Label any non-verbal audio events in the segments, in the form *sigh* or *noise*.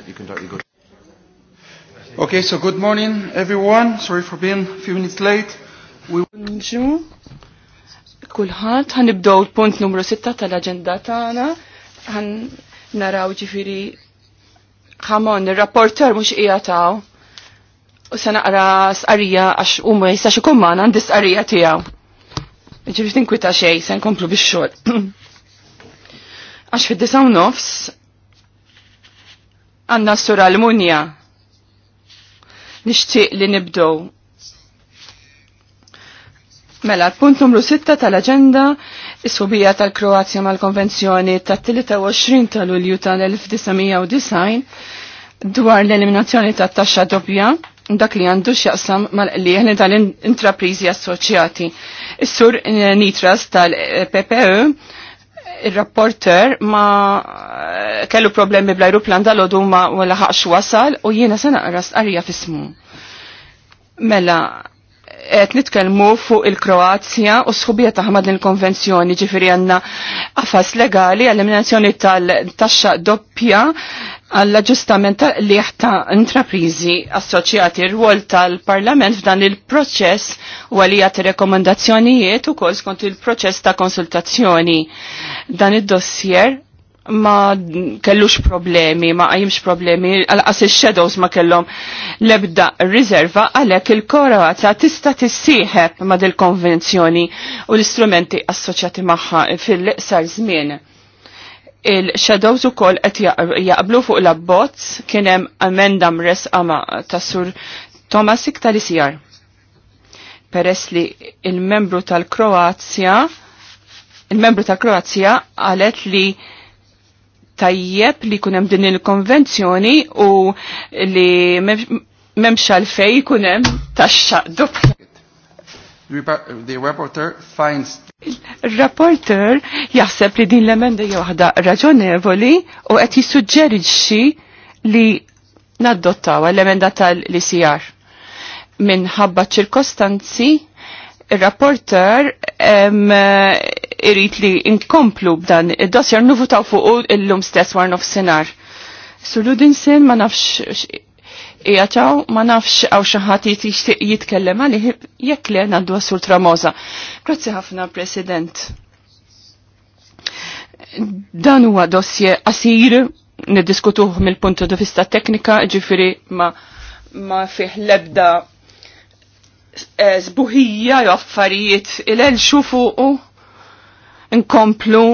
that you can directly go to. Okay, so good morning everyone. Sorry for being a few minutes late. We will... Kulħat, ħanibdow l-punt numru 6 tal-agenda tagħna. Ħan naraw ġifiri ħamon, il-rapporter mux taw U se naqra sqarija għax u ma jistax ikun magħna għandi sqarija tiegħu. Ġifieri tinkwita xejn se nkomplu bix-xogħol. *clears throat* Għax fid-disa' nofs Għanna sura l-munja. Nishtiq li nibdow. Mela, punt numru 6 tal-agenda, is-subija tal-Kroazja mal-Konvenzjoni tat-23 tal-Ulju tal-1990 dwar l-eliminazzjoni tat taxxa dobja dak li għandu x'jaqsam mal-qlieħ li tal-intraprizi assoċjati. Is-sur Nitras tal-PPE il-rapporter ma eh, kellu problemi bl-ajruplan dal-ħodu ma laħaqx wasal u jiena se naqra stqarrija fismu. Mela, qed nitkellmu fuq il-Kroazja u sħubija taħmad din il-konvenzjoni ġifiri għandna għafas legali għall eminazzjoni tal-taxxa doppja għall-aġustament li ta' intraprizi assoċjati r-wol tal-Parlament f'dan il-proċess u għalijat rekomendazzjonijiet u kol skont il-proċess ta' konsultazzjoni. Dan id-dossier ma kellux problemi, ma għajimx problemi, għal-qas il-shadows ma kellom lebda riserva għalek il-Kroazja tista tissieħeb ma dil-konvenzjoni u l-istrumenti assoċjati maħħa fil-sar żmien il-shadows u koll għet jaqblu fuq l-abbozz kienem amenda mres ama Sur Thomas Iktalisijar. icr Peress li il-membru tal-Kroazja, il-membru tal-Kroazja għalet li tajjeb li kunem din il-konvenzjoni u li l-fej kunem taċċa doppja. The rapporteur finds Il-rapporter jaħseb li din l-emenda waħda raġonevoli u qed jissuġġerixxi li naddottaw l-emenda tal-ICR. Minħabba ċirkostanzi, il-rapporter irrit li inkomplu b'dan id-dossier nuvutaw fuq il-lum stess war Sur Suludinsin ma nafx jgħataw ma nafx għaw xaħat jitkellem għalih jekk le għandu għasur tramoza. Grazzi ħafna, President. Dan huwa dossier qasir niddiskutuh mill-puntu di vista teknika, ġifiri ma, ma fih lebda eh, zbuħija u affarijiet il-el xufu u nkomplu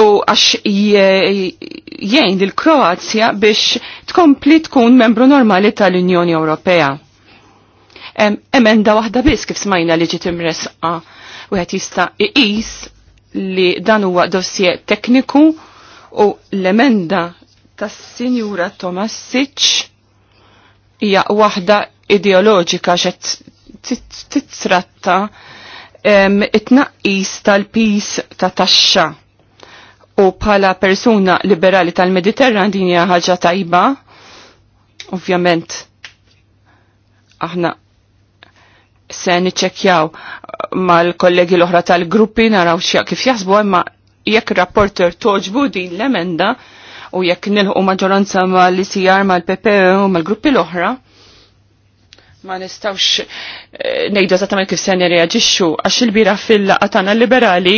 u għax jgħin il-Kroazja biex tkompli tkun membru normali tal-Unjoni Ewropea. Emenda waħda biss kif smajna li ġiet imresqa u għet jista' iqis li dan huwa dossier tekniku u l-emenda tas-Sinjura Tomasic hija waħda ideoloġika xed titratta it-tnaqqis tal-pis ta' taxxa u bħala persuna liberali tal-Mediterran din hija ħaġa tajba. Ovvjament aħna se niċċekkjaw mal-kollegi l-oħra tal-gruppi naraw xi kif jaħsbu imma jekk rapporter toġbu din l-emenda u jekk nilħu maġġoranza mal-ICR mal-PP e u mal-gruppi l-oħra ma nistawx eh, nejdu eżattament kif se nirreaġixxu għax il-bira fil-laqgħa tagħna liberali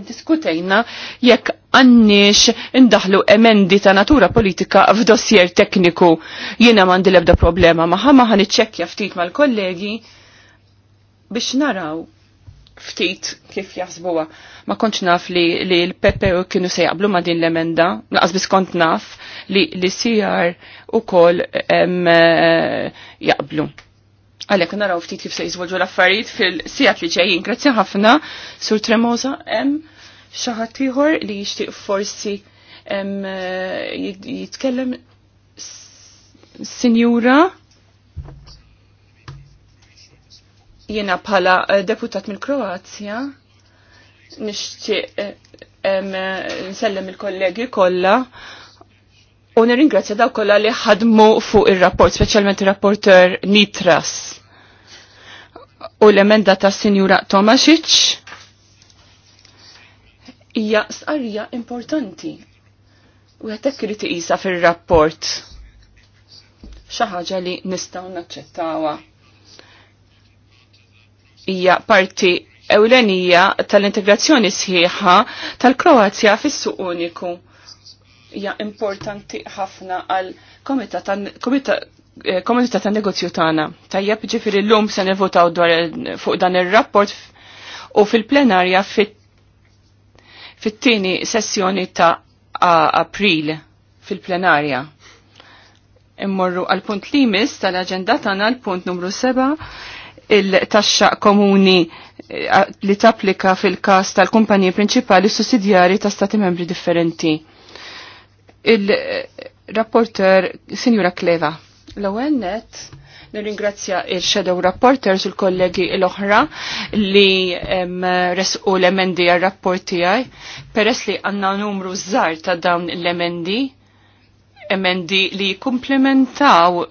Diskutejna jekk għannix indaħlu emendi ta' natura politika f'dossier tekniku. Jiena mandi lebda problema maħa maħan niċċekkja ftit mal-kollegi biex naraw ftit kif jaħsbuha. Ma kontx naf li, li l-Pepe kienu se jablu ma din l-emenda, naqas bis kont naf li l-CR u kol eh, jaqblu. Għalek naraw ftit kif se jizvolġu l-affarijiet fil-sijat li ġejjin. Grazzi ħafna, Sur Tremosa, em xaħat ieħor li jixtieq forsi jitkellem sinjura jiena bħala eh, deputat mill-Kroazja nixtieq eh, nsellem il-kollegi kollha u nirringrazzja daw kollha li ħadmu fuq ir-rapport, specialment ir-rapporter Nitras u l-emenda ta' Sinjura Tomasic hija sqarrija importanti. U għetek kriti tiqisa fil-rapport Xaħġa ħaġa li nistgħu naċċettawha. Hija parti ewlenija tal-integrazzjoni sħiħa tal-Kroazja fis-suq uniku. Hija importanti ħafna għal komitat eh, komunità ta' negozju tagħna. Tajjeb ġifieri llum se nivvotaw dwar fuq dan ir-rapport u fil-plenarja fit fit-tieni sessjoni ta' April fil-plenarja. Immorru għal punt li limis tal-aġenda tagħna l-punt numru 7 il-taxxa komuni eh, li tapplika fil-każ tal-kumpaniji prinċipali sussidjari ta' stati membri differenti. Il-rapporter eh, Sinjura Kleva. L-ewwel net Nirringrazzja il-Shadow Rapporters, il-kollegi l-oħra li resqu l-emendi għal-rapporti għaj. Peress li għanna numru zzar ta' dawn l-emendi, emendi li komplementaw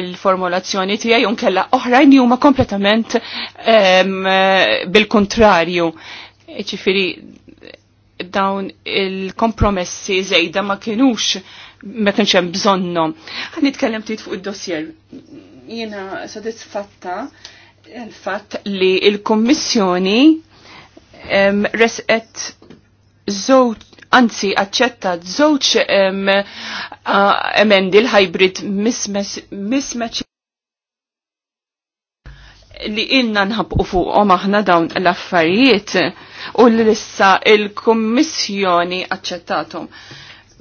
il-formulazzjoni tijaj unkella oħrajn li huma kompletament bil-kontrarju. E ċifiri, dawn il-kompromessi zejda ma kienux ma kienx hemm bżonnhom. Ħa nitkellem ftit fuq id-dossier jiena sodisfatta il-fatt li il-Kommissjoni resqet żewġ anzi accetta żewġ emendi l-hybrid mismeċ li inna nħabqu fuqhom aħna dawn l-affarijiet u l-issa il-Kummissjoni accettatom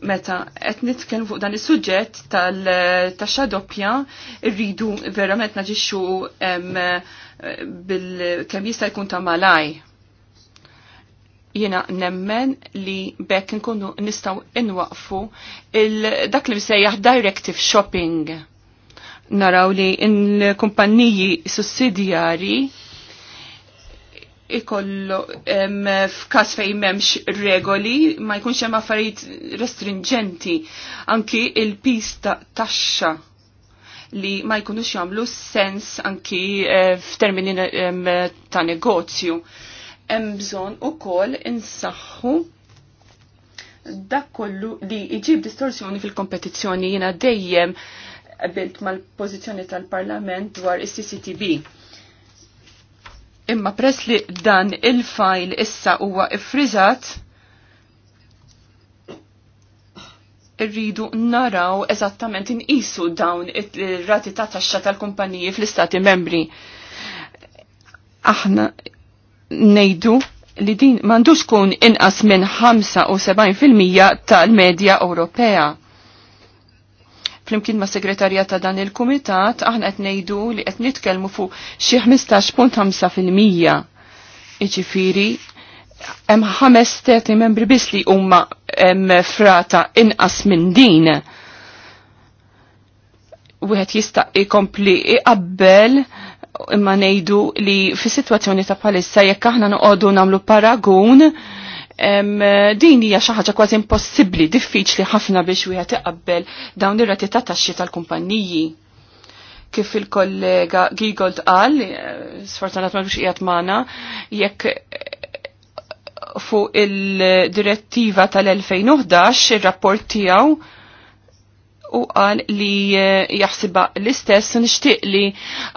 meta qed nitkellmu fuq dan is-suġġett tal xa doppja rridu verament naġixxu bil kemm jista' jkun ta' malaj. Jiena nemmen li bekk nkunu nistgħu inwaqfu dak li msejjaħ directive shopping. Naraw li l-kumpanniji sussidjarji ikollu f'kas fejn m'hemmx regoli ma jkunx hemm affarijiet restringenti anki il-pista taxxa li ma jkunux jagħmlu sens anki eh, f'termini ta' negozju. Hemm bżonn ukoll insaħħu dak kollu li jġib distorsjoni fil-kompetizzjoni jiena dejjem bint mal-pożizzjoni tal-Parlament dwar is-CCTB Imma press li dan il-fajl issa huwa iffriżat irridu naraw eżattament inqisu dawn ir-rati ta' taxxa tal-kumpaniji fl-istati membri. Aħna nejdu li din mandux kun inqas minn 75% tal-medja Ewropea flimkien ma' segretarja ta' dan il-kumitat aħna qed ngħidu li qed nitkellmu fuq xi 15.5%. Iġifieri hemm ħames stati membri biss li huma frata inqas minn din. Wieħed jista' jkompli iqabbel imma ngħidu li fis-sitwazzjoni ta' palissa jekk aħna noqogħdu nagħmlu paragun din hija xi ħaġa kważi impossibbli, diffiċli ħafna biex wieħed iqabbel dawn ir-rati ta' taxxi tal-kumpanniji. Kif il-kollega Gigold qal, eh, sfortunatament biex qiegħed magħna, jekk eh, fuq il-direttiva tal-2011 ir-rapport tiegħu u qal li eh, jaħsiba l-istess nixtieq li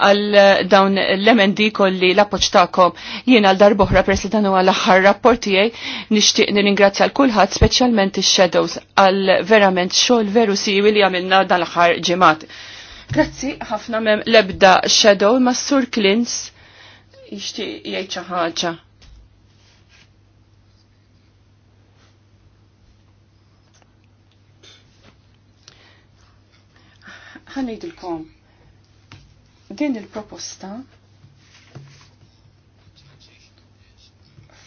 għal eh, dawn l-emendi kolli l-appoġġ jiena għal darbohra peress li dan huwa l-aħħar rapport tiegħi nixtieq nirringrazzja l kulħadd speċjalment ix-shadows għal verament xogħol veru siwi li għamilna dan l-aħħar ġimgħat. Grazzi ħafna mem lebda shadow ma' Sur Klins jixtieq jgħid xi ħaġa. ħanejdilkom din il-proposta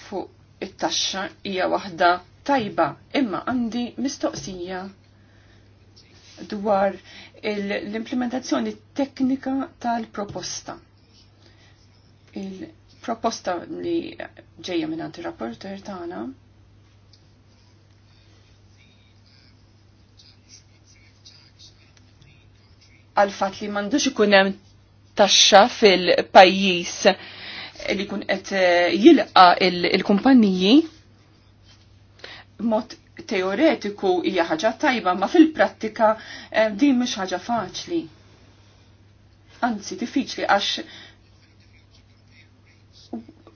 fuq it-taxxa hija waħda tajba imma għandi mistoqsija dwar l-implementazzjoni teknika tal-proposta. Il-proposta li ġejja minn għanti rapporter tagħna għal fat li mandux ikun hemm taxxa fil-pajjiż li kun qed eh, jilqa il-kumpanniji mod teoretiku hija ħaġa tajba, ma fil-prattika eh, din mhux ħaġa faċli. Anzi, diffiċli għax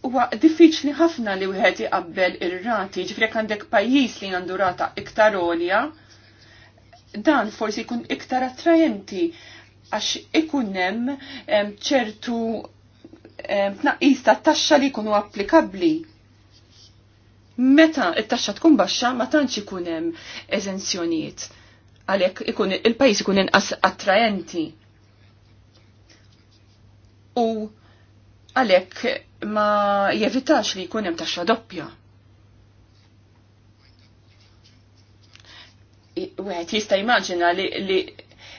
huwa diffiċli ħafna li wieħed iqabbel ir-rati, ġifri għandek pajjiż li għandu rata iktar olja, dan forsi jkun iktar attrajenti għax ikunem ċertu tnaqqis ta' taxxa li jkunu applikabli. Meta it-taxxa tkun baxxa ma tantx ikun hemm eżenzjonijiet għalhekk ikun il-pajjiż ikun inqas attraenti. U għalhekk ma jevitax li jkun hemm taxxa doppja. Wieħed jista' jimmaġina li, li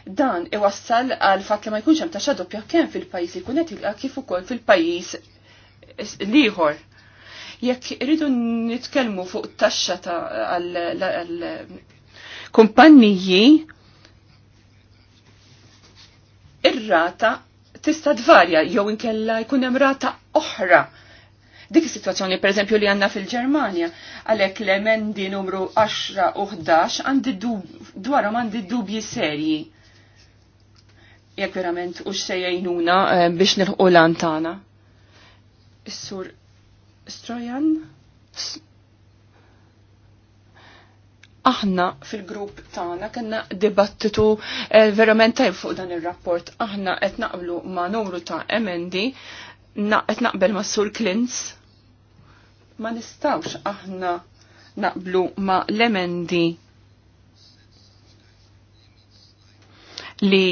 Dan iwassal għal fatt li ma jkunx hemm taxxa doppja kemm fil-pajjiż ikun jkun qed kif ukoll fil-pajjiż liħor jekk irridu nitkellmu fuq taxxa ta' għal kumpanniji ir-rata tista' tvarja jew inkella jkun hemm rata oħra. Dik is-sitwazzjoni pereżempju li għandna fil-Ġermanja għalhekk l-emendi numru 10 u 11 għandi dwarhom għandi dubji serji jekk verament u xsejjajnuna eh, biex nilħu lantana. Is-sur Strojan? Aħna fil-grupp tagħna kellna dibattitu eh, verament tajb fuq dan ir-rapport. Aħna qed naqblu ma' numru ta' emendi, qed naqbel ma' sur Klins. Ma nistawx aħna naqblu ma' l-emendi li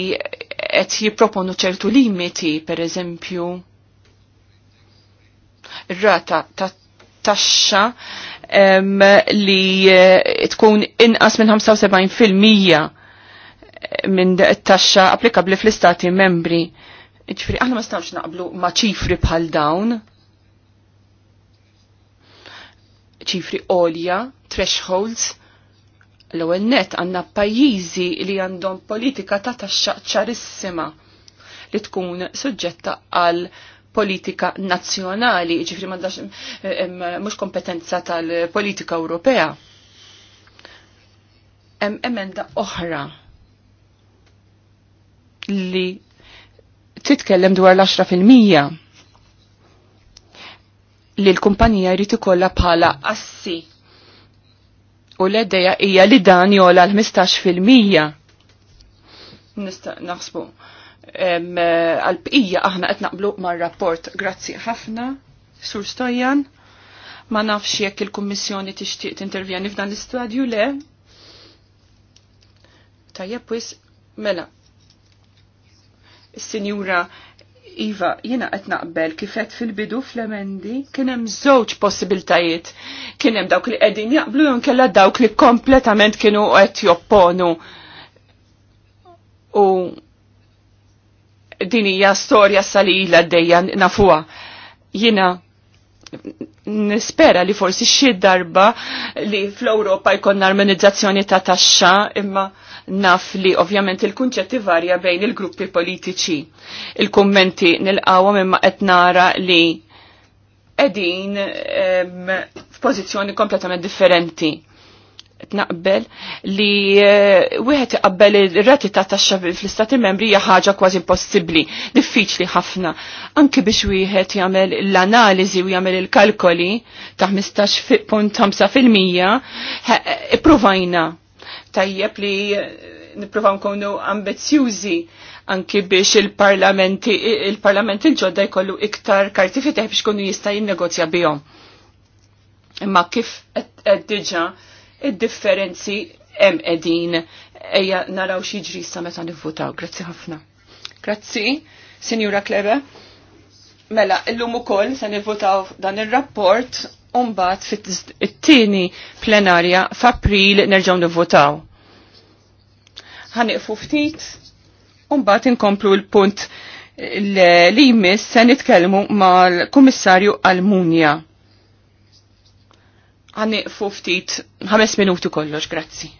qed jipproponu ċertu limiti, per eżempju, rata ta' taxxa li eh, tkun inqas minn 75% eh, minn taxxa applikabli fl-istati membri. Ġifri, aħna ma stawx naqblu ma' ċifri bħal dawn. ċifri olja, thresholds, l-ewwel net għandna pajjiżi li għandhom politika ta' taxxa ċarissima li tkun suġġetta għal politika nazzjonali, ġifri mandax mhux kompetenza tal-politika Ewropea. Hemm emenda oħra li titkellem dwar l-10 fil-mija li l-kumpanija jrid ikollha bħala assi u l-edeja hija li dan jola l-15%. Nista' naħsbu għal pija aħna qed naqblu mar-rapport. Grazzi ħafna, Sur Stojan. Ma nafx jekk il-Kummissjoni tixtieq tintervjeni f'dan l istadju le. Tajjeb wis mela. Is-Sinjura Iva, jina qed naqbel kifet fil-bidu fl-emendi kien hemm żewġ possibiltajiet. Kien hemm dawk li qegħdin jaqblu jew kellha dawk li kompletament kienu qed jopponu. U din hija storja salila dejja nafuha. Jina nispera li forsi xi darba li fl-Ewropa jkollna armonizzazzjoni ta' taxxa imma naf li ovvjament il-kunċetti varja bejn il-gruppi politiċi. Il-kommenti nil-qawa mimma etnara li edin ehm, f'pożizzjoni kompletament differenti. Naqbel li eh, wieħed iqabbel ir-rati ta' taxxa fl-istati membri hija ħaġa kważi impossibbli, diffiċli ħafna. Anki biex wieħed jagħmel l-analiżi u jagħmel il-kalkoli ta' 15.5 eh, ipprovajna tajjeb li nippruvaw nkunu ambizzjużi anki biex il-parlamenti il ġodda jkollu iktar karti fiteħ biex kunu jista' negozja bihom. Imma kif qed diġà id-differenzi hemm qegħdin ejja naraw xi sa meta nivvutaw. Grazzi ħafna. Grazzi, Sinjura Klebe. Mela, illum ukoll se nivvutaw dan ir-rapport Umbat fit-tini plenarja f'April nerġaw nivvotaw. Ħaniqfu ftit, umbat inkomplu l-punt li jmiss se nitkellmu mal-Kummissarju Almunja. Ħaniqfu ftit ħames minuti kollox, grazzi.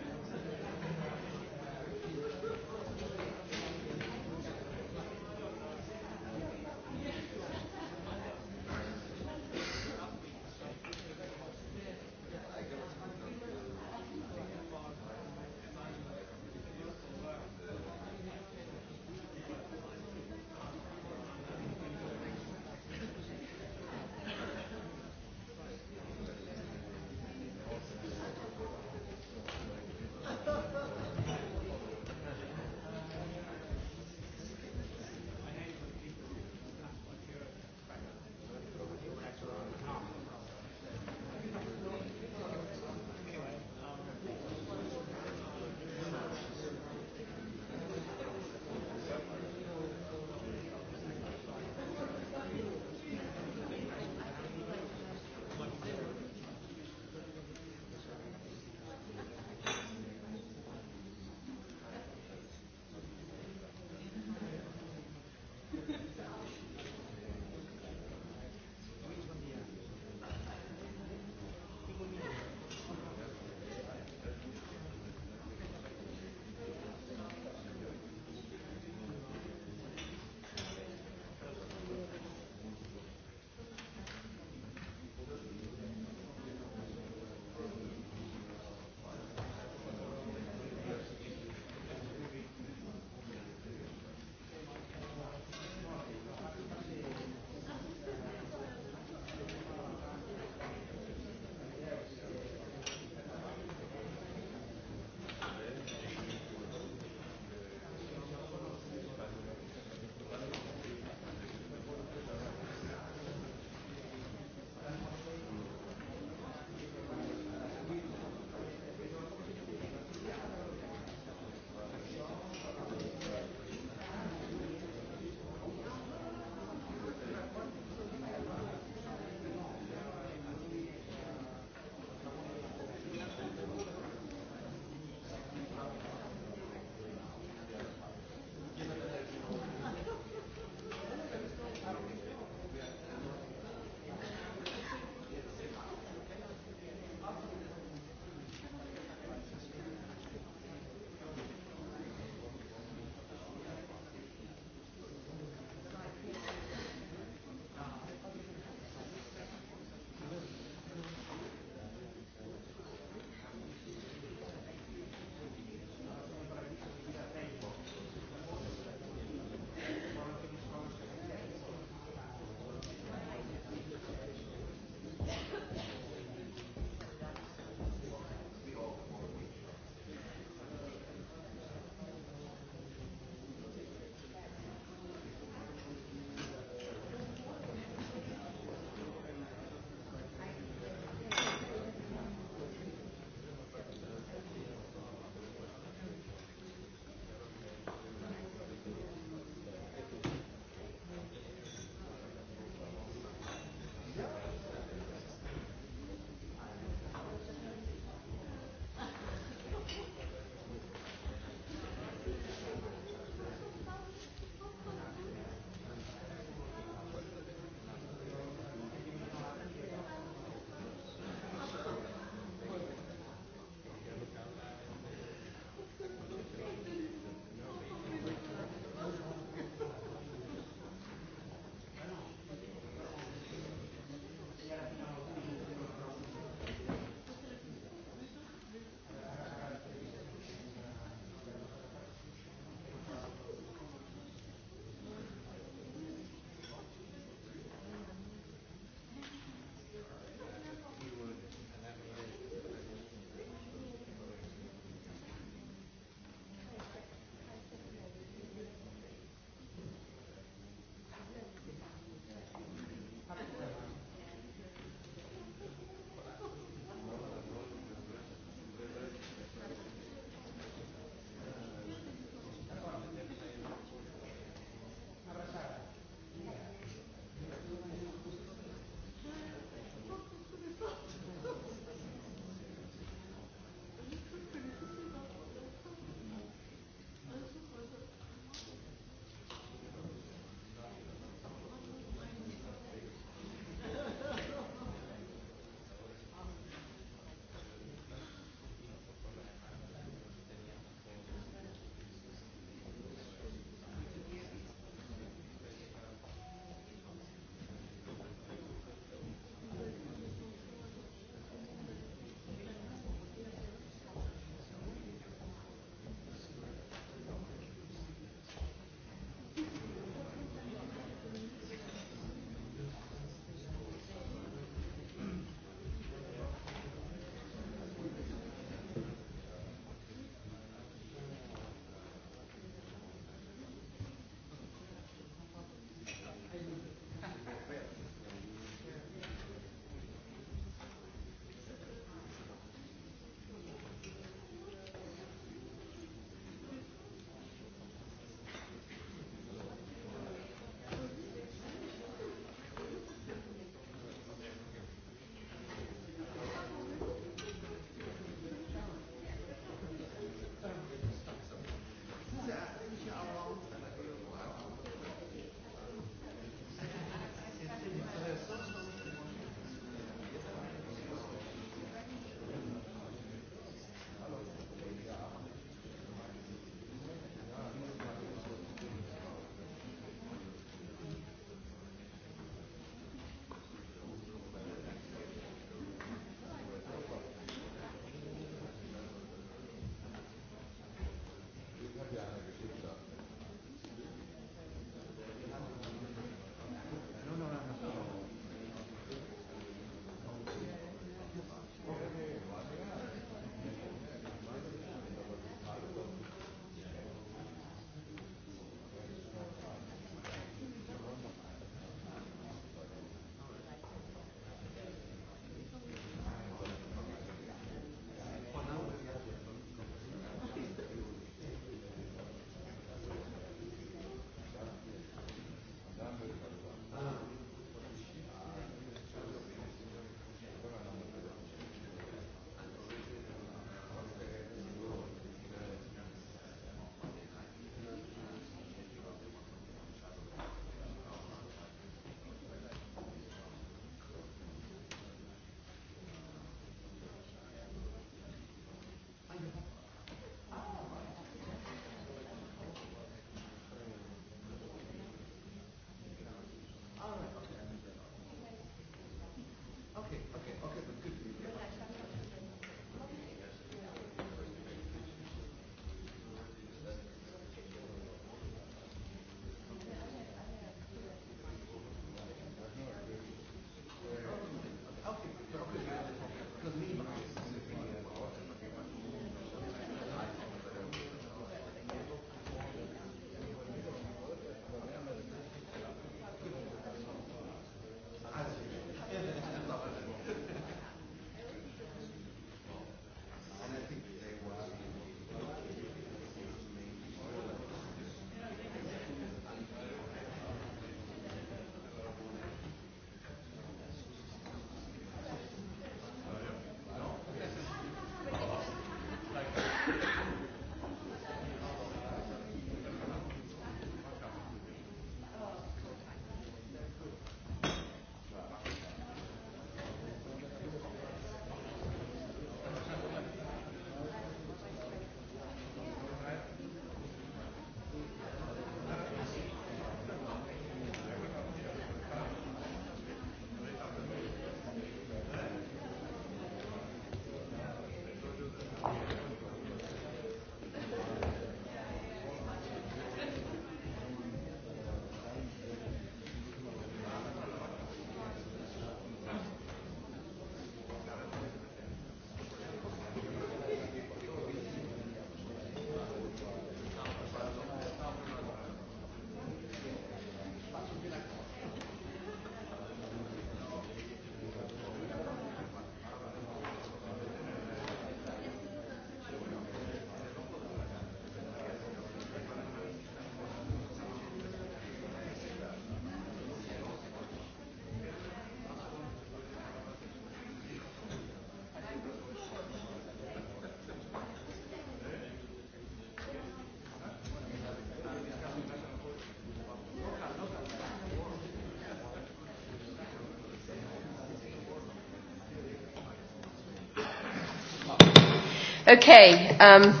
Okay. Um...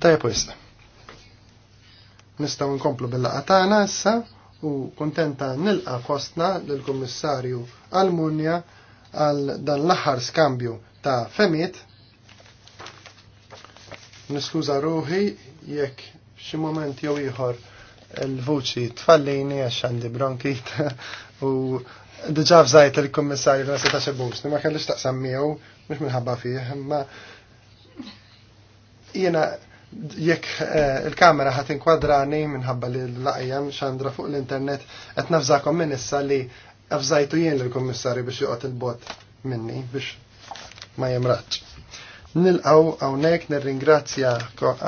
Taja wisna. Nistaw nkomplu bil-laqa tagħna issa u kontenta nilqa fostna lill-Kummissarju Almunja għal dan l-aħħar skambju ta' femiet. Niskuża ruħi jekk xi moment jew ieħor il-vuċi tfallini għax għandi bronkit *laughs* u diġà fżajt il-kummissarju nasa ta' xebux, ma kellix taqsam miegħu mux minħabba fih, imma jena jekk eh, il-kamera ħat inkwadrani minħabba li l-laqjam xandra fuq l-internet qed nafżakom minn issa li għafzajtu jien lill-kummissarju biex joqgħod il-bot minni biex ma jemraċ. Nilqaw hawnhekk nirringrazzja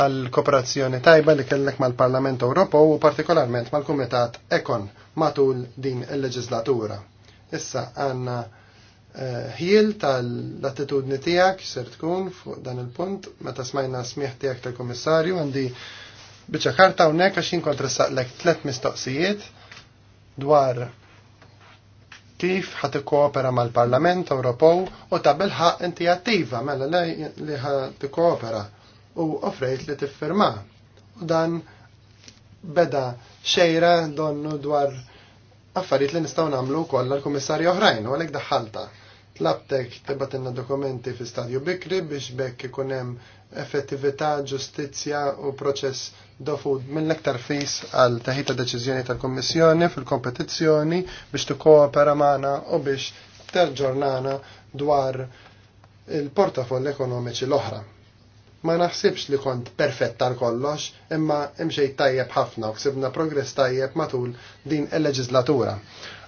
għal kooperazzjoni tajba li kellek mal-Parlament Ewropew u partikolarment mal-Kumitat Ekon matul din il-leġislatura. Issa għandna ħiel tal-attitudni tiegħek ser tkun fuq dan il-punt meta smajna smieħ tiegħek tal-Kummissarju għandi bieċa karta hawnhekk għax inkontra saqlek tliet mistoqsijiet dwar kif ħat ikkoopera mal-Parlament Ewropew u ta' bilħa inti attiva mela li ħat tikkoopera u offrejt li tiffirma. U dan beda xejra donnu dwar affarijiet li nistgħu nagħmlu wkoll għall-kummissarji oħrajn u għalhekk daħħalta tlabtek tibatinna dokumenti fi stadju bikri biex bekk ikunem effettività, ġustizja u proċess dofud mill-aktar fis għal taħita deċiżjoni tal-Kommissjoni fil-kompetizzjoni biex koopera magħna u biex terġornana dwar il portafoll ekonomiċi l-oħra. Ma naħsibx li kont perfett tal kollox, imma imxej tajjeb ħafna u ksibna progress tajjeb matul din il-leġislatura.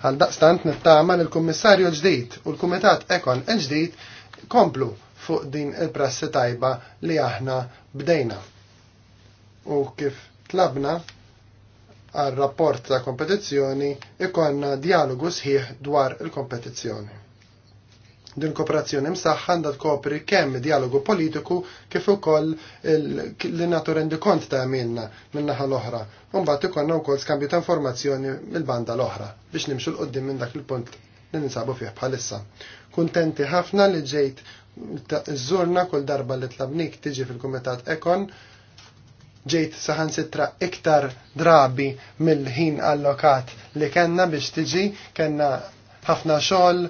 Għal daqstant nittama l-Kummissarju l-ġdid u l-Kumitat Ekon l-ġdid komplu fuq din il-prassi tajba li aħna bdejna. U kif tlabna għal rapport ta' kompetizzjoni ikonna dialogu sħiħ dwar il-kompetizzjoni. Din kooperazzjoni msaħħa għandha tkopri kemm dialogu politiku kif ukoll li nagħtu kont ta' għamilna min-naħa l-oħra. u mbagħad ikollna wkoll skambju ta' informazzjoni mill-banda l-oħra biex nimxu l qudiem minn dak il-punt li ninsabu fih bħalissa. Kuntenti ħafna li ġejt żurna kull darba li tlabnik tiġi fil-Kumitat Ekon ġejt saħan sitra iktar drabi mill-ħin allokat li kenna biex tiġi, kenna ħafna xogħol,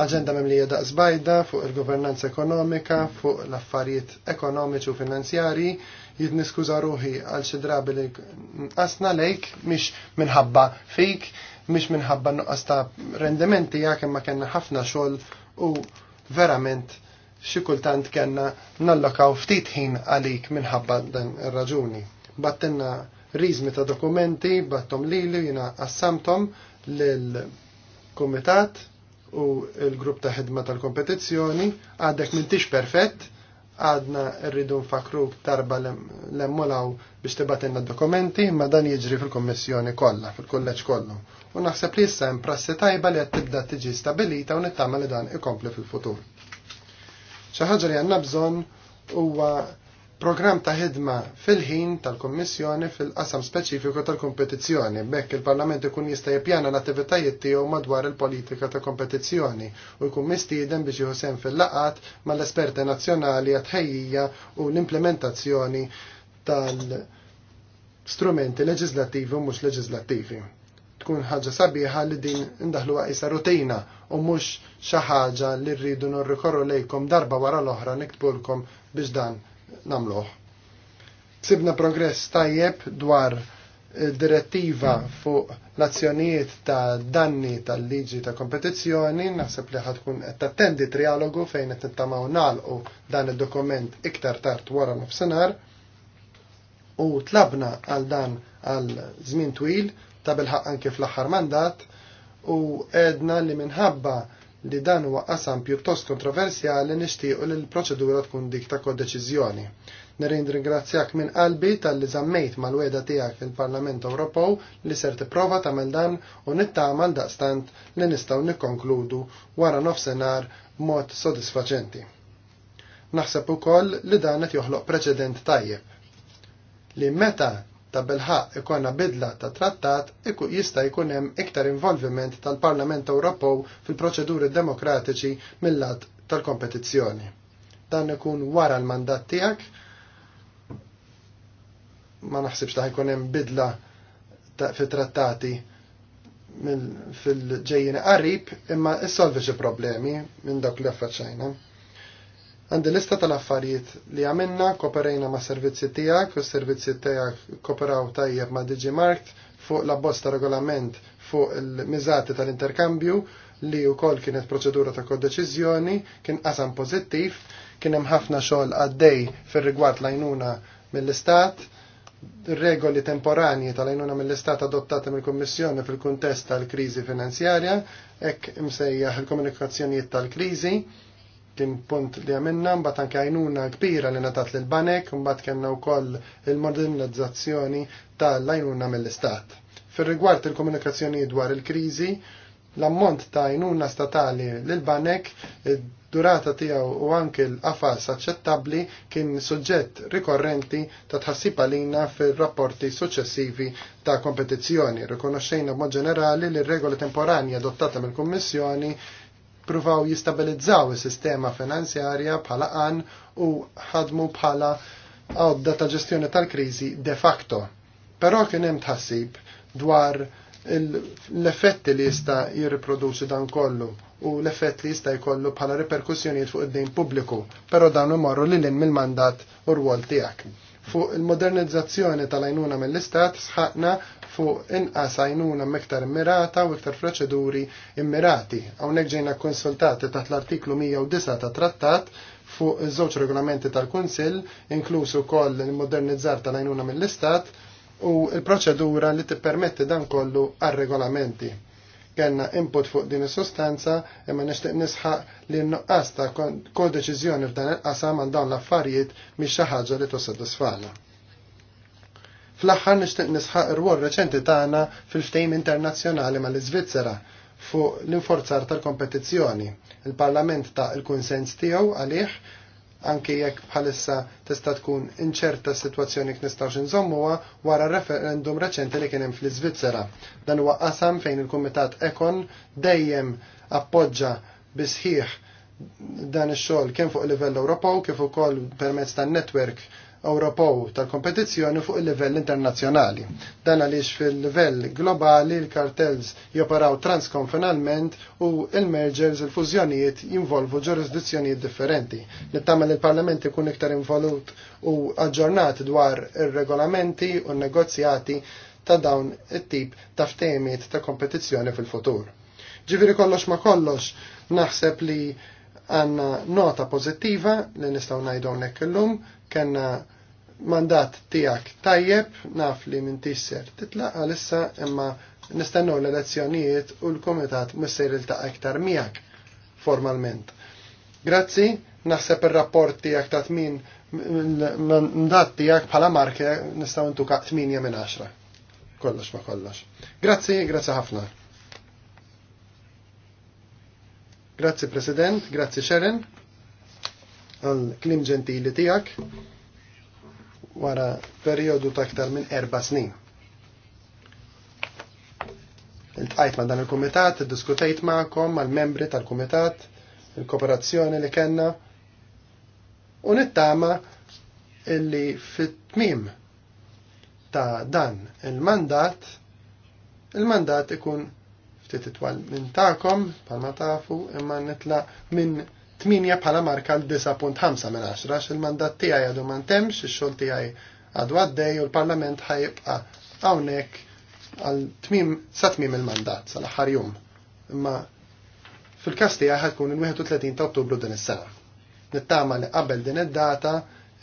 Aġenda memlija daqs zbajda fuq il-governanza ekonomika, fuq l-affarijiet ekonomiċi u finanzjari, jidniskuza ruħi għal xi drabi li nqasna lejk mhix minħabba fik, mhix minħabba nuqqas ta' rendimenti jak ma kellna ħafna xogħol u verament xi kultant kellna nallokaw ftit ħin għalik minħabba dan ir-raġuni. Battenna riżmi ta' dokumenti, battom li jina assamtom l kumitat u l-grupp ta' ħidma tal-kompetizzjoni għadek mintix perfett għadna rridu nfakru darba l-emmolaw biex tibatinna dokumenti ma dan jiġri fil-kommissjoni kollha, fil-kulleġġ kollu. U naħseb li issa hemm prassi tajba li qed tibda tiġi stabilita u nittama li dan ikompli fil-futur. Xi li għandna bżonn huwa program ta' ħidma fil-ħin tal-Kommissjoni fil-qasam speċifiku tal-kompetizzjoni. Bekk il-Parlament ikun jista' jippjana l-attivitajiet tiegħu madwar il-politika ta' kompetizzjoni u jkun mistieden biex jieħu fil-laqat mal-esperti nazzjonali għat-ħejjija u l-implementazzjoni tal-strumenti leġislattivi u mhux leġislattivi. Tkun ħaġa sabiħa li din indaħluha għajsa rutina u mhux xi ħaġa li rridu norrikorru lejkom darba wara l-oħra niktbulkom biex dan namluħ. Sibna progress tajjeb dwar eh, direttiva fuq l ta' danni tal-liġi ta' kompetizzjoni, naħseb li ħatkun qed tattendi trialogu fejn qed nittamaw nagħlqu dan id-dokument iktar tard wara nofsinhar u tlabna għal dan għal żmien twil ta' bilħaq anke fl-aħħar mandat u edna li minħabba li dan huwa qasam pjuttost kontroversjali nixtiequ li l-proċedura tkun dik ta' kodeċiżjoni. Nirrind ringrazzjak minn qalbi tal-li żammejt mal-weda tiegħek il-Parlament Ewropew li ser tipprova tagħmel dan u nittama daqstant li nistgħu nikkonkludu wara nofsinhar b'mod sodisfaċenti. Naħseb ukoll li dan qed joħloq preċedent tajjeb li meta ta' belħaq ikonna bidla ta' trattat iku jista' jkun hemm iktar involviment tal-Parlament Ewropew fil-proċeduri demokratiċi mill-lat tal-kompetizzjoni. Dan ikun wara l-mandat tiegħek ma naħsibx ta' jkun hemm bidla fit-trattati fil-ġejjin qarib imma issolvi xi problemi minn dak li affaċċajna. Għandi lista tal-affarijiet li għamilna koperajna ma' servizzi tijak, u servizzi tijak koperaw tajjeb ma' Digimarkt fuq la bosta regolament fuq il-mizati tal-interkambju li u kol kienet proċedura ta' kod-deċizjoni, kien qasam pozittif, kien hemm ħafna xogħol għaddej fir-rigward lajnuna mill-istat, regoli temporanji tal-għajnuna mill-istat adottati mill-Kommissjoni fil-kuntest tal-krizi finanzjarja, ek imsejjaħ il-komunikazzjonijiet tal-krizi, kien punt li għamilna, mbagħad anke għajnuna kbira li natat lil banek mbagħad kellna wkoll il-modernizzazzjoni tal-għajnuna mill-istat. Fir-rigward il-komunikazzjoni dwar il-kriżi, l-ammont ta' għajnuna statali lil banek durata tiegħu u anke l-qafas aċċettabbli kien suġġett rikorrenti ta' tħassib għalina fir-rapporti suċċessivi ta' kompetizzjoni. Rikonoxxejna b'mod ġenerali li r-regoli temporanja adottata mill-Kummissjoni pruvaw jistabilizzaw is-sistema finanzjarja bħala qan u ħadmu bħala għodda ta' ġestjoni tal-kriżi de facto. Però kien hemm tħassib dwar l-effetti li jista' jirriproduċi dan kollu u l-effett li jista' jkollu bħala reperkussjonijiet fuq id-dejn pubbliku, però dan imorru lil in mill mandat u rwol tiegħek. Fuq il-modernizzazzjoni tal-għajnuna mill-istat sħaqna fuq inqas għajnuna miktar immirata u iktar proċeduri immirati. Hawnhekk ġejna konsultati taħt l-artiklu 109 ta' trattat fuq iż-żewġ regolamenti tal-Kunsill, inklusu wkoll il-modernizzar tal-għajnuna mill-Istat u l-proċedura li tippermetti dan kollu għar-regolamenti. Kenna input fuq din is-sostanza imma nixtieq nisħaq li n-nuqqas ta' kodeċiżjoni f'dan il-qasam għal dawn l-affarijiet mhix xi ħaġa li tossodisfana. Fl-aħħar nixtieq nisħaq ir-rwol reċenti tagħna fil-ftehim internazzjonali mal-Iżvizzera fuq l-inforzar tal-kompetizzjoni. Il-Parlament ta' il-kunsens tiegħu għalih anke jekk bħalissa tista' tkun inċerta s-sitwazzjoni nistgħux inżommuha wara referendum reċenti li kien hemm fl-Iżvizzera. Dan huwa qasam fejn il-Kumitat Ekon dejjem appoġġa bisħiħ dan ix-xogħol kemm fuq livell Ewropew kif ukoll permezz tan-netwerk Ewropew tal-kompetizzjoni fuq il-livell internazzjonali. Dan għaliex fil-livell globali l-kartels joperaw transkonfinalment u il-mergers, il-fużjonijiet jinvolvu ġurisdizzjonijiet differenti. Nittamel il-Parlament ikun iktar involut u aġġornat dwar ir-regolamenti u negozjati ta' dawn it-tip ta' ftemiet ta' kompetizzjoni fil-futur. Ġifiri kollox ma kollox, naħseb li għanna nota pozittiva li nistaw najdu għonek l-lum, kena mandat tijak tajjeb, naf li minn tisser titla għalissa imma nistennu l-elezzjonijiet u l-komitat mussir il iktar miegħek formalment. Grazzi, naħseb il-rapport tijak ta' tmin mandat tijak bħala marke nistaw intuka 8 minn 10. Kollox ma kollox. Grazzi, grazzi ħafna. Grazzi President, grazzi Sharon, għal klim ġentili tijak wara periodu ta' aktar minn erba snin. Iltqajt ma' dan il-Kumitat, diskutajt ma'kom, mal-membri tal-Kumitat, il-kooperazzjoni li kenna, u nittama illi fit-tmim ta' dan il-mandat, il-mandat ikun ftit itwal minn ta'kom, palma tafu, imma nitla minn 8 bħala marka l-9.5 minn 10, il-mandat tiegħi għadu ma ntemx, ix-xogħol tiegħi għadu għaddej u l-Parlament ħajibqa' hawnhekk għal tmim sa tmim il-mandat sal laħar jum. Imma fil-każ tiegħi ħadkun il-31 ta' Ottubru din is-sena. Nittama li qabel din id-data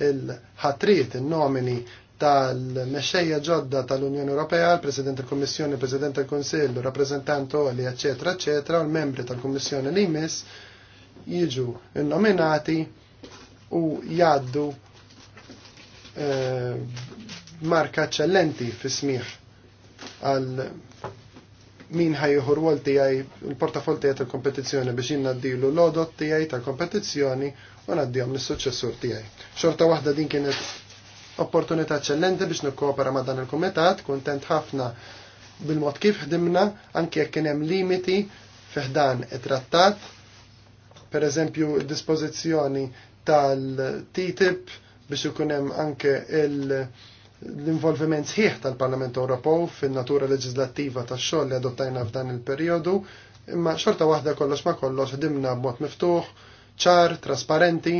il-ħatriet, il-nomini tal-mexxejja ġodda tal-Unjoni Ewropea, il-President tal-Kommissjoni, il-President tal-Konsill, il-Rappresentant Oli, eccetera, eccetera, u l-membri tal-Kommissjoni li jmiss jiġu n-nominati u jaddu eh, marka eccellenti fis-smiħ għal min ħajjuħu rwol tiegħi il-portafol tiegħi tal-kompetizzjoni biex jinn naddilu l-odot tiegħi tal-kompetizzjoni u naddihom lis-suċċessur tiegħi. Xorta waħda din kienet opportunità eccellente biex nikkoopera ma' dan il-kumitat, kuntent ħafna bil-mod kif ħdimna, anke jekk kien hemm limiti fiħdan it-trattat, per eżempju dispożizzjoni tal-TTIP biex ikun hemm anke l-involviment sħiħ tal-Parlament Ewropew fin-natura leġislattiva tax-xogħol li adottajna f'dan il-perjodu, imma xorta waħda kollox ma kollox ħdimna b'mod miftuħ, ċar, trasparenti,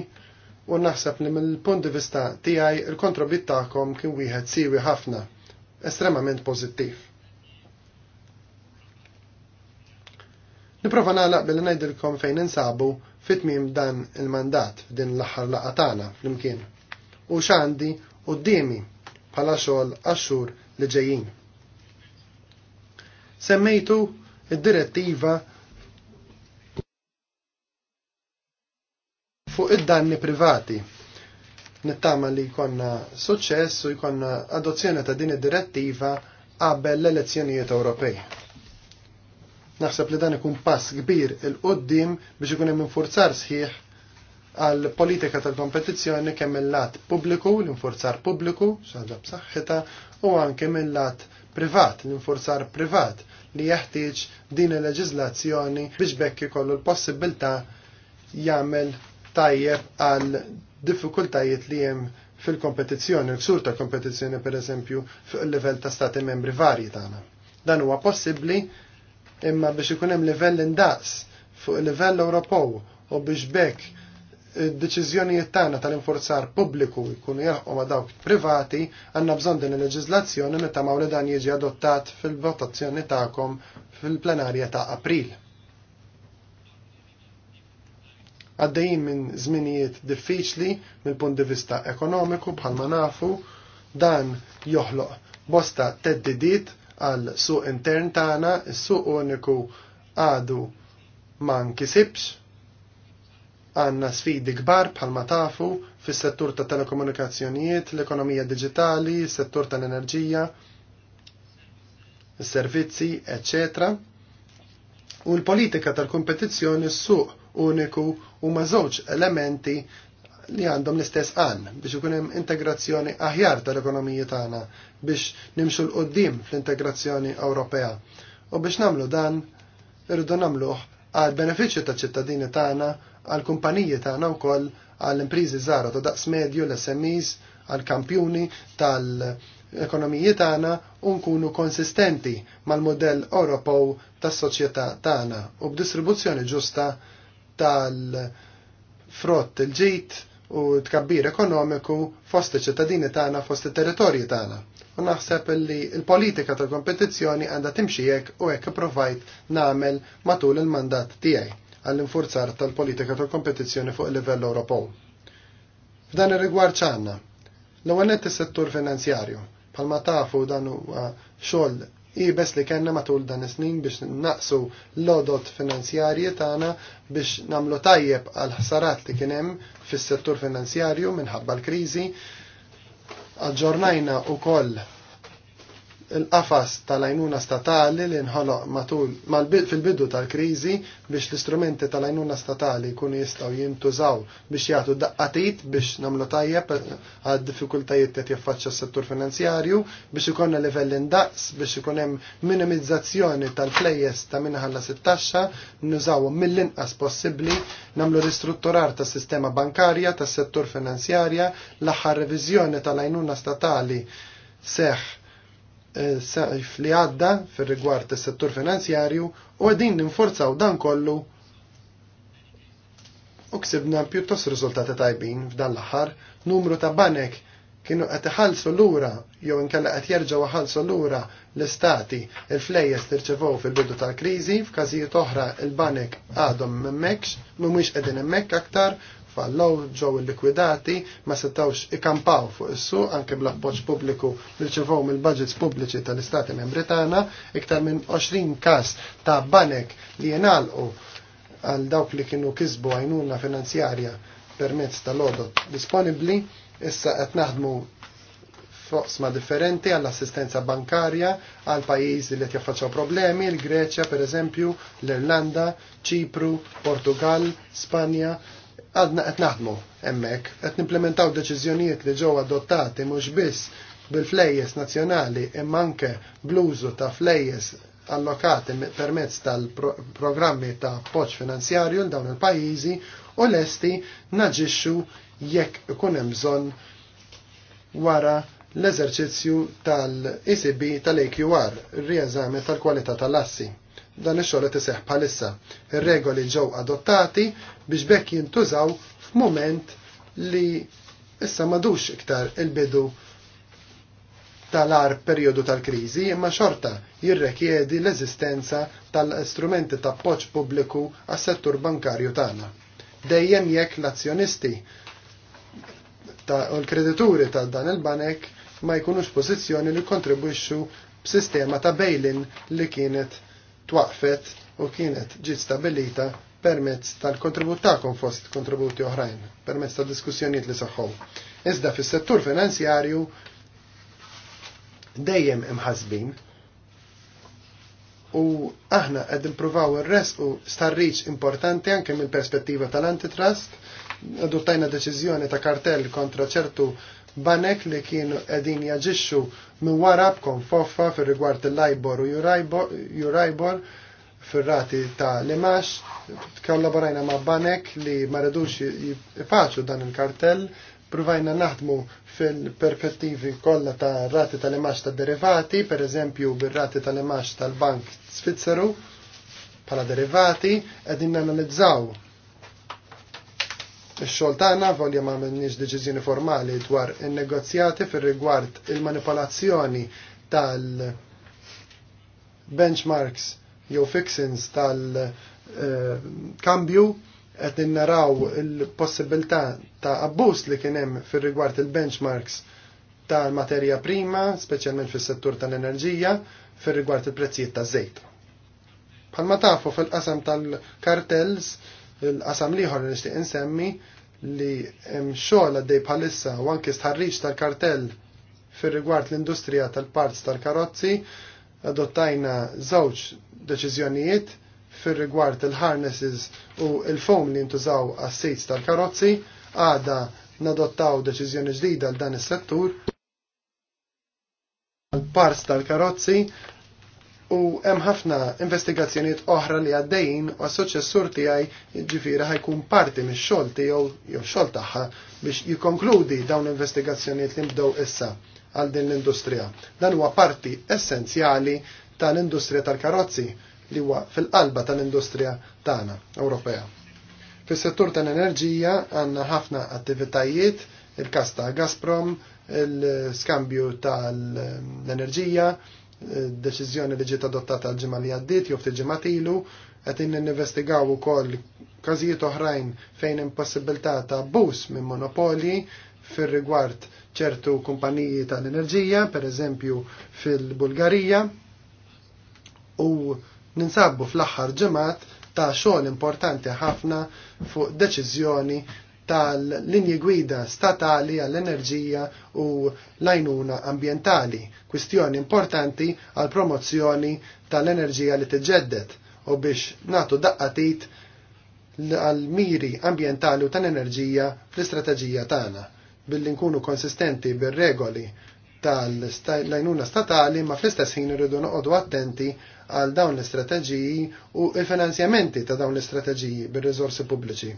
u naħseb li mill-punt di vista tiegħi il kontrobit taħkom kien wieħed siwi ħafna, estremament pożittiv. Niprofa nagħlaq billi ngħidilkom fejn insabu fitmim tmiem dan il-mandat f'din l-aħħar laqgħa tagħna flimkien. U u d bħala xogħol għax-xhur li ġejjin. Semmejtu id-direttiva fuq id-danni privati. Nittama li jkonna suċċess u jkonna adozzjoni ta' din id-direttiva qabel l-elezzjonijiet Ewropej. Naħseb li dan ikun pass kbir il-qoddim biex ikun hemm infurzar sħiħ għal politika tal-kompetizzjoni kemm mill-lat pubbliku, l-infurzar pubbliku, xaġa b'saħħitha, u anke mill-lat privat, l-infurzar privat li jeħtieġ din il-leġiżlazzjoni biex bekk ikollu l-possibilità jagħmel tajjeb għal diffikultajiet li hemm fil-kompetizzjoni, l-ksur ta' kompetizzjoni per eżempju fuq il-livell ta' stati membri varji tagħna. Dan huwa possibbli imma biex ikun hemm livell indaqs fuq il-livell Ewropew u biex bekk id-deċiżjonijiet tagħna tal-infurzar pubbliku jkunu jaħqu ma' dawk privati għandna bżonn din il-leġiżlazzjoni meta mawli dan jiġi adottat fil-votazzjoni tagħkom fil-plenarja ta' April. għaddejjin minn żminijiet diffiċli mill-punt di vista ekonomiku bħalma nafu dan joħloq bosta teddidiet għal suq intern tagħna, is-suq uniku għadu ma nkisibx għanna sfidi kbar bħalma tafu fis-settur ta' telekomunikazzjonijiet, l-ekonomija digitali, settur tal-enerġija, is-servizzi, eccetera. U l-politika tal-kompetizzjoni s-suq uniku u ma żewġ elementi li għandhom l-istess għan biex ikun hemm integrazzjoni aħjar tal-ekonomiji tagħna biex nimxu l qoddim fl-integrazzjoni Ewropea. U biex nagħmlu dan irridu nagħmluh għal benefiċċju taċ-ċittadini tagħna, għal kumpaniji tagħna wkoll għal imprizi żgħar ta' daqs medju l-SMEs, għal kampjuni tal-ekonomiji tagħna u nkunu konsistenti mal-modell Ewropew tas-soċjetà tagħna u b'distribuzzjoni ġusta tal-frott il-ġit u tkabbir ekonomiku fost iċ-ċittadini tagħna fost it-territorji tagħna. U naħseb li l-politika tal kompetizzjoni għandha timxijek u hekk provajt nagħmel matul il-mandat tiegħi għall-infurzar tal-politika tal kompetizzjoni fuq il-livell Ewropew. F'dan ir-rigward ċanna, l-ewwel is-settur finanzjarju, bħalma tafu dan huwa xogħol ibes li kena matul dan is-snin biex naqsu lodot finanzjarji tagħna biex namlu tajjeb għal ħsarat li kien hemm fis-settur finanzjarju minħabba l-kriżi. Aġġornajna wkoll il-qafas tal-għajnuna statali li nħoloq matul fil-bidu tal-krizi biex l-istrumenti tal-għajnuna statali kunu jistaw jintużaw biex jgħatu daqqatit biex namlu tajjeb għad diffikultajiet qed jaffaċċa s-settur finanzjarju biex ikonna livell indaqs biex ikun hemm minimizzazzjoni tal-flejjes ta' minħalla sit-taxxa nużaw mill-inqas possibbli namlu ristrutturar tas-sistema bankarja tas-settur finanzjarja l-aħħar reviżjoni tal-għajnuna statali seħ sajf li għadda fir rigward is settur finanzjarju u għedin ninforzaw dan kollu u ksibna pjuttost riżultati tajbin f'dan l-aħħar numru ta' banek kienu qed iħallsu lura jew inkella qed jerġgħu iħallsu lura l-istati il-flejjes tirċevew fil-bidu tal-kriżi, f'każijiet oħra il-banek għadhom m'hemmhekx, mhumiex qegħdin hemmhekk aktar tfallaw ġew likwidati ma setawx ikampaw fuq is anke bl-appoġġ pubbliku li rċevew mill-budgets pubbliċi tal-Istati Membri tagħna iktar minn 20 każ ta' banek li jingħalqu għal dawk li kienu kisbu għajnuna finanzjarja permezz tal-odot disponibbli issa qed naħdmu foqsma differenti għall-assistenza bankarja għal pajjiżi li tjaffaċċaw problemi, il-Greċja per eżempju, l-Irlanda, Ċipru, Portugal, Spanja, għadna qed naħdmu hemmhekk, qed nimplementaw deċiżjonijiet li ġew adottati mhux biss bil-flejjes nazzjonali imma anke bluzu ta' flejjes allokati permezz tal-programmi ta' poċ finanzjarju l dawn il-pajjiżi u lesti naġixxu jekk ikun hemm bżonn wara l-eżerċizzju tal-ECB tal-AQR, r-rieżami tal-kwalità tal-assi dan ix-xogħol qed iseħħ bħalissa. Ir-regoli ġew adottati biex bekk jintużaw f'mument li issa madux iktar il-bidu tal-ar periodu tal-kriżi imma xorta jirrekjedi l-eżistenza tal-istrumenti ta' poċ pubbliku għas-settur bankarju tagħna. Dejjem jekk l-azzjonisti u l-kredituri ta' dan il-banek ma jkunux pożizzjoni li kontribwixxu b'sistema ta' bail li kienet twaqfet u kienet ġiet stabilita permezz tal-kontribut tagħkom fost kontributi oħrajn, permezz ta' diskussjonijiet li saħħu. Iżda fis-settur finanzjarju dejjem imħazbin u aħna qed nippruvaw u starriċ importanti anke mill-perspettiva tal-antitrust, adottajna deċiżjoni ta' kartell kontra ċertu banek li kienu edin jaġixxu minn wara foffa fir rigward il-Lajbor u Jurajbor fir-rati ta' Limax, kollaborajna ma' banek li ma redux jipaċu dan il-kartell, provajna naħdmu fil perfettivi kollha ta' rati ta' Limax ta' derivati, per eżempju bir-rati ta' Limax tal-Bank Svizzeru bħala derivati, qegħdin analizzaw Ix-xogħol tagħna volja ma deċiżjoni formali dwar in-negozjati fir-rigward il-manipolazzjoni tal-benchmarks jew fixings tal-kambju qed ninnaraw il-possibilità ta' abbuż li kien hemm fir-rigward il-benchmarks tal-materja prima, speċjalment fis-settur tal-enerġija, fir-rigward il-prezzijiet taż-żejt. Bħalma tafu fil-qasam tal-kartels, tal kartells tal kartels l qasam liħor nishtiq insemmi li hemm xogħol għaddej bħalissa u anke stħarriġ tal-kartell fir-rigward l-industrija tal-parts tal-karozzi adottajna żewġ deċiżjonijiet fir-rigward il-harnesses u il-foam li ntużaw għas-sejts tal-karozzi għada nadottaw deċiżjoni ġdida għal dan is-settur għal-parts tal-karozzi u hemm ħafna investigazzjonijiet oħra li għaddejjin u għas-suċessur tiegħi ġifieri ħajkun parti mix-xogħol tiegħu jew xogħol tagħha biex jikkonkludi dawn l-investigazzjonijiet li nbdew issa għal din l-industrija. Dan huwa parti essenzjali tal-industrija tal-karozzi li huwa fil-qalba tal-industrija tagħna Ewropea. Fis-settur tal-enerġija għandna ħafna attivitajiet, il-kas ta' Gazprom, il-skambju tal-enerġija, deċiżjoni li ġiet adottata għal ġimgħa li għaddiet jew ftit ġimgħa ilu qed ninvestigaw ukoll każijiet oħrajn fejn impossibilta ta' abbuż minn monopoli fir-rigward ċertu kumpaniji tal-enerġija, per eżempju fil-Bulgarija, u ninsabu fl-aħħar ġemat ta' xogħol importanti ħafna fuq deċiżjoni tal-linji gwida statali għall-enerġija u l ajnuna ambientali, kwistjoni importanti għal promozzjoni tal-enerġija li tiġġeddet u biex natu daqqatit għal miri ambientali u tal-enerġija fl-istrateġija tagħna billi nkunu konsistenti bir-regoli tal-lajnuna statali ma fl-istess ħin irridu noqogħdu attenti għal dawn l-istrateġiji u l-finanzjamenti ta' dawn l-istrateġiji bir-riżorsi pubbliċi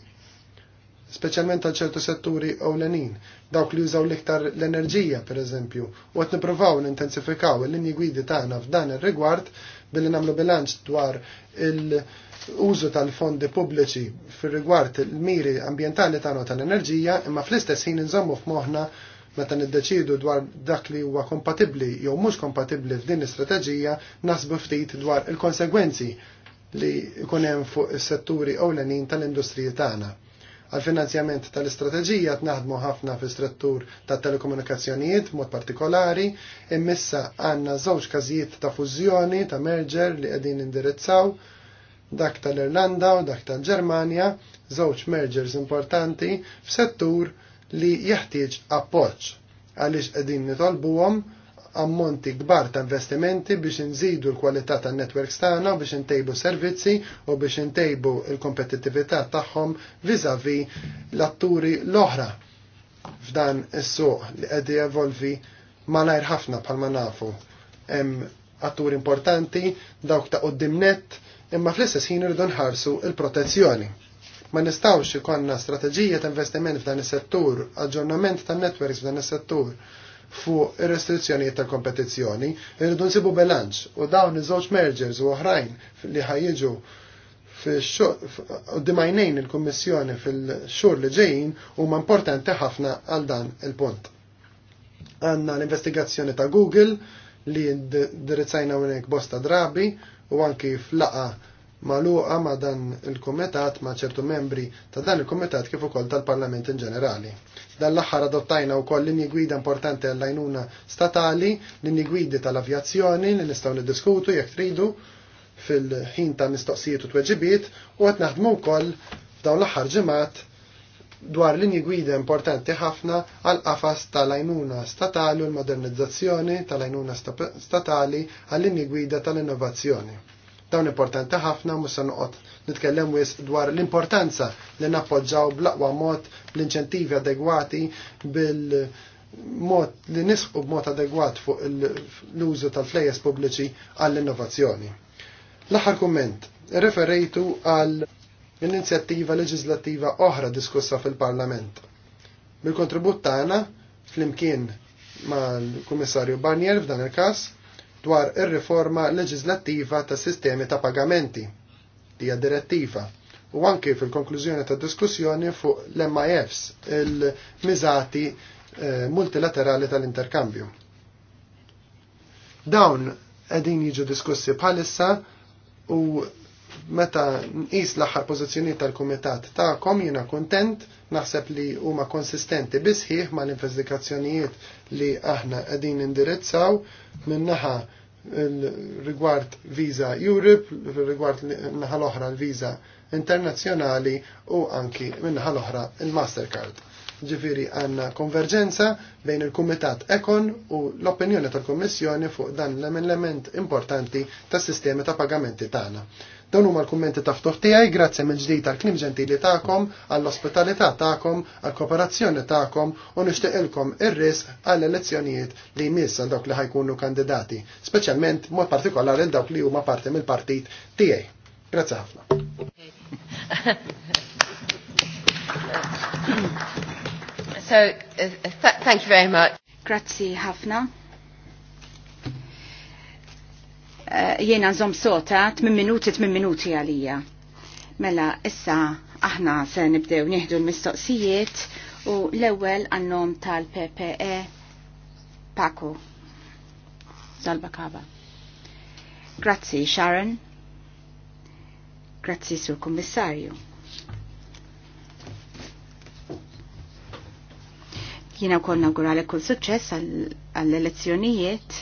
speċjalment għal ċertu setturi ewlenin, dawk li jużaw l-iktar l-enerġija pereżempju, u qed nippruvaw nintensifikaw il-linji gwidi tagħna f'dan ir-rigward billi nagħmlu bilanċ dwar il-użu tal-fondi pubbliċi fir-rigward il-miri ambjentali tagħna tal-enerġija, imma fl-istess ħin inżommu f'moħħna meta niddeċidu dwar dak li huwa kompatibbli jew mhux kompatibbli f'din l-istrateġija nasbu ftit dwar il-konsegwenzi li jkun hemm fuq is-setturi ewlenin tal-industriji tagħna. Għal finanzjament tal-istrateġija tnaħdmu ħafna fi strettur ta' telekomunikazzjonijiet mod partikolari, immissa għanna żewġ każijiet ta' fużjoni ta' merger li qegħdin indirizzaw, dak tal-Irlanda u dak tal-Ġermanja, żewġ mergers importanti f'settur li jeħtieġ appoġġ għaliex qegħdin nitolbuhom ammonti kbar ta' investimenti biex nżidu l-kwalità tan netwerks tagħna biex intejbu servizzi u biex intejbu l-kompetittività tagħhom viżavi l-atturi l-oħra f'dan is-suq li qed jevolvi malajr ħafna bħalma nafu. Hemm atturi importanti dawk ta' qudiem net imma fl-istess ħin irridu nħarsu l protezzjoni ma nistawx ikonna strateġija ta' investiment f'dan is-settur, aġġornament tan netwerks f'dan is-settur fuq ir-restrizzjonijiet ta' kompetizzjoni, irridu nsibu bilanċ u dawn iż-żewġ mergers u oħrajn li u dimajnejn il-Kummissjoni fil-xhur li ġejjin huma importanti ħafna għal dan il-punt. Għandna l-investigazzjoni ta' Google li dirizzajna unek bosta drabi u anki flaqa' maluqa ma' dan il kometat ma' ċertu membri ta' dan il kometat kif ukoll tal-Parlament in ġenerali. Dan l-aħħar adottajna wkoll linji gwida importanti għall-għajnuna statali, linji gwidi tal-avjazzjoni li nistgħu niddiskutu jekk tridu fil-ħin ta' mistoqsijiet u tweġibiet u qed naħdmu wkoll dawn l-aħħar ġimgħat dwar linji gwida importanti ħafna għal qafas tal-għajnuna statali u l-modernizzazzjoni tal-għajnuna statali għal linji gwida tal-innovazzjoni. Dawn importanti ħafna mhux se noqgħod nitkellem wis dwar l-importanza li nappoġġaw bl-aqwa mod bl-inċentivi adegwati bil mod li nisqu b'mod adegwat fuq l-użu tal-flejjes pubbliċi għall-innovazzjoni. L-aħħar kumment, referejtu għal l-inizjattiva leġislattiva oħra diskussa fil-Parlament. Bil-kontribut tagħna flimkien mal-Kummissarju Barnier f'dan il-każ, dwar ir-riforma leġislattiva ta' sistemi ta' pagamenti, hija direttiva, u anke fil-konklużjoni ta' diskussjoni fuq l-MIFs, il-miżati eh, multilaterali tal-interkambju. Dawn qegħdin jiġu diskussi bħalissa u meta nqis l-aħħar pożizzjoni tal-kumitat tagħkom jiena kuntent naħseb li huma konsistenti bisħieħ ma' l-investigazzjonijiet li aħna qegħdin indirizzaw min-naħa rigward Visa Europe, rigward naħa l-oħra l-Visa internazzjonali u anki min-naħa l-oħra il-Mastercard. Ġifiri għanna konverġenza bejn il-Kumitat Ekon u l-opinjoni tal-Kommissjoni fuq dan l-element importanti tas sistemi ta' pagamenti tagħna. Dawn huma l-kummenti ta' ftuħ tiegħi, grazzi mill ġdid tal kliem ġentili tagħkom, għall-ospitalità tagħkom, għall-kooperazzjoni tagħkom u ilkom ir-risq għall-elezzjonijiet li jmiss għal dawk li ħajkunu kandidati, speċjalment mod partikolari għal dawk li huma parti mill-partit tiegħi. Grazzi ħafna. so, uh, uh th thank you very much. Grazzi ħafna. Eh, jiena nżom sota 8 minuti 8 minuti għalija. Mela, issa aħna se nibdew nieħdu l-mistoqsijiet u l-ewwel għannom tal-PPE Paco Kaba. Grazzi Sharon. Grazzi Sur Kommissarju. Jiena wkoll nawguralek kull suċċess għall-elezzjonijiet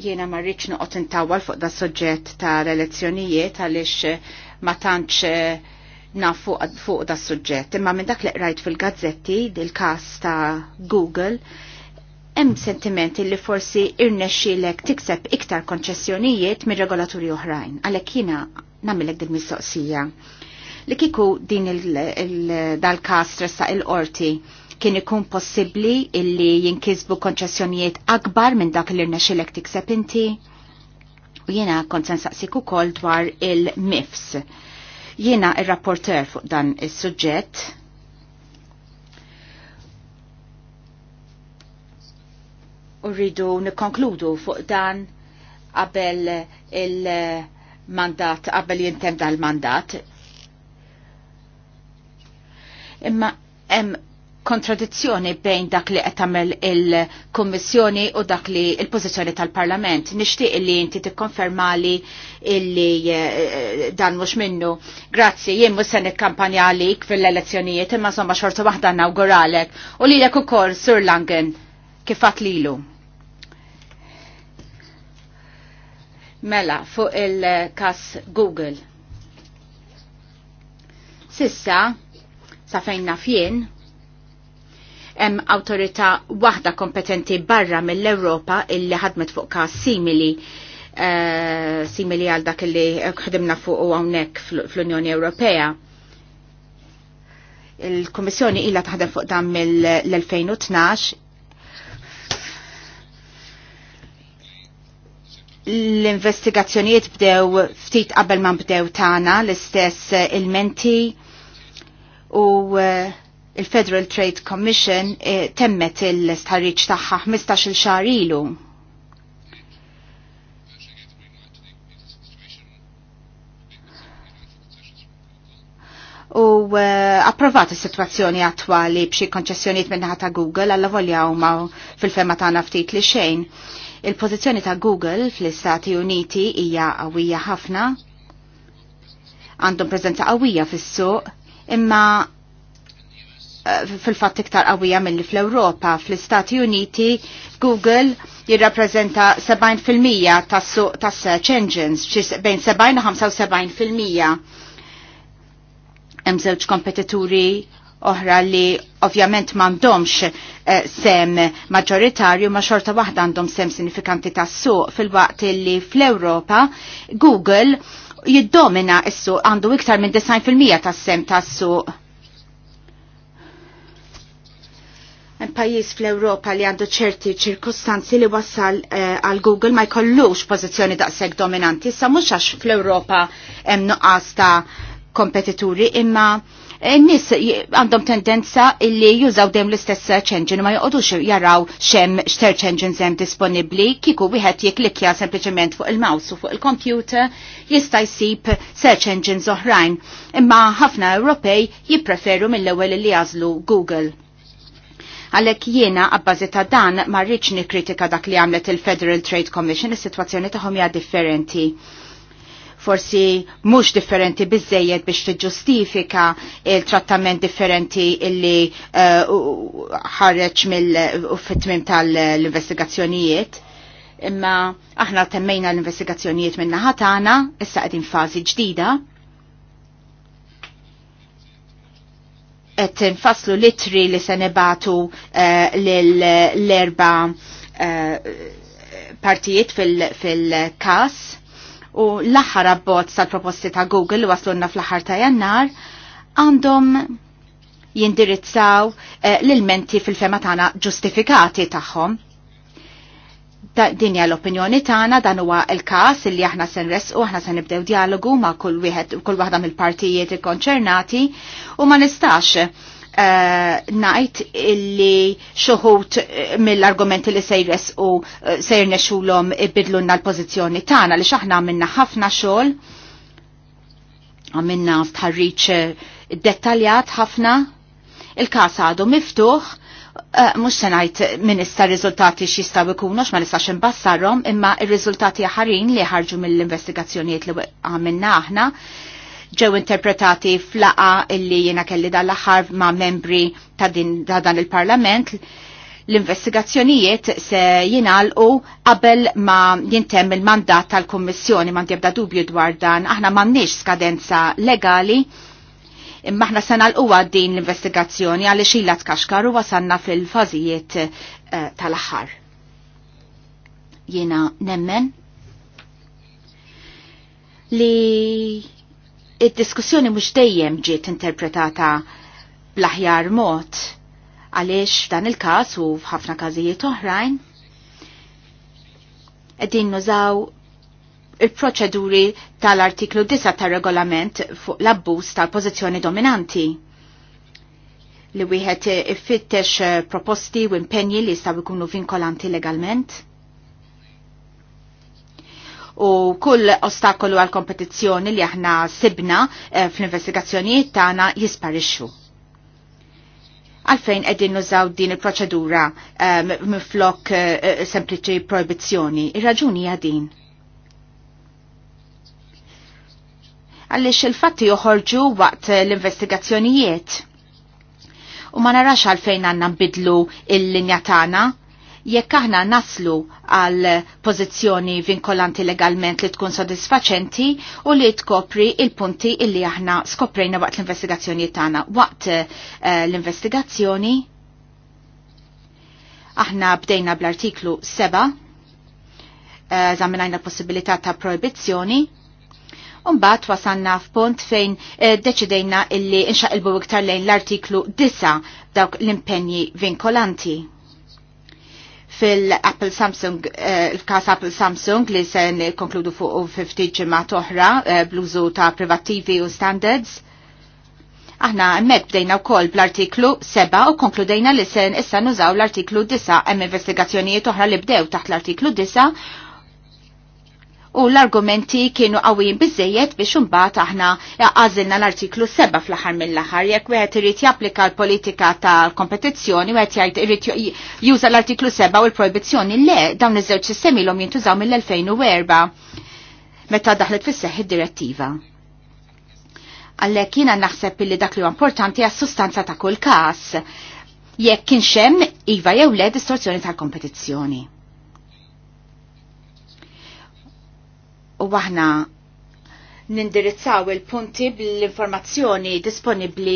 Jiena ma rridx noqgħod intawwal fuq da suġġett ta' elezzjonijiet għaliex eh, ma tantx eh, naf fuq da suġġett. Imma minn dak li qrajt fil-gazzetti dil-każ ta' Google hemm sentimenti li forsi irnexxielek tikseb iktar konċessjonijiet minn regolaturi oħrajn. Għalhekk jiena nagħmilek din mistoqsija. Li kieku din il-dal-każ stressa il-qorti il, il qorti kien ikun possibbli illi jinkisbu konċessjonijiet akbar minn dak li rnexxilek tikseb inti? U jiena kont nsaqsik ukoll dwar il-MIFS. Jiena ir-rapporter fuq dan is-suġġett u rridu nikkonkludu fuq dan qabel il-mandat, qabel jintem dal-mandat. Imma hemm kontradizzjoni bejn dak li qed tagħmel il-Kummissjoni u dak li il-pożizzjoni tal-Parlament. Nixtieq li inti tikkonfermali illi eh, dan mhux minnu. Grazzi, jien mhux se nikkampanja għalik fil-elezzjonijiet imma somma xorta waħda nawguralek u lilek ukoll Sur Langen kif qatt lilu. Mela, fuq il-kas Google. Sissa, sa fejn naf jien, Hemm awtorità waħda kompetenti barra mill-Ewropa illi ħadmet fuq każ simili uh, simili għal dak li ħdimna fuq hawnhekk fl-Unjoni Ewropea. Il-Kummissjoni ilha taħdem fuq dan mill-2012 l-investigazzjonijiet bdew ftit qabel ma bdew tagħna l-istess eh, il-menti u uh, il-Federal Trade Commission eh, temmet il-starriċ taħħa 15 xar ilu. U eh, approvat is-sitwazzjoni attwali b'xi konċessjonijiet minnaħa ta' Google għalla volja huma fil-fema tagħna ftit li xejn. Il-pożizzjoni ta' Google fl-Istati Uniti hija qawwija ħafna, għandhom preżenza qawwija fis-suq, imma Eh, fil-fatt iktar qawwija milli fl-Ewropa. Fl-Istati Uniti Google jirrappreżenta 70% tas-suq tas-search engines, bejn 70 fil 75%. Hemm żewġ kompetituri oħra li ovvjament m'għandhomx eh, sem maġġoritarju ma xorta waħda għandhom sem sinifikanti tas-suq fil-waqt li fl-Ewropa Google jiddomina s-suq għandu iktar minn 90% tas-sem tas-suq pajis fl-Europa li għandu ċerti ċirkostanzi li wassal eh, għal uh, Google ma jkollux pozizjoni daqseg dominanti. Sa mux għax fl-Europa hemm għasta ta' kompetituri imma eh, n-nis għandhom tendenza illi jużaw dem l-istess search engine ma joqodux jaraw xem search engines hemm disponibli kiku wieħed jiklikja sempliċement fuq il-mouse u fuq il-computer jista' jsib search engines oħrajn imma ħafna Ewropej jippreferu mill-ewwel li jażlu Google Għalek jiena għabbażi ta' dan marriċ nikritika dak li għamlet il-Federal Trade Commission, is-situazzjoni tagħhom hija differenti forsi mhux differenti bizzejed biex tiġġustifika il-trattament differenti illi uh, ħareġ uh, mill-fitmim tal-investigazzjonijiet. Imma aħna temmejna l-investigazzjonijiet minna ħatana, issa qegħdin fażi ġdida et nfasslu litri li se nebatu uh, l-erba uh, partijiet fil-kas. fil u l-aħħar abbozz tal-proposti ta' Google u waslunna fl-aħħar ta' jannar għandhom jindirizzaw uh, eh, l-ilmenti fil-fema tagħna ġustifikati tagħhom dinja l-opinjoni tagħna dan huwa l-każ illi aħna se nresqu aħna se nibdew dialogu ma' kull wieħed kull waħda mill-partijiet ikkonċernati u ma nistax uh, eh, najt illi xoħut eh, mill-argumenti li se jresqu eh, se nexulom ibidlunna l pożizzjoni tagħna li xaħna għamilna ħafna xogħol għamilna tħarriċ dettaljat ħafna il-kas għadu miftuħ Eh, mux senajt minista rizultati xistaw ikunux ma nistax imbassarhom imma il-rizultati ħarin li ħarġu mill-investigazzjonijiet li għamilna aħna ġew interpretati flaqa illi jiena kelli dal-aħħar ma' membri ta' din ta' dan il-Parlament l-investigazzjonijiet se u qabel ma jintem il-mandat tal-Kommissjoni ma ndibda dubju dwar dan aħna m'għandniex skadenza legali Imma aħna se uwa din l-investigazzjoni għaliex ilha tkaxkar u wasanna fil-fażijiet eh, tal-aħħar. Jiena nemmen li il diskussjoni mhux dejjem ġiet interpretata bl-aħjar mod għaliex dan il-każ u f'ħafna każijiet oħrajn qegħdin nużaw il-proċeduri tal-artiklu 9 tal-regolament fuq l-abbuż tal-pożizzjoni dominanti li wieħed ifittex eh, proposti u impenji li jistgħu jkunu vinkolanti legalment. U kull ostakolu għal kompetizzjoni li aħna sibna eh, fl-investigazzjonijiet tagħna jisparixxu. Għalfejn qegħdin nużaw din il-proċedura eh, miflok sempliċi proibizzjoni, ir-raġuni hija din għaliex il-fatti joħorġu waqt l-investigazzjonijiet. U ma narax għalfejn għanna nbidlu il-linja tagħna jekk aħna naslu għal pożizzjoni vinkolanti legalment li tkun sodisfaċenti u li tkopri il-punti illi aħna skoprejna waqt l-investigazzjoni tagħna. Waqt uh, l-investigazzjoni aħna bdejna bl-artiklu 7 eżaminajna eh, l-possibilità ta' proibizzjoni Umbat wasanna f'pont fejn eh, deċidejna illi inxaqilbu iktar lejn l-artiklu 9 dawk l-impenji vinkolanti fil-Apple Samsung, eh, il-kas Apple Samsung li sen konkludu fuq 50 ġimma toħra eh, bluzu ta' privattivi u standards. Aħna emmek bdejna wkoll bl-artiklu 7 u konkludejna li sen issa nużaw l-artiklu 9 hemm investigazzjonijiet oħra li bdew taħt l-artiklu 9 u l-argumenti kienu għawin bizzejiet biex imbagħad aħna għazilna l-artiklu 7 fl-aħħar mill-aħħar jekk wieħed irid japplika l-politika tal-kompetizzjoni wieħed jgħid irid juża l-artiklu 7 u l-proibizzjoni le dawn iż-żewġ sistemi l-om jintużaw mill-2004 meta daħlet fis-seħħ id-direttiva. Għallek jiena naħseb li dak li huwa importanti għas-sustanza ta' kull każ jekk kienx hemm iva jew le distorzjoni tal-kompetizzjoni. u aħna nindirizzaw il-punti bl-informazzjoni disponibli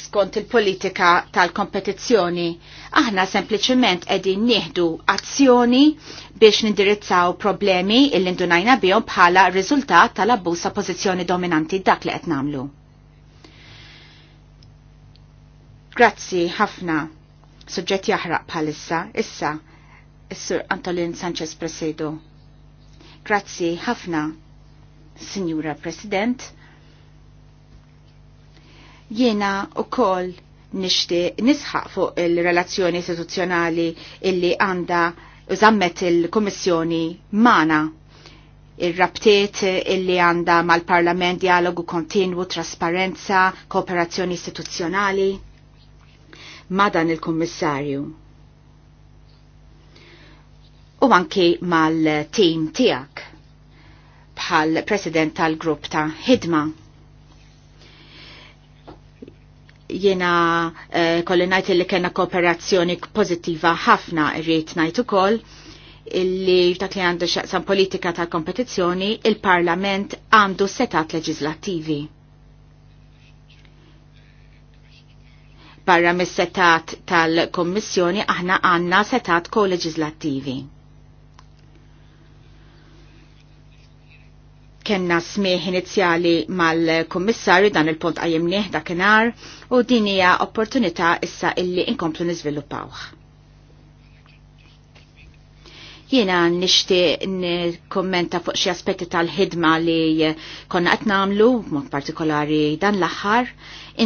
skont il-politika tal-kompetizzjoni. Aħna sempliciment edin nieħdu azzjoni biex nindirizzaw problemi il-indunajna bihom bħala riżultat tal-abbusa pożizzjoni dominanti dak li qed namlu. Grazzi ħafna. Suġġett jaħraq bħalissa, issa, is-Sur Antolin Sanchez Presedo. Grazzi ħafna, Signora President. Jena u koll nishti nisħaq fuq il-relazzjoni istituzzjonali illi għanda użammet il-Komissjoni mana il-rabtiet illi għanda mal-Parlament dialogu kontinwu, trasparenza, kooperazzjoni istituzzjonali ma dan il-Kommissarju. U anki mal-team tijak bħal president tal-grupp ta' ħidma. Jena kollinajt eh, kolli li kena kooperazzjoni pozittiva ħafna rrit najt ukoll illi dak li għandu xaqsam politika tal kompetizzjoni il-parlament għandu setat leġislattivi. Barra mis-setat tal-kommissjoni aħna għanna setat ko-leġislattivi. Kenna smieħ inizjali mal-Kommissarju dan il-punt għajemnieħ dakinhar u din hija opportunità issa illi inkomplu niżviluppawh. Jiena nishti n-kommenta fuq xie aspetti tal-ħidma li konna qed namlu, mod partikolari dan l-aħħar.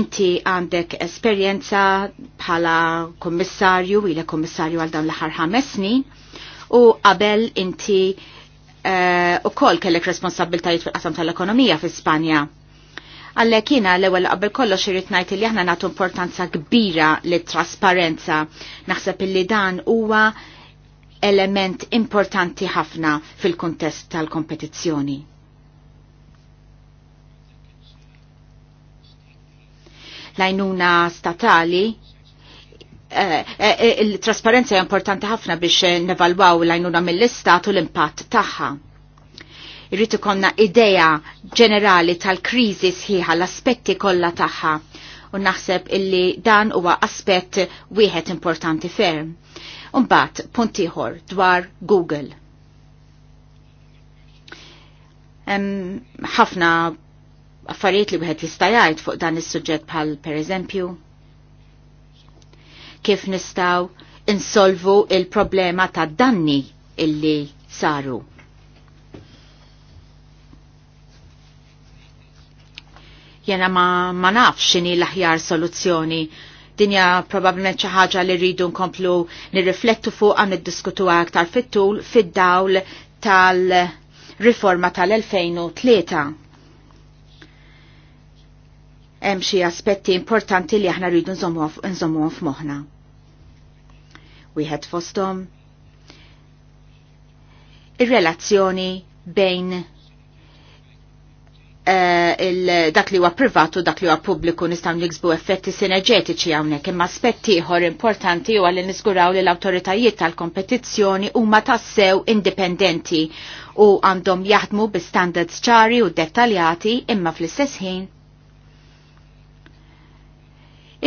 Inti għandek esperjenza bħala kommissarju, ila kommissarju għal dan l-aħħar ħames snin, u qabel inti Eh, u kol kellek responsabiltajiet fil-qasam tal-ekonomija fi Spanja. Għallek jina l-ewel qabel kollox xirrit najt li aħna nagħtu importanza kbira li trasparenza. Naħseb illi dan huwa element importanti ħafna fil-kuntest tal-kompetizzjoni. Lajnuna statali Eh, eh, eh, il-trasparenza importanti ħafna biex nevalwaw l-għajnuna mill-istat u l-impatt tagħha. Irrid ikonna idea ġenerali tal-kriżi sħiħa l-aspetti kollha tagħha u naħseb illi dan huwa aspett wieħed importanti ferm. Umbat, punt ieħor dwar Google. Ħafna affarijiet li wieħed jista' jgħid fuq dan is-suġġett bħal pereżempju kif nistaw insolvu il-problema ta' danni illi saru. Jena ma, ma nafx xini l-aħjar soluzzjoni dinja probabilment xi ħaġa li rridu nkomplu nirriflettu fuq għan niddiskutuha aktar fit-tul fid-dawl tal-riforma tal-2003 hemm xi aspetti importanti li aħna rridu nżommuhom f'moħħna. Wieħed fosthom ir-relazzjoni bejn uh, dak li huwa privatu u dak li huwa pubbliku nistgħu niksbu effetti sinerġetiċi hawnhekk imma aspetti ieħor importanti huwa li niżguraw li l-awtoritajiet tal-kompetizzjoni huma tassew indipendenti u għandhom jaħdmu bi standards ċari u dettaljati imma fl-istess ħin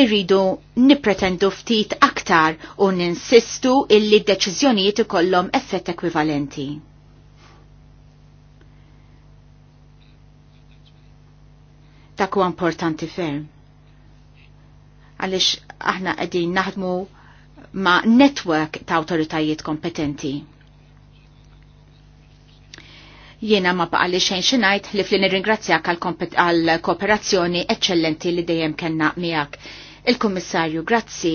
irridu nipretendu ftit aktar u ninsistu illi deċiżjonijiet ikollhom effett ekwivalenti. Dak huwa importanti ferm. Għaliex aħna qegħdin naħdmu ma' network ta' awtoritajiet kompetenti. Jiena ma baqa li xejn xinajt li flin nirringrazzjak għal kooperazzjoni eccellenti li dejjem kellna miegħek. Il-Kummissarju, grazzi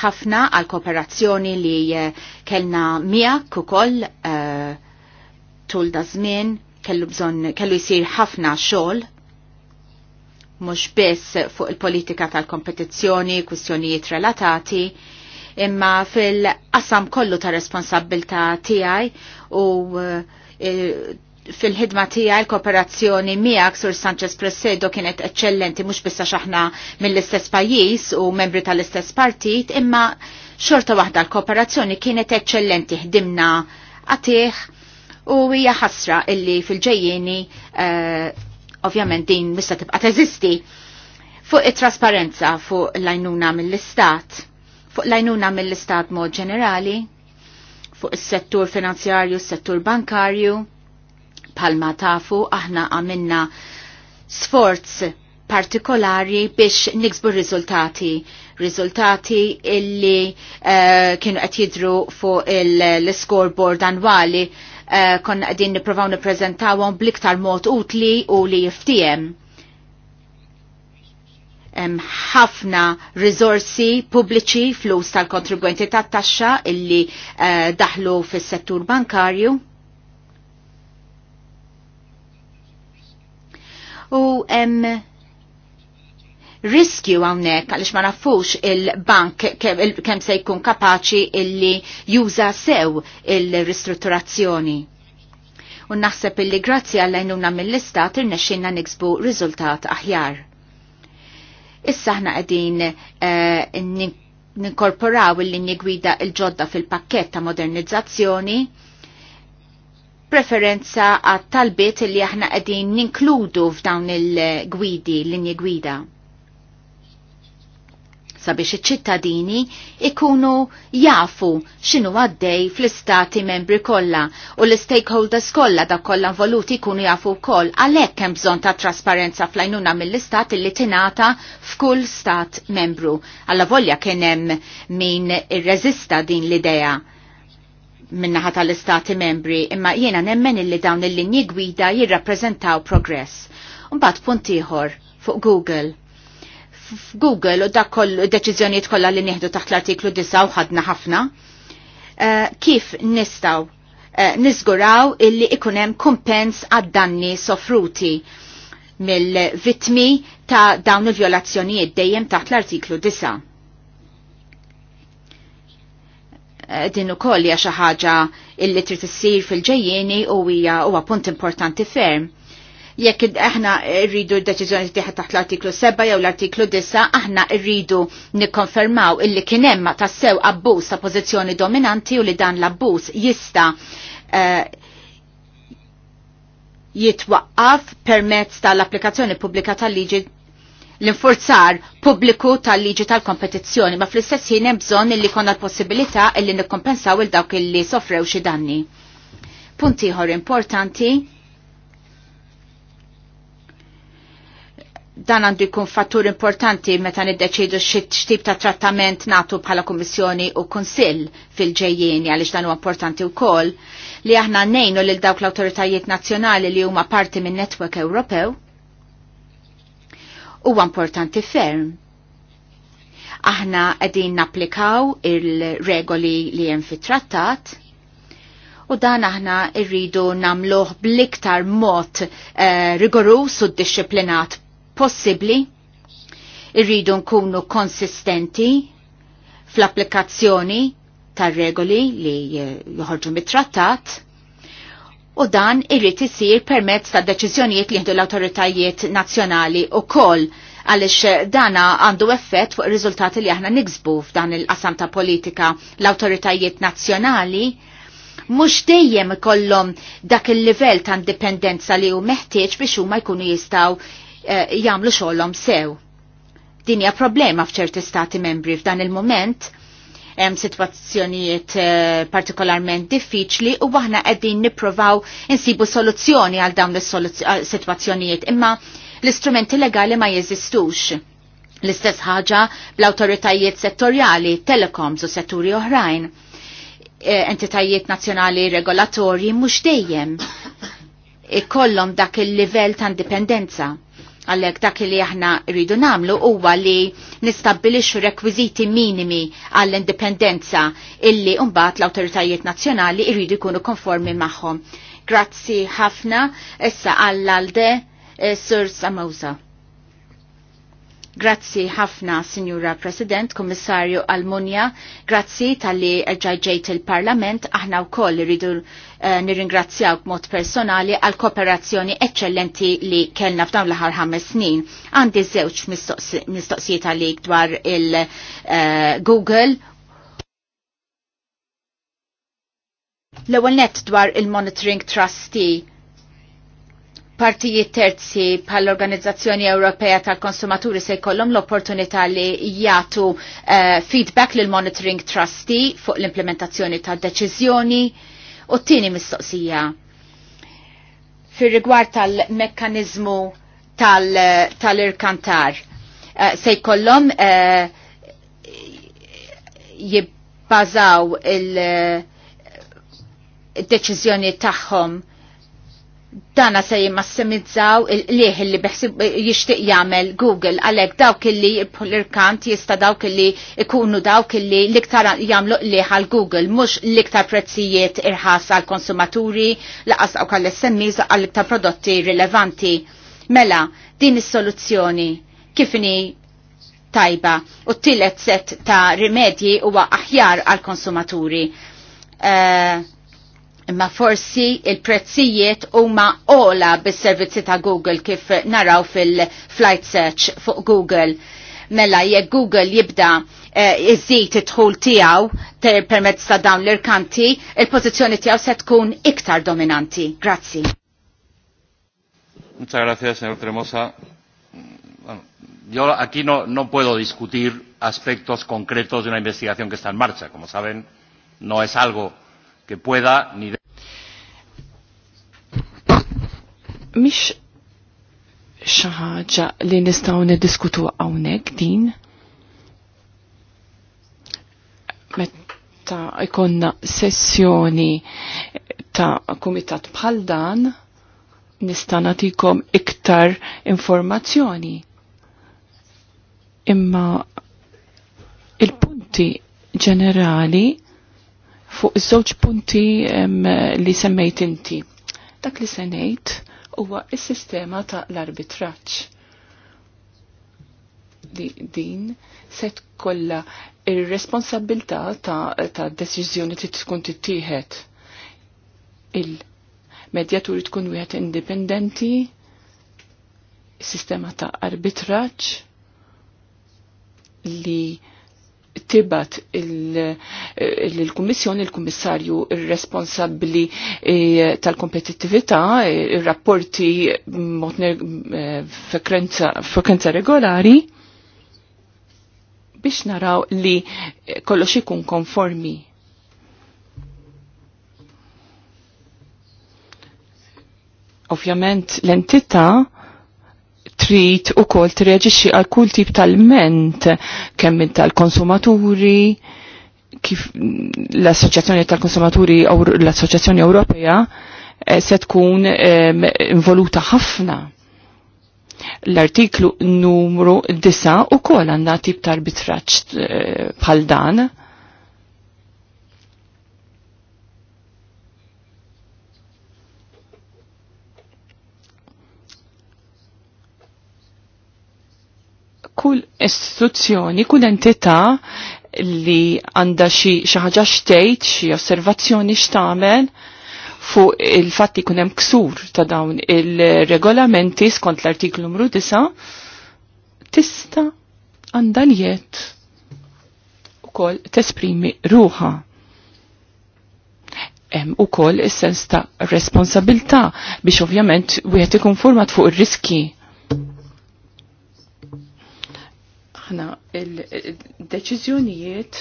ħafna għal kooperazzjoni li eh, kellna miegħek ukoll uh, tul da żmien kellu bżonn kellu jsir ħafna xogħol mhux biss fuq il-politika tal-kompetizzjoni, kwistjonijiet relatati, imma fil-qasam kollu ta' responsabilta tiegħi u uh, fil-ħidma tija l-kooperazzjoni miegħek Sur Sanchez Presedo kienet eccellenti mhux bissa xaħna mill-istess pajjiż u membri tal-istess partit, imma xorta waħda l-kooperazzjoni kienet eccellenti ħdimna għatih u hija ħasra illi fil-ġejjieni uh, ovvjament din mista tibqa' teżisti fuq it-trasparenza fuq l-għajnuna mill-istat, fuq l-għajnuna mill-istat mod ġenerali, fuq is-settur finanzjarju, s-settur bankarju Palma tafu aħna għamilna sforz partikolari biex niksbu riżultati riżultati illi uh, kienu qed jidru fuq il-scoreboard annwali uh, konna qegħdin nippruvaw nippreżentawhom bliktar mod utli u li jiftiem ħafna rizorsi pubbliċi flus tal-kontribwenti tat-taxxa illi uh, daħlu fis-settur bankarju. u hemm riskju għawnek għalix ma nafux il-bank kem, se jkun kapaċi illi juża sew il-ristrutturazzjoni. U naħseb illi grazzi għallajnuna mill-istat irnexxinna niksbu riżultat aħjar. Issa ħna qegħdin uh, ninkorporaw il-linji gwida il-ġodda fil-pakket ta' modernizzazzjoni preferenza għat talbiet li aħna qegħdin ninkludu f'dawn il-gwidi, l l-inje gwida. Sabiex iċ-ċittadini ikunu jafu x'inhu għaddej fl-istati membri kollha u l-stakeholders kollha da kolla involuti jkunu jafu wkoll għalhekk hemm bżonn ta' trasparenza flajnuna mill-istat li tingħata f'kull stat membru. Alla volja kien hemm min irreżista din l-idea minnaħat tal-istati membri, imma jiena nemmen illi dawn il-linji gwida jirrappreżentaw progress. Mbagħad punt ieħor fuq Google. F'Google u dak koll deċiżjonijiet kollha li nieħdu taħt l-artiklu Disa u ħadna ħafna. Eh, kif nistaw eh, nizguraw illi ikunem kumpens għad-danni sofruti mill-vitmi ta' dawn il-violazzjonijiet dejjem taħt l-artiklu Disa. Eh, din ukoll hija xi ħaġa illi trid issir fil-ġejjieni u hija huwa punt importanti ferm. Jekk aħna rridu d-deċiżjoni tieħed taħt l-artiklu 7 jew l-artiklu 9, aħna rridu nikkonfermaw illi kien hemm tassew abbuż ta' pożizzjoni dominanti u li dan l-abbuż jista' eh, jitwaqqaf permezz tal-applikazzjoni pubblika tal-liġi l-infurzar pubbliku tal-liġi tal-kompetizzjoni, ma fl-istess ħin hemm bżonn illi konna l-possibilità illi nikkompensaw il dawk illi sofrew xi danni. Punt ieħor importanti dan għandu jkun fattur importanti meta niddeċidu x'tip ta' trattament natu bħala Kummissjoni u Kunsill fil-ġejjieni għaliex dan huwa importanti wkoll li aħna nejnu lil dawk l-awtoritajiet nazzjonali li huma parti minn netwerk Ewropew huwa importanti ferm. Aħna qegħdin napplikaw il-regoli li hemm fit-trattat u dan aħna irridu namluħ bliktar mod uh, rigorus u disciplinat possibli. Irridu nkunu konsistenti fl-applikazzjoni tar regoli li joħorġu mit-trattat u dan irrid isir permezz ta' deċiżjonijiet li jieħdu l-awtoritajiet nazzjonali u koll għalix dana għandu effett fuq il-riżultati li aħna niksbu f'dan il-qasam ta' politika l-autoritajiet nazzjonali mux dejjem kollom dak il-livell ta' indipendenza li u meħtieġ biex huma jkunu jistaw eh, jagħmlu xogħolhom sew. Dinja problema f'ċerti stati membri f'dan il-moment hemm sitwazzjonijiet eh, partikolarment diffiċli u aħna qegħdin nipprovaw insibu soluzzjoni għal dawn is-sitwazzjonijiet eh, imma l-istrumenti legali ma jeżistux. L-istess ħaġa bl-awtoritajiet settorjali, telecoms u setturi oħrajn. Eh, entitajiet nazzjonali regolatorji mhux dejjem ikollhom dak il-livell ta' indipendenza Għallek dak li aħna rridu namlu huwa li nistabbilixu rekwiziti minimi għall-indipendenza illi umbat l-autoritajiet nazzjonali rridu jkunu konformi magħhom. Grazzi ħafna, issa għall-alde eh, Sur Samosa. Grazzi ħafna, Signora President, Kommissarju Almunja, grazzi tal-li ġajġejt il-Parlament, aħna u koll rridu eh, nirringrazzjaw b'mod personali għal kooperazzjoni eccellenti li kellna f'dawn l-ħar ħames snin. Għandi żewġ mistoqsijiet għalik dwar il-Google eh, L-ewwel nett dwar il-Monitoring Trustee partijiet terzi pal organizzazzjoni Ewropea tal-Konsumaturi se jkollhom l-opportunità li jagħtu uh, feedback lil monitoring trustee fuq l-implementazzjoni tad-deċiżjoni u t-tieni mistoqsija fir-rigward tal mekkaniżmu tal-irkantar. Tal uh, eh, se jkollhom uh, jibbażaw il-deċiżjoni tagħhom dana se jimassimizzaw liħ li biħsib jishtiq jagħmel Google għalhekk dawk illi l-irkant jista dawk illi ikunu dawk illi l-iktar jagħmlu liħ għal Google mhux l-iktar prezzijiet irħas għal konsumaturi laqas għaw kalli semmiz għal iktar prodotti rilevanti. Mela, din is-soluzzjoni kifini tajba u t-tielet set ta' rimedji huwa aħjar għal konsumaturi. Uh, imma forsi il-prezzijiet huma ola bis-servizzi ta' Google kif naraw fil-flight search fuq Google. Mela jekk Google jibda eh, iżid id-dħul tiegħu permezz ta' dawn l-irkanti, il-pożizzjoni tiegħu se tkun iktar dominanti. Grazzi. Muchas gracias, señor Tremosa. Bueno, yo aquí no, no puedo discutir aspectos concretos de una investigación que está en marcha. Como saben, no es algo que pueda ni de... Mish xaħġa li nistaw nediskutu għawnek din. Metta ikonna sessjoni ta' kumitat bħal dan nista' nagħtikom iktar informazzjoni. Imma il-punti ġenerali fuq iż-żewġ punti li semmejt inti. Dak li se ngħid huwa s-sistema ta' l-arbitraġġ li din se tkollha ir-responsabilità ta', ta deċiżjoni trid tkun tittieħed. Il-medjaturi tkun wieħed indipendenti, sistema ta' arbitraġġ li tibat il-Kummissjoni, il-Kummissarju responsabli eh, tal-kompetittività, eh, il-rapporti eh, frekwenza regolari biex naraw li kollox ikun konformi. Ovvjament l-entità trid ukoll treġixxi għal kull tip tal-ment kemm tal-konsumaturi kif l-Assoċjazzjoni tal-Konsumaturi u l-Assoċjazzjoni Ewropea eh, se tkun involuta ħafna. L-artiklu numru 9 u kol għanna tip tal-bitraċ eh, bħal dan kull istituzzjoni, kull entità li għanda xi ħaġa xtejt, xi osservazzjoni x'tagħmel fuq il-fatt li kunem ksur ta' dawn il-regolamenti skont l-artiklu numru 9 tista' għandha liet ukoll tesprimi ruha. Hemm ukoll is-sens ta' responsabilità biex ovvjament wieħed ikun format fuq ir-riski Aħna il-deċiżjonijiet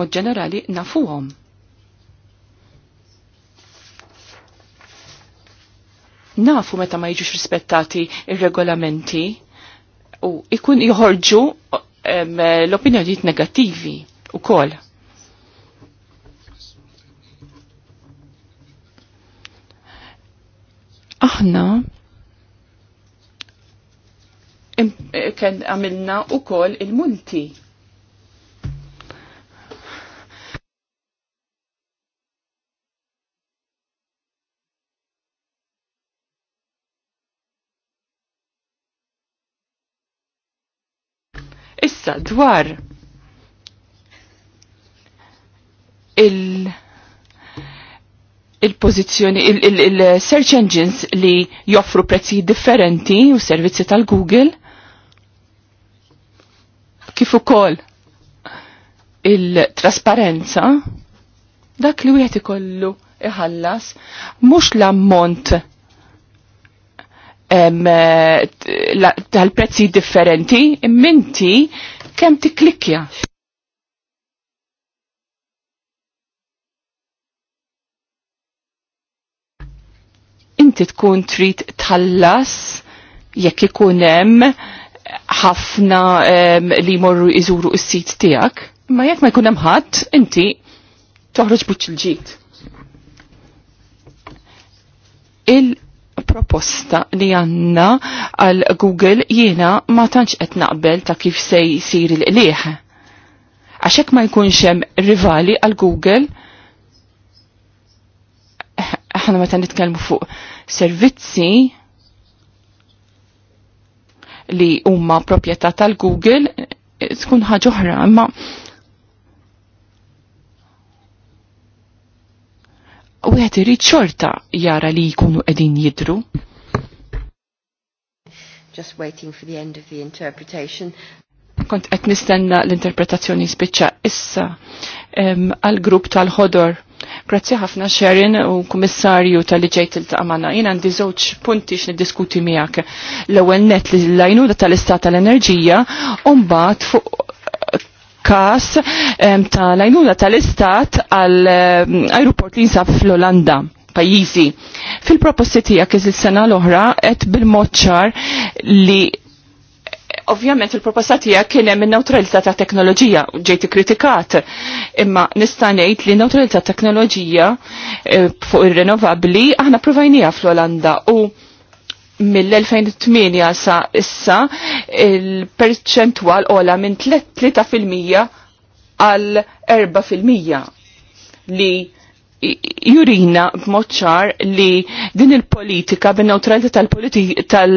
mod ġenerali nafuhom. Nafu meta ma jiġux rispettati ir-regolamenti u ikun joħorġu l-opinjonijiet negattivi u kol. Aħna Eh, kien għamilna u kol il-munti. Issa dwar il- il-pozizjoni, il-search il il engines li joffru prezzi differenti u servizzi tal-Google, kif ukoll il-trasparenza dak li wieħed ikollu iħallas mhux l-ammont tal-prezzi differenti imminti kemm tiklikkja. Inti tkun trid tħallas jekk ikun hemm ħafna li morru iżuru s-sit tijak, ma jekk ma jkun hemm ħadd, inti toħroġ buċ il-ġid. Il-proposta li għanna għal Google jiena ma tantx qed naqbel ta' kif se jsir il-qlieħ. Għaxek ma jkunx hemm rivali għal Google, aħna meta nitkellmu fuq servizzi li huma proprjetà tal-Google tkun ħaġa oħra, imma wieħed irid xorta jara li jkunu qegħdin jidru. Just waiting for the end of the interpretation. Kont qed nistenna l-interpretazzjoni spiċċa issa għal grupp tal-ħodor Grazzi ħafna Sharon u kummissarju tal ġejt il-taqamana. Jien għandi żewġ punti niddiskuti miegħek. L-ewwel net li l-lajnu tal-istat tal-enerġija u mbagħad fuq kas tal-lajnuna tal-istat għal-aeroport li jinsab fl-Olanda pajjiżi. Fil-proposti tiegħek iż-sena l-oħra qed bil-moċċar li Ovvjament il-proposta tiegħek kien hemm in-newtralità ta' teknoloġija u ġejti kritikat, imma nista' ngħid li neutralità ta' teknoloġija eh, fuq ir-renovabbli aħna provajnija fl-Olanda u mill-2008 sa issa il-perċentwal ola minn 3% għal 4% li jurina b'moċċar li din il-politika bin-neutralità tal-politika tal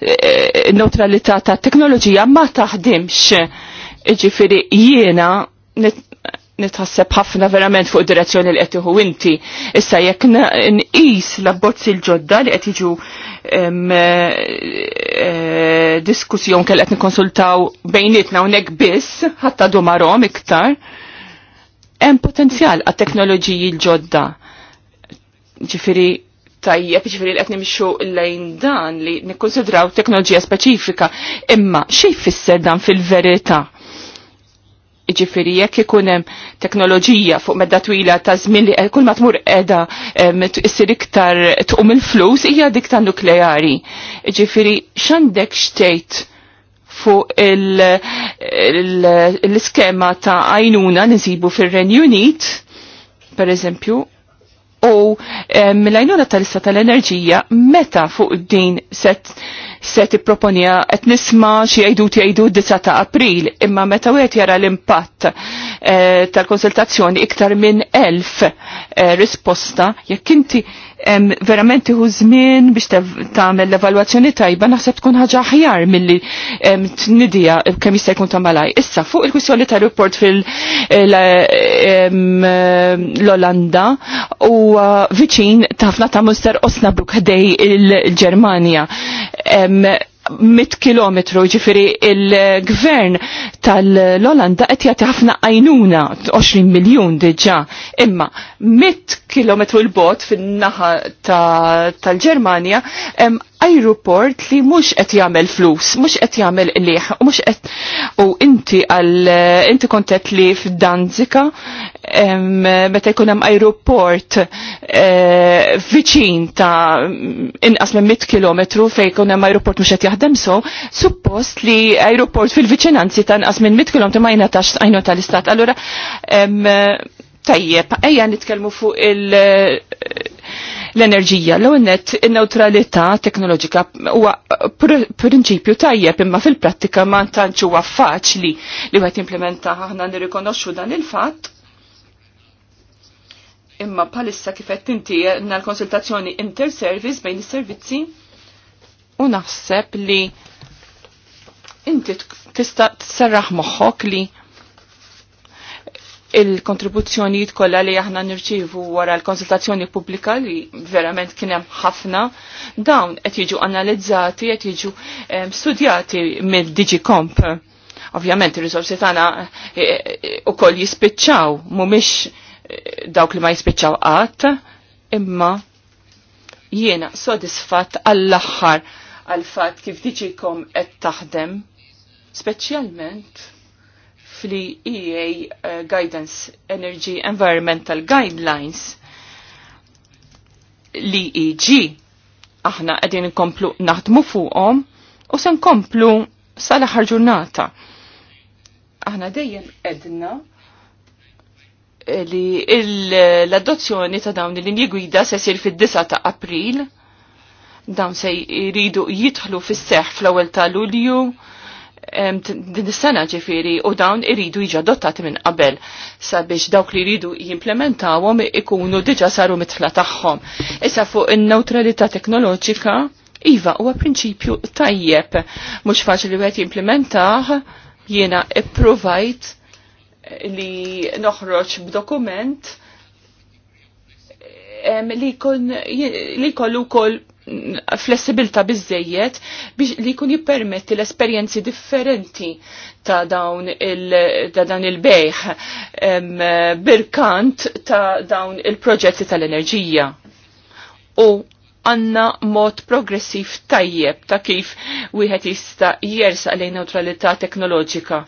eh, tat-teknoloġija ma taħdimx. iġifieri jiena nitħasseb ħafna verament fuq direzzjoni li qed tieħu inti. Issa jekk nqis l-abbozzi l-ġodda li qed jiġu eh, eh, diskussjon kellet qed nikkonsultaw bejnietna hawnhekk biss ħatta domarom iktar hemm potenzjal għat teknoloġiji l-ġodda. Ġifiri tajjeb, ġifiri l-qed nimxu lejn dan li nikkonsidraw teknoloġija speċifika, imma xej fisser dan fil-verità? Ġifiri jekk ikun hemm teknoloġija fuq medda twila ta' żmien li kull ma tmur qiegħda issir iktar tqum il-flus hija dik ta' nukleari. Ġifiri x'għandek xtejt? fuq l-iskema ta' għajnuna nizibu fil-Ren Unit, per eżempju, u mill-għajnuna tal-issa tal-enerġija meta fuq din set set proponija qed nisma' xi jgħidu jgħidu d-9 ta' April, imma meta wieħed jara l-impatt eh, tal-konsultazzjoni iktar minn elf eh, risposta, jekk inti verament iħu żmien biex tagħmel l-evalwazzjoni tajba naħseb tkun ħaġa aħjar milli tnidija kemm jista' jkun ta' malaj. Issa fuq il kwissjoni ta' report fil-Olanda eh, u viċin ta' ħafna ta' Munster Osnabrück ħdej il-Ġermanja 100 kilometru ġifiri il-gvern tal-Olanda qed jagħti ħafna għajnuna 20 miljun diġà, imma 100 kilometru l-bot fin-naħa tal-Ġermanja hemm Aeroport li mhux qed jagħmel flus, mhux qed jagħmel liħ, u mhux qed u inti għal inti kontet li f'Danzika meta jkun hemm ajruport eh, viċin ta' inqas minn 100 km fejn jkun hemm ajruport mhux qed jaħdem so, suppost li ajruport fil-viċinanzi ta' inqas minn 100 km ma jingħatax għajnu tal-istat. Allura tajjeb, ejja nitkellmu fuq il- l-enerġija. l net in-neutralità teknoloġika huwa prinċipju tajjeb imma fil-prattika ma tantx huwa faċli li wieħed implementa aħna nirrikonoxxu dan il-fatt. Imma bħalissa kif qed inti l-konsultazzjoni inter-service bejn is-servizzi u naħseb li inti tista' tserraħ moħħok li il-kontribuzzjonijiet kollha li aħna nirċivu wara l-konsultazzjoni pubblika li verament kien hemm ħafna, dawn qed jiġu analizzati, qed jiġu studjati mill-DG Ovvjament ir-risorsi tagħna e, e, e, ukoll jispiċċaw mhumiex dawk li ma jispiċċaw qatt, imma jiena sodisfatt għall-aħħar għal fatt kif diġikom qed taħdem, speċjalment Fli ea eh, Guidance Energy Environmental Guidelines li EG aħna qegħdin nkomplu naħdmu fuqhom u se nkomplu sal-aħħar ġurnata. Aħna dejjem edna eh, li l-adozzjoni ta' dawn il-linji gwida se sir fid-9 ta' April dawn se jridu jitħlu fis-seħħ fl-ewwel ta' Lulju din is-sena ġifieri u dawn iridu iġa adottati minn qabel sabiex dawk li jridu jimplementawhom ikunu diġà saru mitħla tagħhom. Issa fuq in neutralita teknoloġika iva huwa prinċipju tajjeb mhux faċli wieħed jimplementah jiena ipprovajt li noħroġ b'dokument li kollu kol flessibilta bizzejiet biex li kun jippermetti l-esperienzi differenti ta' dawn il-bejħ birkant ta' dawn il-proġetti tal-enerġija. U għanna mod progressiv tajjeb ta' kif wieħed jista' jersa lejn neutralità teknoloġika.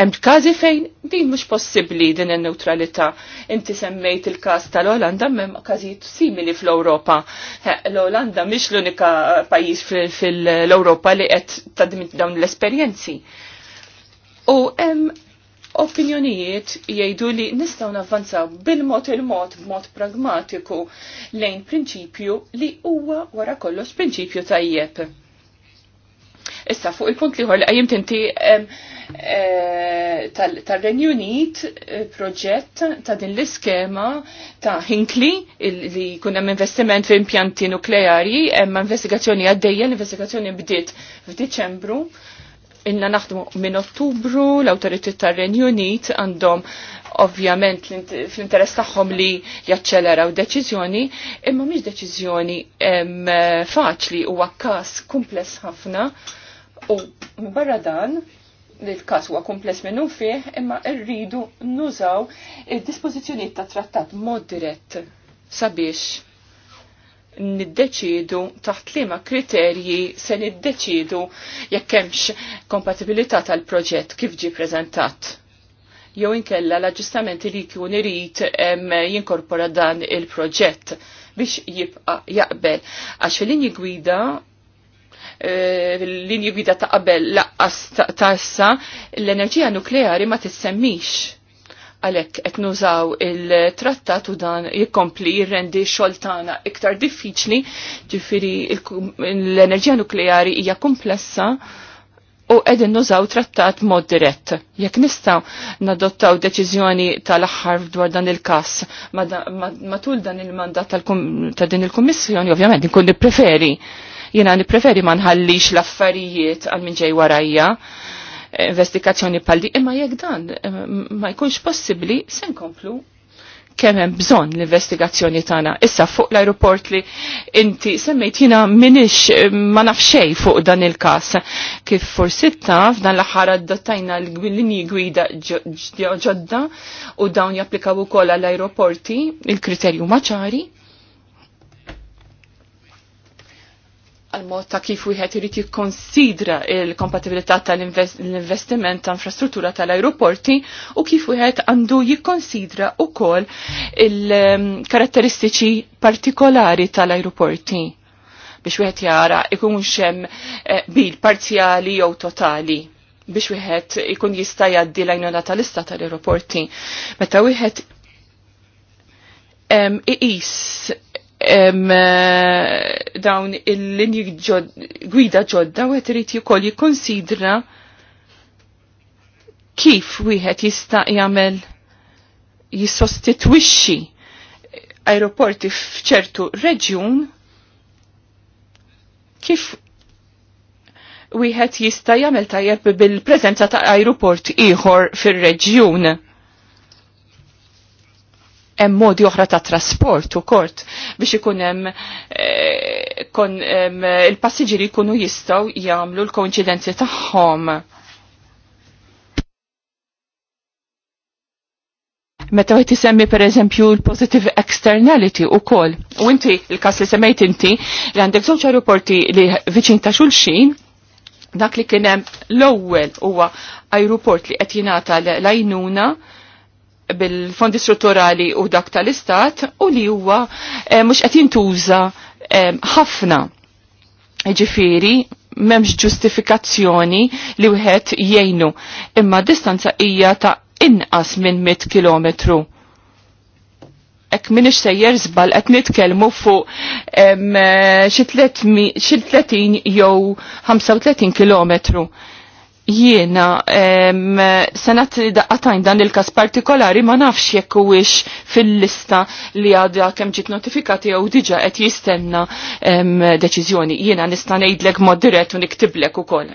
Hemm każi fejn din mhux possibbli din in-neutralità. Inti semmejt il-każ tal-Olanda m'hemm każijiet simili fl-Ewropa. L-Olanda mhix l-unika pajjiż fil-Ewropa li qed tadmit dawn l-esperjenzi. U hemm opinjonijiet jgħidu li nistaw navvanzaw bil-mod il-mod b'mod pragmatiku lejn prinċipju li huwa wara kollox prinċipju tajjeb. Issa fuq il-punt liħor li għajim tinti e, tal renju Unit e, proġett ta' din l-iskema ta' Hinkley li kunem investiment fi impjanti nukleari, ma' investigazzjoni għaddejja, l-investigazzjoni bdiet f'Diċembru inna naħdmu minn Ottubru, l-autoritet tar-Renju Unit għandhom ovvjament fl-interess tagħhom li jaċċeleraw deċiżjoni, imma mhix deċiżjoni faċli huwa każ kumpless ħafna u barra dan li l-każ huwa kumpless minnu fih, imma rridu nużaw id-dispożizzjonijiet ta' trattat mod dirett sabiex niddeċidu taħt liema kriterji se niddeċidu jekk hemmx kompatibilità tal-proġett kif ġi preżentat. Jew inkella l-aġġustamenti li jkun irid jinkorpora dan il-proġett biex jibqa' jaqbel. Għax fil-linji gwida eh, l-linji gwida ta' qabel laqqas ta' l-enerġija nukleari ma tissemmix għalek qed nużaw il-trattat u dan jikkompli jirrendi xoltana iktar diffiċli, ġifiri l-enerġija nukleari hija komplessa u qegħdin nużaw trattat mod dirett. Jekk nistaw nadottaw deċiżjoni tal-aħħar dwar dan il-każ matul dan il-mandat ta' din il-Kummissjoni, ovvjament nkun nippreferi. jena nippreferi ma nħallix l-affarijiet għal minn ġej warajja investigazzjoni pal di, imma jekk dan eh, ma jkunx possibbli se nkomplu kemm hemm bżonn l-investigazzjoni tagħna. Issa fuq l-aeroport li inti semmejt jiena minix eh, ma nafxej fuq dan il-każ. Kif forsi taf dan l-aħħar adattajna l-linji gwida ġodda u dawn japplikaw ukoll għall-aeroporti il-kriterju maċari għal-mod ta' kif wieħed irid jikkonsidra il-kompatibilità tal-investiment ta' infrastruttura tal-aeroporti u kif wieħed għandu jikkonsidra wkoll il-karatteristiċi partikolari tal-aeroporti biex wieħed jara ikun xem eh, bil parzjali jew totali biex wieħed ikun jista' jgħaddi l-għajnuna tal ista tal-aeroporti. Meta wieħed iqis Eh, dawn il-linji gwida ġodda u għetrit jikoll jikonsidra kif wieħed jista' jagħmel jissostitwixxi aeroporti f'ċertu reġjun kif wieħed jista' jagħmel tajjeb bil-preżenza ta' aeroport ieħor fir-reġjun hemm modi oħra ta' trasport u kort biex ikun hemm eh, kon il-passiġġieri jkunu jistgħu jagħmlu l-koinċidenzi tagħhom. meta għet semmi per eżempju l-positive externality u kol. U inti, il-kas li semmejt inti, li għandek zoċ aeroporti li viċin ta' xulxin, dak li kienem l-ewwel huwa aeroport li qed jingħata l-għajnuna bil-fondi strutturali u dak tal-istat u li huwa eh, mhux qed jintuża eh, ħafna. Ġifieri m'hemmx ġustifikazzjoni li wieħed jgħinu imma distanza hija ta' inqas minn 100 kilometru. Ek minix sejjer żbal qed nitkellmu fuq eh, xi 30 jew 35 kilometru jiena senat li daqqatajn dan il-kas partikolari ma nafx jekk huwiex fil-lista li għadha kemm ġiet notifikati jew diġà qed jistenna deċiżjoni. Jiena nista' ngħidlek mod dirett u niktiblek ukoll.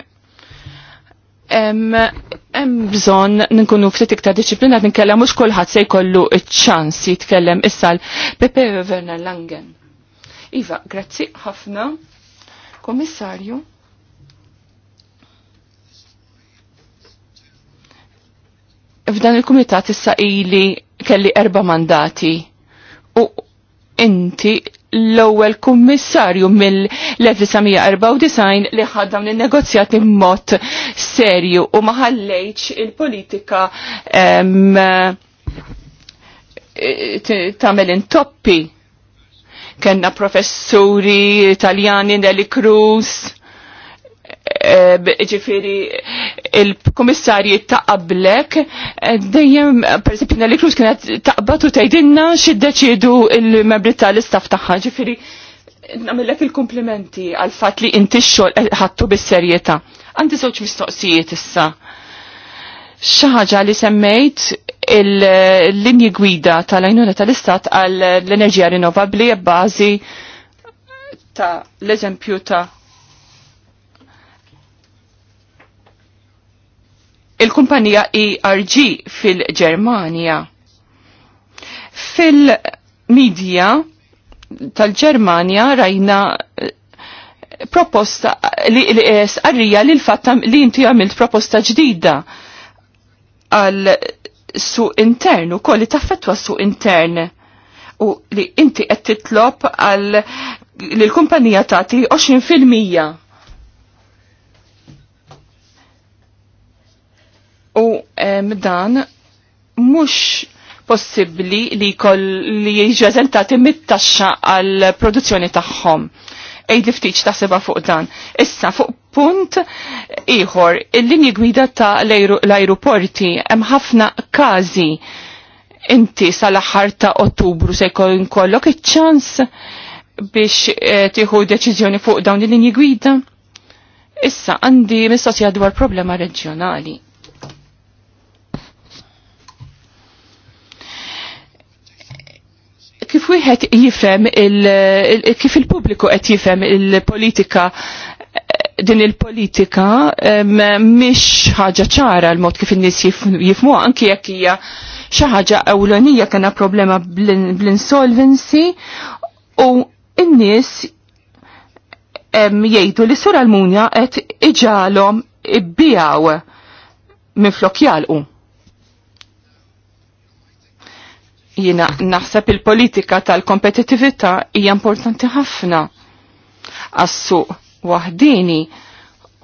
Hemm bżonn ninkunu ftit iktar diċiplinat nitkellem mhux kulħadd se jkollu ċ-ċans jitkellem issal pepe Werner Langen. Iva, grazzi ħafna. Komissarju. f'dan il-kumitat issa ili kelli erba mandati u inti l-ewwel kummissarju mill-1994 li ħaddam dawn in-negozjati serju u ma ħallejx il-politika tagħmel intoppi. Kenna professuri Italjani Nelly Cruz, Eh, ġifiri il-komissarji taqablek, eh, dejjem, per esempio, nelli kruz kena taqbat u tajdinna xiddeċidu il-membri tal-istaf taħħa, ġifiri, namillek il-komplimenti għal-fat li inti xol ħattu bis-serjeta. Għandi żewġ mistoqsijiet issa. Xaħġa li semmejt il-linji gwida tal-għajnuna tal-istat għall-enerġija rinnovabli e bazi ta' l-eżempju ta' il-kumpanija ERG fil-Germania. Fil-medja tal-Germania rajna eh, proposta li s-arrija li eh, l fattam li inti għamilt proposta ġdida għal su internu, kolli taffetwa su intern u li inti qed titlob għal li l-kumpanija tagħti 20 fil-mija dan mhux possibbli li kol li jiġreżentati mit-taxxa għal produzzjoni tagħhom. Ejd li ftiċ taħseba fuq dan. Issa fuq punt ieħor il-linji gwida ta' l-ajruporti hemm ħafna każi inti sal-aħħar ta' Ottubru se jkun kollok iċ-ċans biex eh, tieħu deċiżjoni fuq dawn il-linji gwida. Issa għandi mistoqsija dwar problema reġjonali kif wieħed jifhem il kif il-pubbliku qed jifhem il-politika din il-politika mhix ħaġa ċara l-mod kif in-nies jifmu anki jekk hija xi ħaġa ewlenija kellha problema bl-insolvency u n-nies jgħidu li sur Almunja qed iġalhom ibbijaw minflok jgħalqu. jalqu Jina naħseb il-politika tal-kompetitività hija importanti ħafna għas-suq waħdini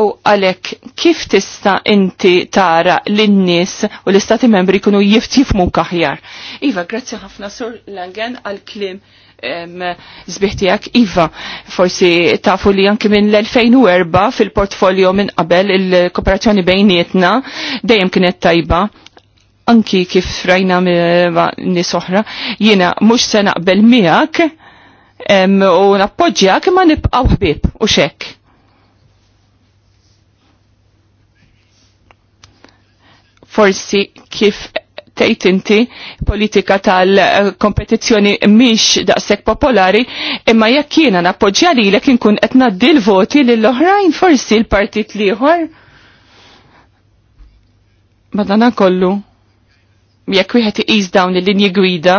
u għalek kif tista inti tara l-nis u l-istati membri kunu jiftifmu kaħjar. Iva, grazzi ħafna sur Langen għal-klim zbiħtijak Iva, forsi tafu li anki minn l-2004 fil-portfolio minn qabel il-kooperazzjoni bejnietna dejjem kienet tajba anki kif rajna nisohra, oħra, jiena mhux se naqbel miegħek u nappoġġjak ma nibqgħu ħbieb u xekk. Forsi kif tgħid inti politika tal-kompetizzjoni mhix daqshekk popolari, imma jekk jiena nappoġġja lilek inkun qed ngħaddi l-voti lill-oħrajn forsi l-partit l ieħor. Madana kollu jekk wieħed iqis dawn il-linji gwida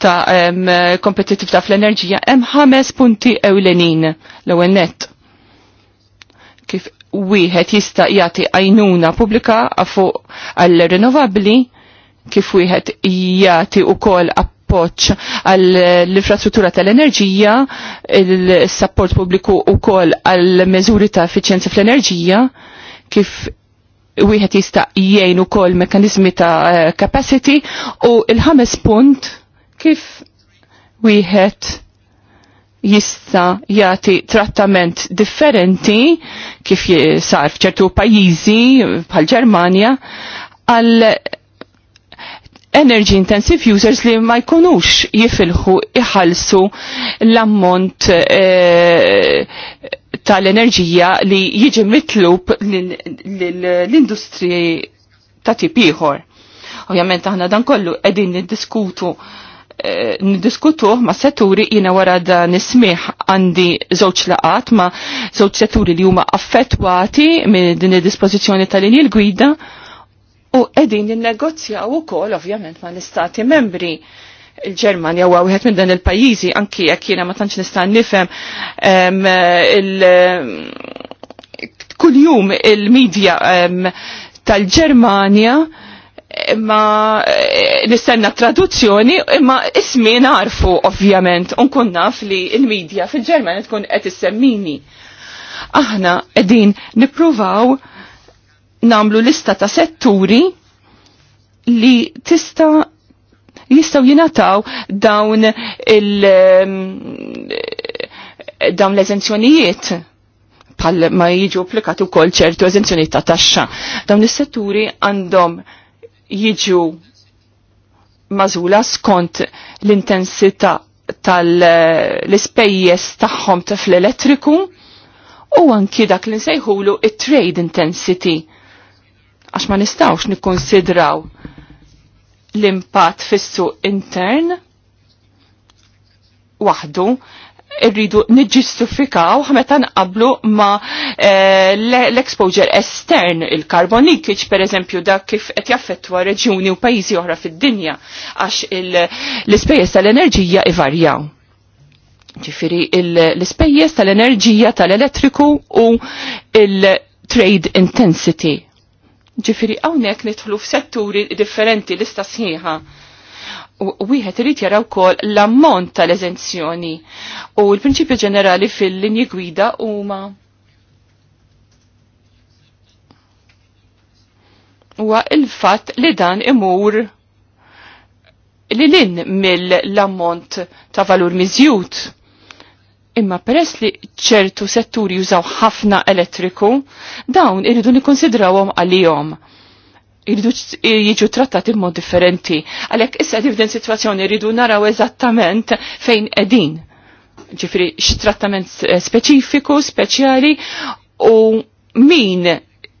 ta' kompetitiv ta' fl-enerġija, hemm ħames punti ewlenin l-ewwel nett. Kif wieħed jista' jagħti għajnuna pubblika fuq għall rinnovabbli kif wieħed jagħti wkoll appoġġ għall-infrastruttura tal-enerġija, il-sapport pubbliku wkoll għall meżuri ta' effiċjenza fl-enerġija, kif wieħed jista' jgħin ukoll mekanizmi ta' eh, capacity u il-ħames punt kif wieħed jista jagħti trattament differenti kif sar f'ċertu pajjiżi bħal Ġermanja għal energy intensive users li ma jkunux jifilħu iħalsu l-ammont eh, tal-enerġija li jiġi mitlub l-industri ta' tip ieħor. Ovvjament aħna dan kollu qegħdin niddiskutu eh, niddiskutuh ma' setturi jiena wara dan nismih għandi żewġ laqat ma' żewġ setturi li huma affettwati minn din id-dispożizzjoni tal-linji l-gwida u qegħdin ninnegozjaw ukoll ovvjament ma' l-istati membri il-Ġermanja huwa wieħed minn dan il-pajjiżi anki jekk jiena ma tantx nista' nifhem il kuljum il-medja tal-Ġermanja ma eh, nistenna traduzzjoni imma ismi narfu ovvjament unkun naf li il-medja fil ġermani tkun qed issemmini. Aħna qegħdin nippruvaw namlu lista ta' setturi li tista' jistaw jinataw dawn il- dawn l-eżenzjonijiet pal ma jiġu applikati u kol ċertu eżenzjonijiet ta' taxxa. Dawn is-setturi għandhom jiġu mażula skont l-intensità tal-ispejjes eh, tagħhom ta' fl-elettriku u anki dak li nsejħulu it-trade intensity. Għax ma nistawx nikkonsidraw l-impatt fissu intern wahdu irridu niġġistifikaw meta nqablu ma eh, l-exposure estern il-carbon leakage per eżempju dak kif qed jaffettwa reġjuni u pajjiżi oħra fid-dinja għax l-ispejjeż tal-enerġija ivarjaw. Ġifiri l-ispejjeż tal-enerġija tal-elettriku u il-trade intensity Ġifiri hawnhekk nidħlu f'setturi differenti l sħiħa. U wieħed irid jara wkoll l-ammont tal-eżenzjoni u l-prinċipju ġenerali fil-linji gwida huma huwa il-fatt li dan imur li lin mill-ammont ta' valur miżjut Imma peress li ċertu setturi jużaw ħafna elettriku, dawn irridu nikkonsidrawhom għalihom. Irridu jiġu trattati b'mod differenti. Għalhekk issa fdin sitwazzjoni rridu naraw eżattament fejn qegħdin. Ġifri x'trattament eh, speċifiku, speċjali u min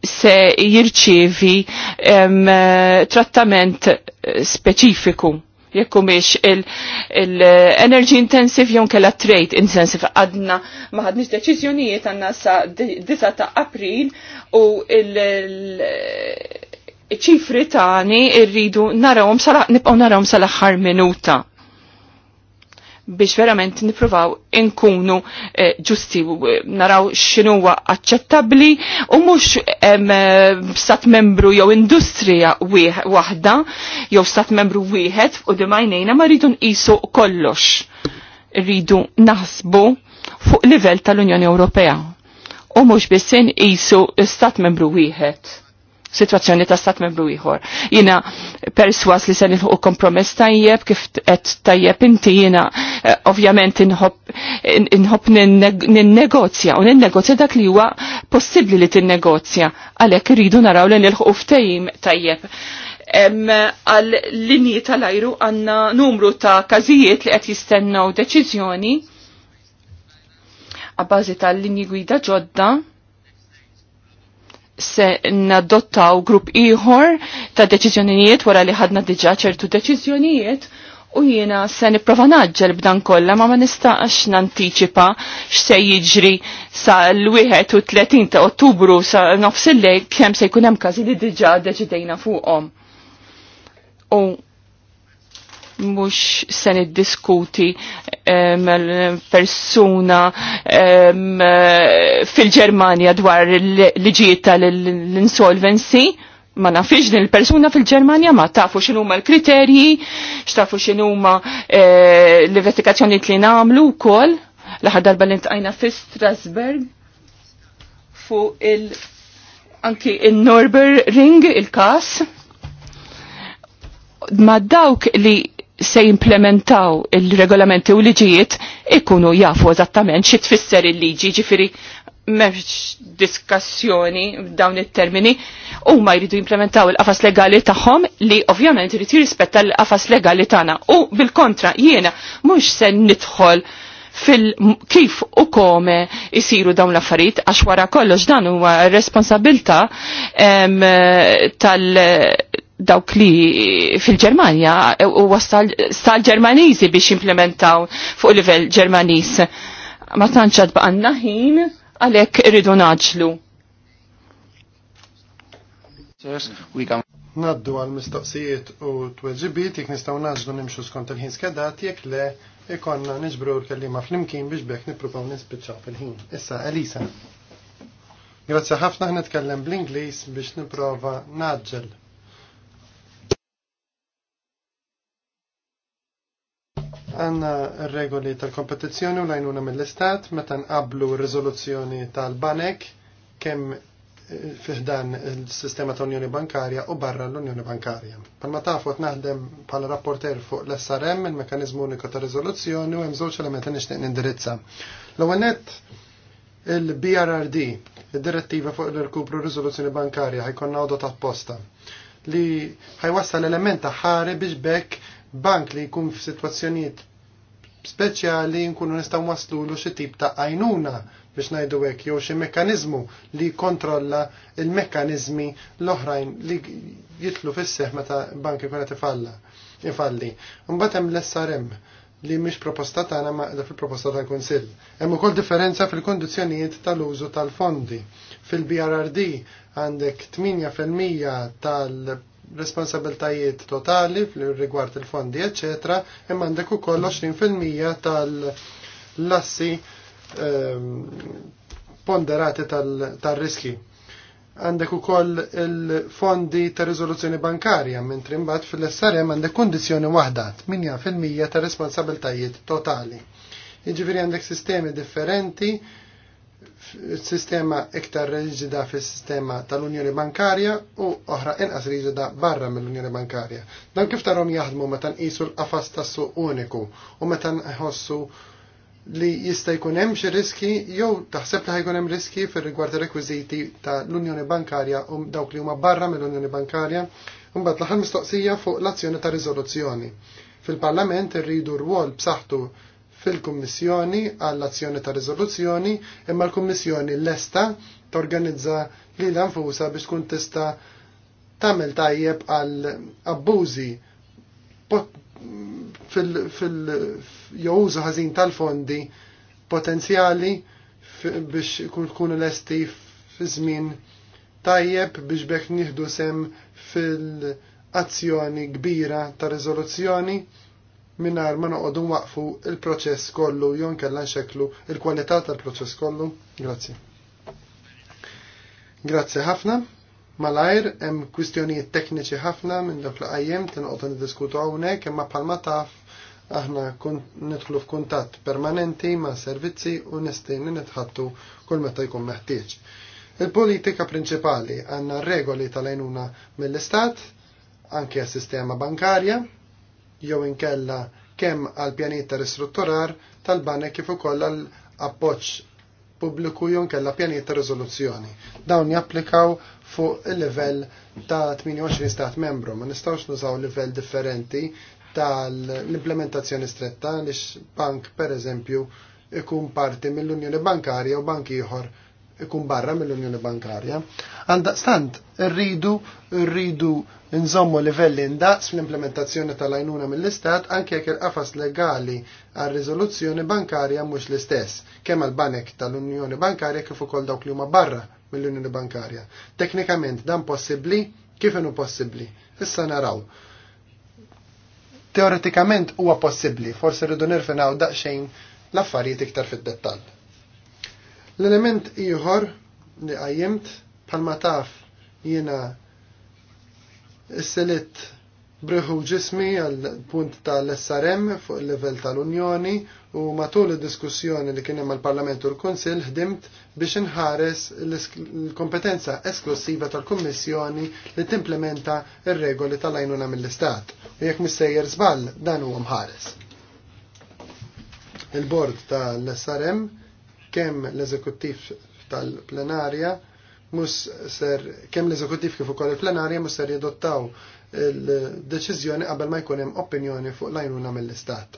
se jirċievi eh, trattament eh, speċifiku jekk miex il-energy intensive jew kella trade intensive għadna ma ħadniex deċiżjonijiet għandna sa 9 ta' April u il ċifri tani irridu narawhom nibqgħu narawom sal-aħħar minuta biex verament nipruvaw inkunu eh, ġusti, eh, naraw xinuwa aċċettabli u mux eh, stat membru jew industrija wahda jew stat membru wieħed u dimajnejna ma rridu nqisu kollox. Rridu naħsbu fuq livell tal-Unjoni Ewropea u mhux biss nqisu stat membru wieħed situazzjoni ta' stat membru ieħor. Jina perswas li se nilħu kompromess tajjeb kif qed tajjeb inti jina eh, ovvjament inħobb ninnegozja u ninnegozja dak li huwa possibbli li tinnegozja għalhekk irridu naraw li nilħu ftehim tajjeb għal linji tal-ajru għanna numru ta' kazijiet li qed jistennaw deċiżjoni għabbażi tal-linji gwida ġodda se nadottaw grupp iħor ta' deċizjonijiet wara li ħadna diġa ċertu deċizjonijiet u jiena se nipprova naġġel b'dan kollha ma ma nistax nantiċipa x'se jiġri sa l-31 ta' Ottubru sa nofs il-lejl kemm se jkun hemm każi li diġà deċidejna fuqhom. U mux sen niddiskuti diskuti eh, persuna eh, fil-Germania dwar l-liġijiet tal-insolvency. Ma nafix din il-persuna fil-Germania ma tafu xinu ma l-kriterji, xtafu xinu ma eh, l-investigazzjoni li namlu u kol. Laħar darba l-intajna fi Strasberg fuq il- anki il-Norber Ring, il-kas ma dawk li se jimplementaw il-regolamenti u liġijiet ikunu jafu eżattament xi tfisser il-liġi ġifiri m'hemmx diskussjoni dawn it-termini huma jridu jimplementaw il-qafas legali tagħhom li ovvjament irid jirrispetta l-qafas legali tagħna u bil-kontra jiena mhux se nidħol fil kif u kome jisiru dawn l-affarijiet għax wara kollox dan huwa responsabilta tal dawk li fil-Ġermanja e, u stal Ġermaniżi biex implementaw fuq livell Ġermaniż. Ma tantx għadbaqanna ħin għalhekk irridu naġlu. Naddu għal-mistoqsijiet u t-weġibiet, jek nistaw naġlu nimxu skont il-ħin skedat, jek le ikonna nġbru l-kellima fl-imkien biex bek niprupaw nispiċċaw fil-ħin. Issa, Elisa. Grazzi ħafna ħnetkellem bl-Inglis biex niprofa naġġel Għanna regoli tal-kompetizzjoni u lajnuna mill-istat, meta nqablu rizoluzzjoni tal-banek, kemm eh, fiħdan il-sistema ta' Unjoni Bankarja u barra l-Unjoni Bankarja. Palma tafu naħdem pal rapporter fuq l-SRM, il-mekanizmu uniku ta' rizoluzzjoni u hemm żewġ elementi nixtieq nindirizza. L-ewwel il-BRRD, il-direttiva fuq il-rkupru rizoluzzjoni bankarja, ħajkonna għodu ta' posta li ħajwassal element ta' ħari biex bekk bank li jkun f'sitwazzjonijiet speċjali nkunu nistgħu waslulu xi tip ta' għajnuna biex ngħidu hekk jew xi mekkaniżmu li jkontrolla il-mekkaniżmi l-oħrajn li jitlu fis seħħ meta bank ikun qed ifalla ifalli. Imbagħad hemm l-SRM li mhix proposta tagħna maqda fil-proposta tal-Kunsill. Hemm ukoll differenza fil-kondizzjonijiet tal-użu tal-fondi. Fil-BRRD għandek 8% tal responsabiltajiet totali rigward il-fondi, eccetera, imma għandek ukoll 20% tal-lassi ehm, ponderati tal-riski. Għandek ukoll il-fondi ta' rizoluzzjoni bankarja, mentri mbagħad fil-SRM għandek kundizzjoni waħda, 8% ta' responsabiltajiet totali. Jiġifieri għandek sistemi differenti sistema iktar riġida fis-sistema tal-Unjoni Bankarja u oħra inqas riġida barra mill-Unjoni Bankarja. Dan kif tarhom jaħdmu meta nqisu l-qafas tas-suq uniku u meta nħossu li jista' jkun hemm xi riski jew taħseb li ħajkun hemm riski fir-rigward ir-rekwiżiti tal-Unjoni Bankarja u dawk li huma barra mill-Unjoni Bankarja. Mbagħad l-aħħar mistoqsija fuq l-azzjoni ta' riżoluzzjoni. Fil-Parlament irridu rwol b'saħħtu fil-Kummissjoni għall-azzjoni ta' riżoluzzjoni imma l-Kummissjoni lesta torganizza li l-anfusa biex tkun tista' tagħmel tajjeb għall abbużi fil-jowużu ħażin tal-fondi potenzjali biex kun lesti fi żmien tajjeb biex bekk nieħdu sem fil-azzjoni kbira ta' riżoluzzjoni minnar ma noqogħdu waqfu il-proċess kollu jon nkella nxeklu il-kwalità tal-proċess kollu. Grazzi. Grazzi ħafna. Malajr, hemm kwistjonijiet tekniċi ħafna minn dak li qajjem tinqogħdu niddiskutu hawnhekk imma bħalma taf aħna nidħlu f'kuntatt permanenti ma' servizzi u nistin nitħattu kull meta jkun meħtieġ. Il-politika prinċipali għandna regoli tal-għajnuna mill-Istat, anke s-sistema bankarja, jew inkella kemm għal pjanijiet ta' ristrutturar tal-banek kif ukoll għal appoġġ pubbliku jew inkella pjanijiet ta' riżoluzzjoni. Dawn japplikaw fuq il-livell ta' 28 stat membru, ma nistgħux nużaw livell differenti tal-implementazzjoni stretta li bank per eżempju ikun parti mill-Unjoni Bankarja u bank ieħor ikun barra mill-Unjoni Bankarja. Għandaqstant, rridu, rridu nżommu livelli indaqs fl-implementazzjoni tal-għajnuna mill-Istat anke jekk il-qafas legali għal riżoluzzjoni bankarja mhux l-istess, kemm għal banek tal-Unjoni Bankarja kif ukoll dawk li huma barra mill-Unjoni Bankarja. Teknikament dan possibbli kif inhu possibbli. Issa naraw. Teoretikament huwa possibbli, forsi rridu nirfinaw daqsxejn l-affarijiet iktar fid-dettall. L-element ieħor li qajjimt bħalma taf jiena s-selit briħu ġismi għal punt tal-SRM fuq il-level tal-Unjoni u matul id-diskussjoni li kien hemm għall-Parlament u l-Kunsill ħdimt biex inħares l-kompetenza esklusiva tal-Kummissjoni li timplementa il regoli tal-għajnuna mill-Istat. U jekk mistejjer żball dan u mħares. Il-bord tal-SRM kemm l-eżekuttiv tal-plenarja mus ser kemm l-eżekuttiv kif ukoll il-plenarja mus ser jadottaw il-deċiżjoni qabel ma jkun hemm opinjoni fuq l-għajnuna mill-istat.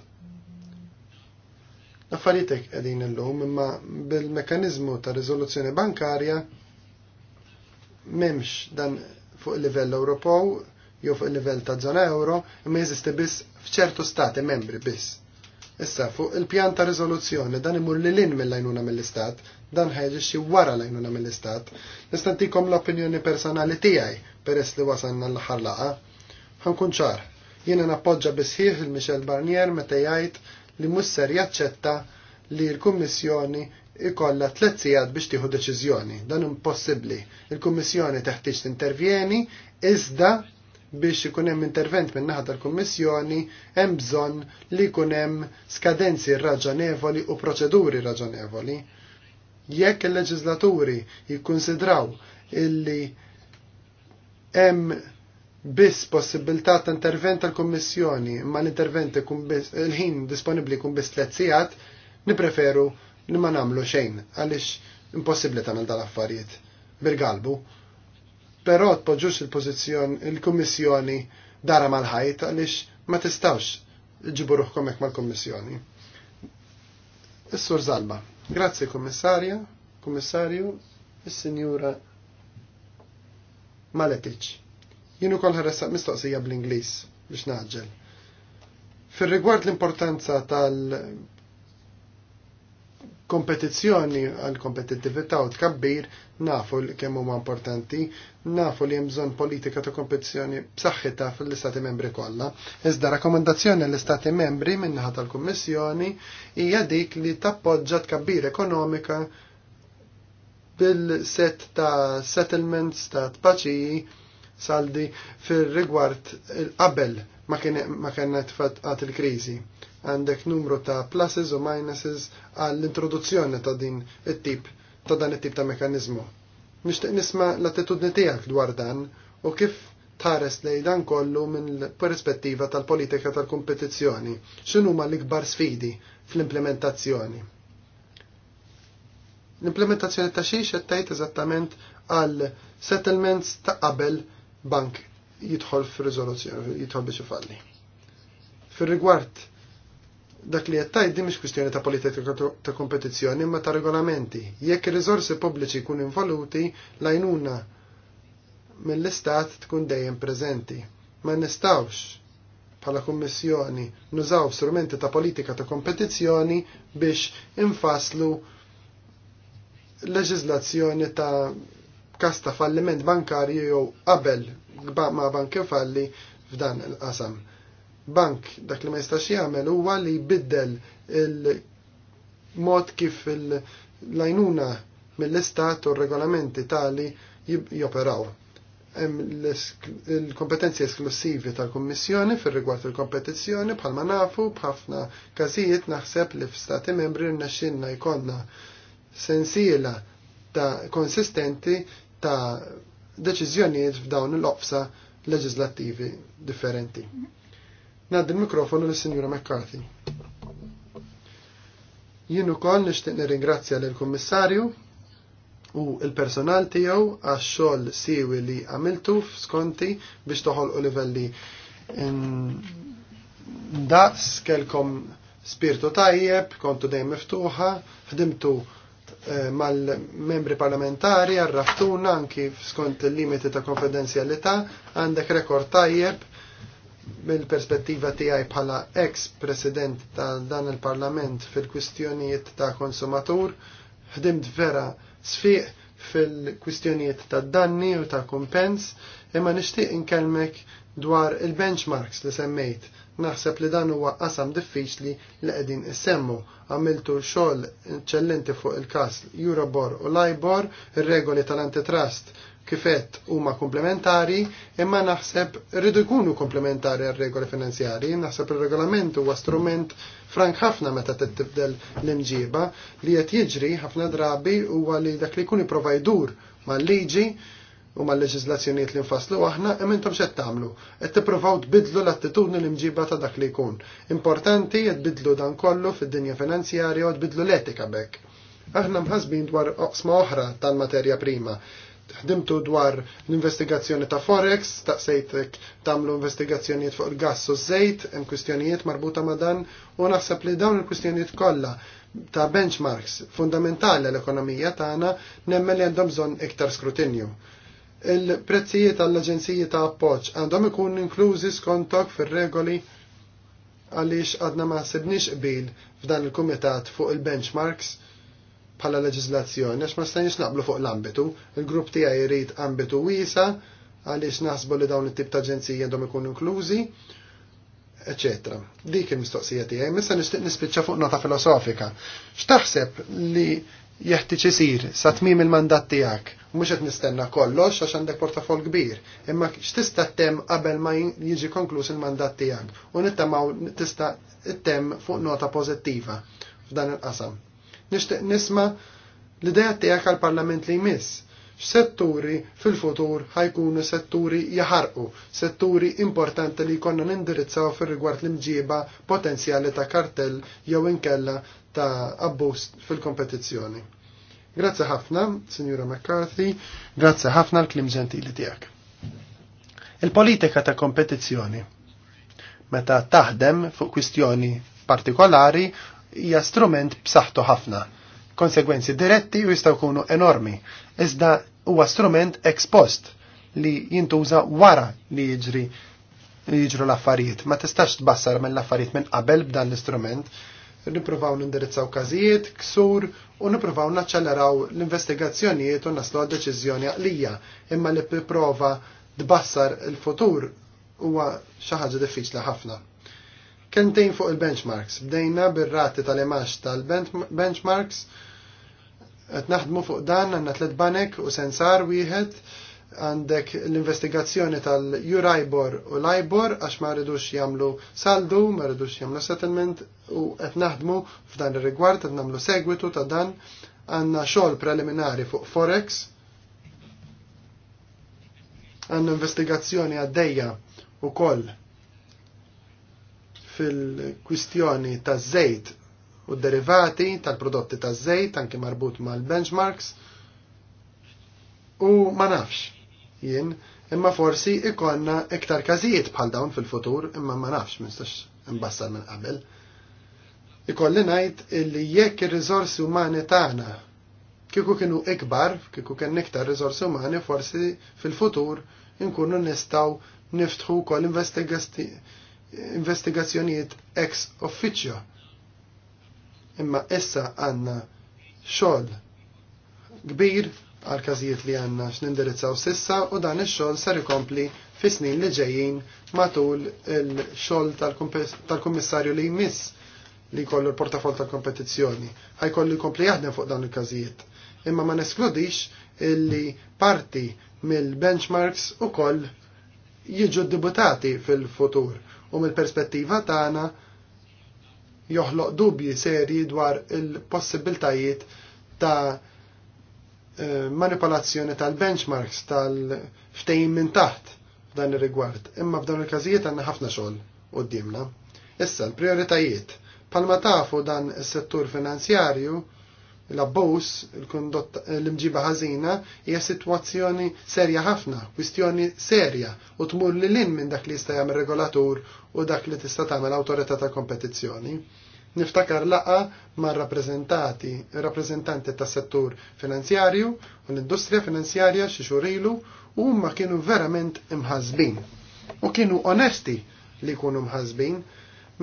Affarijiet qegħdin illum imma bil-mekkaniżmu ta' riżoluzzjoni bankarja m'hemmx dan fuq il-livell Ewropew jew fuq il-livell ta' żona euro imma jeżisti biss f'ċertu stati membri biss Issa, fuq il-pjan ta' rizoluzzjoni dan imur li lin mill-lajnuna mill-istat, dan ħajġiċi wara lajnuna mill-istat, nistantikom l-opinjoni personali tijaj peress li wasanna l-ħar laqa. Ħankun ċar, jiena nappoġġa bisħiħ il-Michel Barnier meta jgħid li musser jaċċetta li l-Kummissjoni ikolla tlet sigħat biex tieħu deċiżjoni. Dan impossibbli. Il-Kummissjoni teħtieġ tintervjeni iżda biex ikun hemm intervent minn naħa tal-Kummissjoni hemm bżonn li jkun hemm skadenzi raġonevoli u proċeduri raġonevoli. Jekk il-leġislaturi jikkunsidraw illi hemm biss possibilità ta' intervent tal-Kummissjoni imma l-intervent il-ħin disponibbli jkun biss tliet sigħat, nippreferu li ma nagħmlu xejn għaliex impossibbli tagħmel dal-affarijiet bil-galbu però tpoġġux il-pożizzjon il-Kummissjoni dara mal-ħajt għaliex ma tistawx ġibu ruħkom hekk mal-Kummissjoni. Is-Sur Zalba. Grazzi Kummissarja, Kummissarju, is-Sinjura Maletic. Jien ukoll ħaressaq mistoqsija bl-Ingliż biex naġġel. fir rigward l-importanza tal kompetizzjoni għal kompetittività u tkabbir nafu li kemm huma importanti, nafu li hemm bżonn politika ta' kompetizzjoni b'saħħitha fl-Istati Membri kollha. Iżda rakkomandazzjoni l-Istati Membri minnaħa tal-Kummissjoni hija dik li tappoġġa tkabbir ekonomika bil-set ta' settlements ta' tpaċiji saldi fir rigward il-qabel ma kienet fatqat il-kriżi għandek numru ta' pluses u minuses għall-introduzzjoni ta' din it-tip ta' dan it-tip ta' mekanizmu. Nixtieq nisma' l-attitudni tiegħek dwar dan u kif tħares lej dan kollu minn perspettiva tal-politika tal-kompetizzjoni. X'inhu ma l-ikbar sfidi fl-implementazzjoni? L-implementazzjoni ta' xiex qed tgħid eżattament għal settlements ta' qabel bank jidħol f'riżoluzzjoni, jidħol biex ifalli. Fir-rigward dak li di mhix kwistjoni ta' politika ta' kompetizzjoni imma ta' regolamenti. Jekk ir rizorsi pubbliċi jkun involuti, lajnuna mill-istat tkun dejjem preżenti. Ma nistawx bħala kummissjoni nużaw strumenti ta' politika ta' kompetizzjoni biex infaslu leġiżlazzjoni ta' kasta ta' falliment bankarju jew qabel ma' banki falli f'dan il-qasam bank dak li ma jistax jagħmel huwa li jbiddel il-mod kif il-lajnuna mill-istat u regolamenti tali joperaw. Hemm il-kompetenzi esklusivi tal-Kummissjoni fir-rigward il-kompetizzjoni bħalma nafu b'ħafna każijiet naħseb li f'stati membri rnexxinna jkollna sensiela ta' konsistenti ta' deċiżjonijiet f'dawn il-oqsa leġislattivi differenti. Nad il-mikrofonu l-Sinjura McCarthy. Jien ukoll nixtieq nirringrazzja lill-Kummissarju u l personal tiegħu għax xogħol siwi li għamiltu f'skonti biex toħolqu livelli daqs kelkom spirtu tajjeb, kontu dejjem miftuħa, ħdimtu eh, mal-membri parlamentari, għarraftuna anki skont il-limiti ta' konfidenzjalità, għandek rekord tajjeb mill-perspettiva tiegħi bħala ex president ta' dan il-Parlament fil-kwistjonijiet ta' konsumatur, ħdimt vera sfiq fil-kwistjonijiet ta' danni u ta' kompens, imma nixtieq inkelmek dwar il-benchmarks li semmejt. Naħseb li dan huwa qasam diffiċli li qegħdin issemmu. Għamiltu xogħol eċċellenti fuq il-każ Eurobor u Libor, ir-regoli tal-antitrust kifet huma komplementari, imma naħseb rridu jkunu komplementari għal regoli finanzjari, naħseb il-regolament huwa strument frank ħafna meta tibdel l-imġiba li qed jiġri ħafna drabi huwa li dak li jkun provajdur mal-liġi u mal-leġizlazzjoniet li nfasslu aħna imma intom xed tagħmlu qed tippruvaw tbidlu l-attitudni l-imġiba ta' dak li jkun. Importanti qed bidlu dan kollu fid-dinja finanzjarja u tbidlu l-etika bekk. Aħna mħasbin dwar oqsma oħra tal-materja prima ħdimtu dwar l-investigazzjoni ta' Forex, ta' sejtek tamlu investigazzjonijiet fuq il-gass u z-zejt, hemm kwistjonijiet marbuta ma' dan, u naħseb li dawn il-kwistjonijiet kollha ta' benchmarks fundamentali l-ekonomija tagħna nemmen li għandhom bżonn iktar skrutinju. Il-prezzijiet għall aġenziji ta' appoġġ għandhom ikun inklużi skontok fir-regoli għaliex għadna ma' sibniex qbil f'dan il-kumitat fuq il-benchmarks bħala leġislazzjoni għax ma stajniex naqblu fuq l-ambitu. Il-grupp tiegħi jrid ambitu wiesa għaliex naħsbu li dawn it-tip ta' ġenzija għandhom ikunu inklużi, eċetera. Dik il-mistoqsija tiegħi, missa nixtieq nispiċċa fuq nota filosofika. X'taħseb li jeħtieġ isir sa tmiem il-mandat tiegħek mux mhux qed nistenna kollox għax għandek portafol kbir, imma x'tista' tem qabel ma jiġi konkluż il-mandat tiegħek u nittamaw tista' tem fuq nota pożittiva f'dan il-qasam. Nixtieq nisma l-idea tiegħek għall-Parlament li jmiss. Setturi fil-futur ħajkunu setturi jaħarqu, setturi importanti li jkollna nindirizzaw fir-rigward l-imġiba potenzjali ta' kartell jew inkella ta' abbus fil-kompetizzjoni. Grazzi ħafna, Sinjura McCarthy, grazzi ħafna l-klim ġentili tiegħek. Il-politika ta' kompetizzjoni meta taħdem fuq kwistjoni partikolari hija strument b'saħħtu ħafna. Konsegwenzi diretti u jistgħu jkunu enormi, iżda huwa strument ex post li jintuża wara li jiġri li jiġru l-affarijiet. Ma tistax tbassar minn l-affarijiet minn qabel b'dan l-istrument. Nipruvaw nindirizzaw każijiet, ksur u nipruvaw naċċeleraw l-investigazzjonijiet u naslu għad deċiżjoni għalija, imma li prova tbassar il-futur huwa xi ħaġa diffiċli ħafna. Kentejn fuq il-benchmarks. Bdejna bir-rati tal-imax tal-benchmarks. Qed naħdmu fuq dan għandna tliet banek u sensar wieħed għandek l-investigazzjoni tal uribor u l-Ibor għax ma rridux jagħmlu saldu, ma rridux jagħmlu settlement u qed naħdmu f'dan ir-rigward qed nagħmlu segwitu ta' dan għandna xogħol preliminari fuq Forex. Għandna investigazzjoni għaddejja koll fil-kwistjoni ta' żejt u derivati tal-prodotti ta' żejt anke marbut mal-benchmarks u ma nafx jien imma forsi ikonna iktar każijiet bħal dawn fil-futur imma ma nafx mistax imbassar minn qabel. Ikolli ngħid illi jekk ir-riżorsi umani tagħna kieku kienu ikbar, kieku kien iktar riżorsi umani forsi fil-futur inkunu nistgħu niftħu kol investigazzjoni investigazzjonijiet ex officio. Imma issa għanna xogħol kbir għal każijiet li għanna x'nindirizzaw sissa u dan ix-xogħol sar ikompli fis-snin li ġejjin matul il-xogħol tal-Kummissarju li jmiss li jkollu l-portafol tal-kompetizzjoni. Ħajkollu jkompli jaħdem fuq dawn il-każijiet. Imma ma neskludix illi parti mill-benchmarks ukoll jiġu ddibutati fil-futur u mill-perspettiva tagħna joħloq dubji serji dwar il-possibiltajiet ta' eh, manipolazzjoni tal-benchmarks tal-ftejn minn taħt f'dan ir-rigward. Imma f'dan il-każijiet għandna ħafna xogħol qudiemna. Issa l-prioritajiet. Palma tafu dan is-settur finanzjarju l abbus l-imġiba ħażina hija sitwazzjoni serja ħafna, kwistjoni serja u tmur li l-in minn dak li jista' jagħmel regolatur u dak li tista' tagħmel awtorità ta' kompetizzjoni. Niftakar laqa ma' rappresentati, rappresentanti tas settur finanzjarju u l-industrija finanzjarja xi xurilu u huma kienu verament imħazbin. U kienu onesti li jkunu mħazbin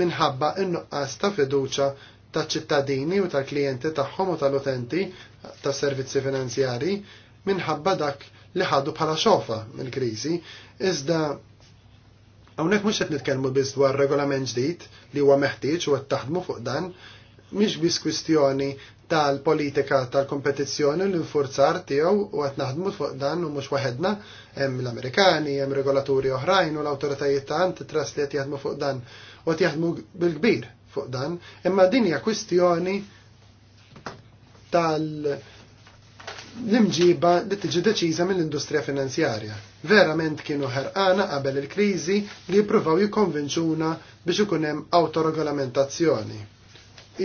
minħabba n nuqqas ta' fiduċa tal-ċittadini u tal-klijenti tagħhom u tal-utenti tas servizzi finanzjari minħabba dak li ħadu bħala xofa mill-kriżi, iżda hawnhekk mhux qed nitkellmu biss dwar regolament ġdid li huwa meħtieġ u qed taħdmu fuq dan, mhix biss kwistjoni tal-politika tal-kompetizzjoni l infurzar tiegħu u qed naħdmu fuq dan u mhux waħedna hemm l-Amerikani, hemm regolaturi oħrajn u l-awtoritajiet ta' antitrust li qed jaħdmu fuq dan u qed jaħdmu bil-kbir fuq dan, imma din hija kwistjoni tal- l-imġiba li tiġi deċiża mill-industrija finanzjarja. Verament kienu ħerqana qabel il-kriżi li jippruvaw jikkonvinċuna biex ikun hemm autoregolamentazzjoni.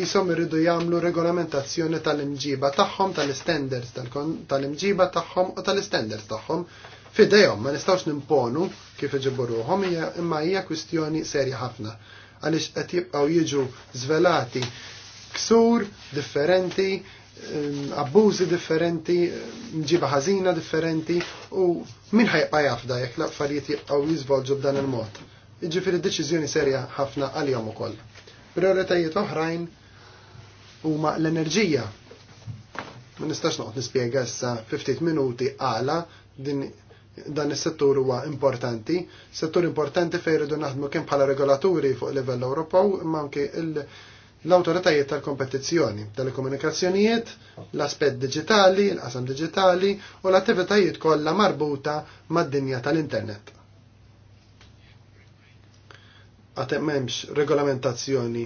Isom irridu jagħmlu regolamentazzjoni tal-imġiba tagħhom, tal-standards tal-imġiba tagħhom u tal-standards tagħhom. Fidejhom ma nistgħux nimponu kif iġibu ruhom imma hija kwistjoni serja ħafna għaliex qed jibqgħu jiġu żvelati ksur differenti, abbużi differenti, mġiba ħażina differenti u min ħajqa jafda jekk l-affarijiet jibqgħu jiżvolġu b'dan il-mod. Jiġifieri deċiżjoni serja ħafna għal-jom ukoll. Prioritajiet oħrajn huma l-enerġija. Ma nistax noqgħod nispjega issa 50 minuti għala din dan is-settur huwa importanti, settur importanti fejn irridu naħdmu kemm bħala regolaturi fuq livell Ewropew imma anke l-awtoritajiet tal-kompetizzjoni, telekomunikazzjonijiet, l-aspett diġitali, l-qasam diġitali u l-attivitajiet kollha marbuta mad-dinja tal-internet. Għatem memx regolamentazzjoni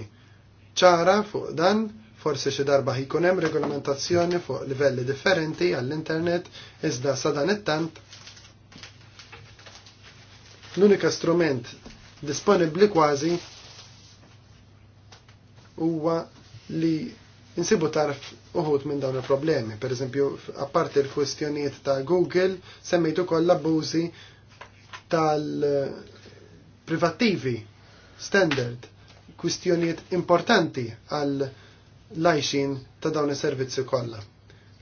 ċara fuq dan, forsi xi darba ħikun hemm regolamentazzjoni fuq livelli differenti għall-internet iżda sa dan it-tant L-unika strument disponibbli kważi huwa li insibu tarf uħut minn dawn il-problemi. Per eżempju, apparti l kwestjoniet ta' Google, semmejtu koll abbużi tal-privattivi standard, kwistjonijiet importanti għal lajxin ta' dawn is-servizzi kollha.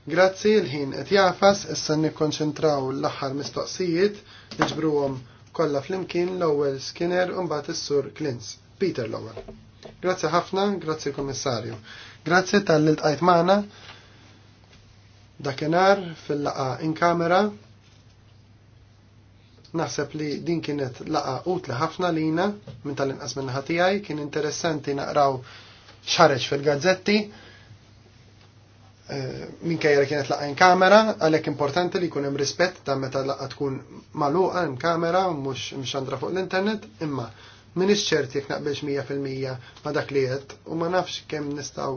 Grazzi l-ħin qed jafas issa nikkonċentraw l-aħħar mistoqsijiet nġbruwom kollha flimkien l-ewwel Skinner u mbagħad is-sur Klins. Peter l-ewwel. Grazzi ħafna, grazzi Kummissarju. Grazzi tal-li magħna dakinhar fil-laqa in kamera. Naħseb li din kienet laqa utli ħafna lina minn tal-inqas minn tiegħi kien interessanti naqraw xareġ fil-gazzetti Eh, minkejja kajra kienet laqa in kamera, għalhekk importanti li jkun hemm rispett ta' meta laqa tkun magħluqa in kamera mhux mxandra fuq l-internet, imma minix ċert jek naqbilx 100% ma' dak li qed u ma nafx kemm nistgħu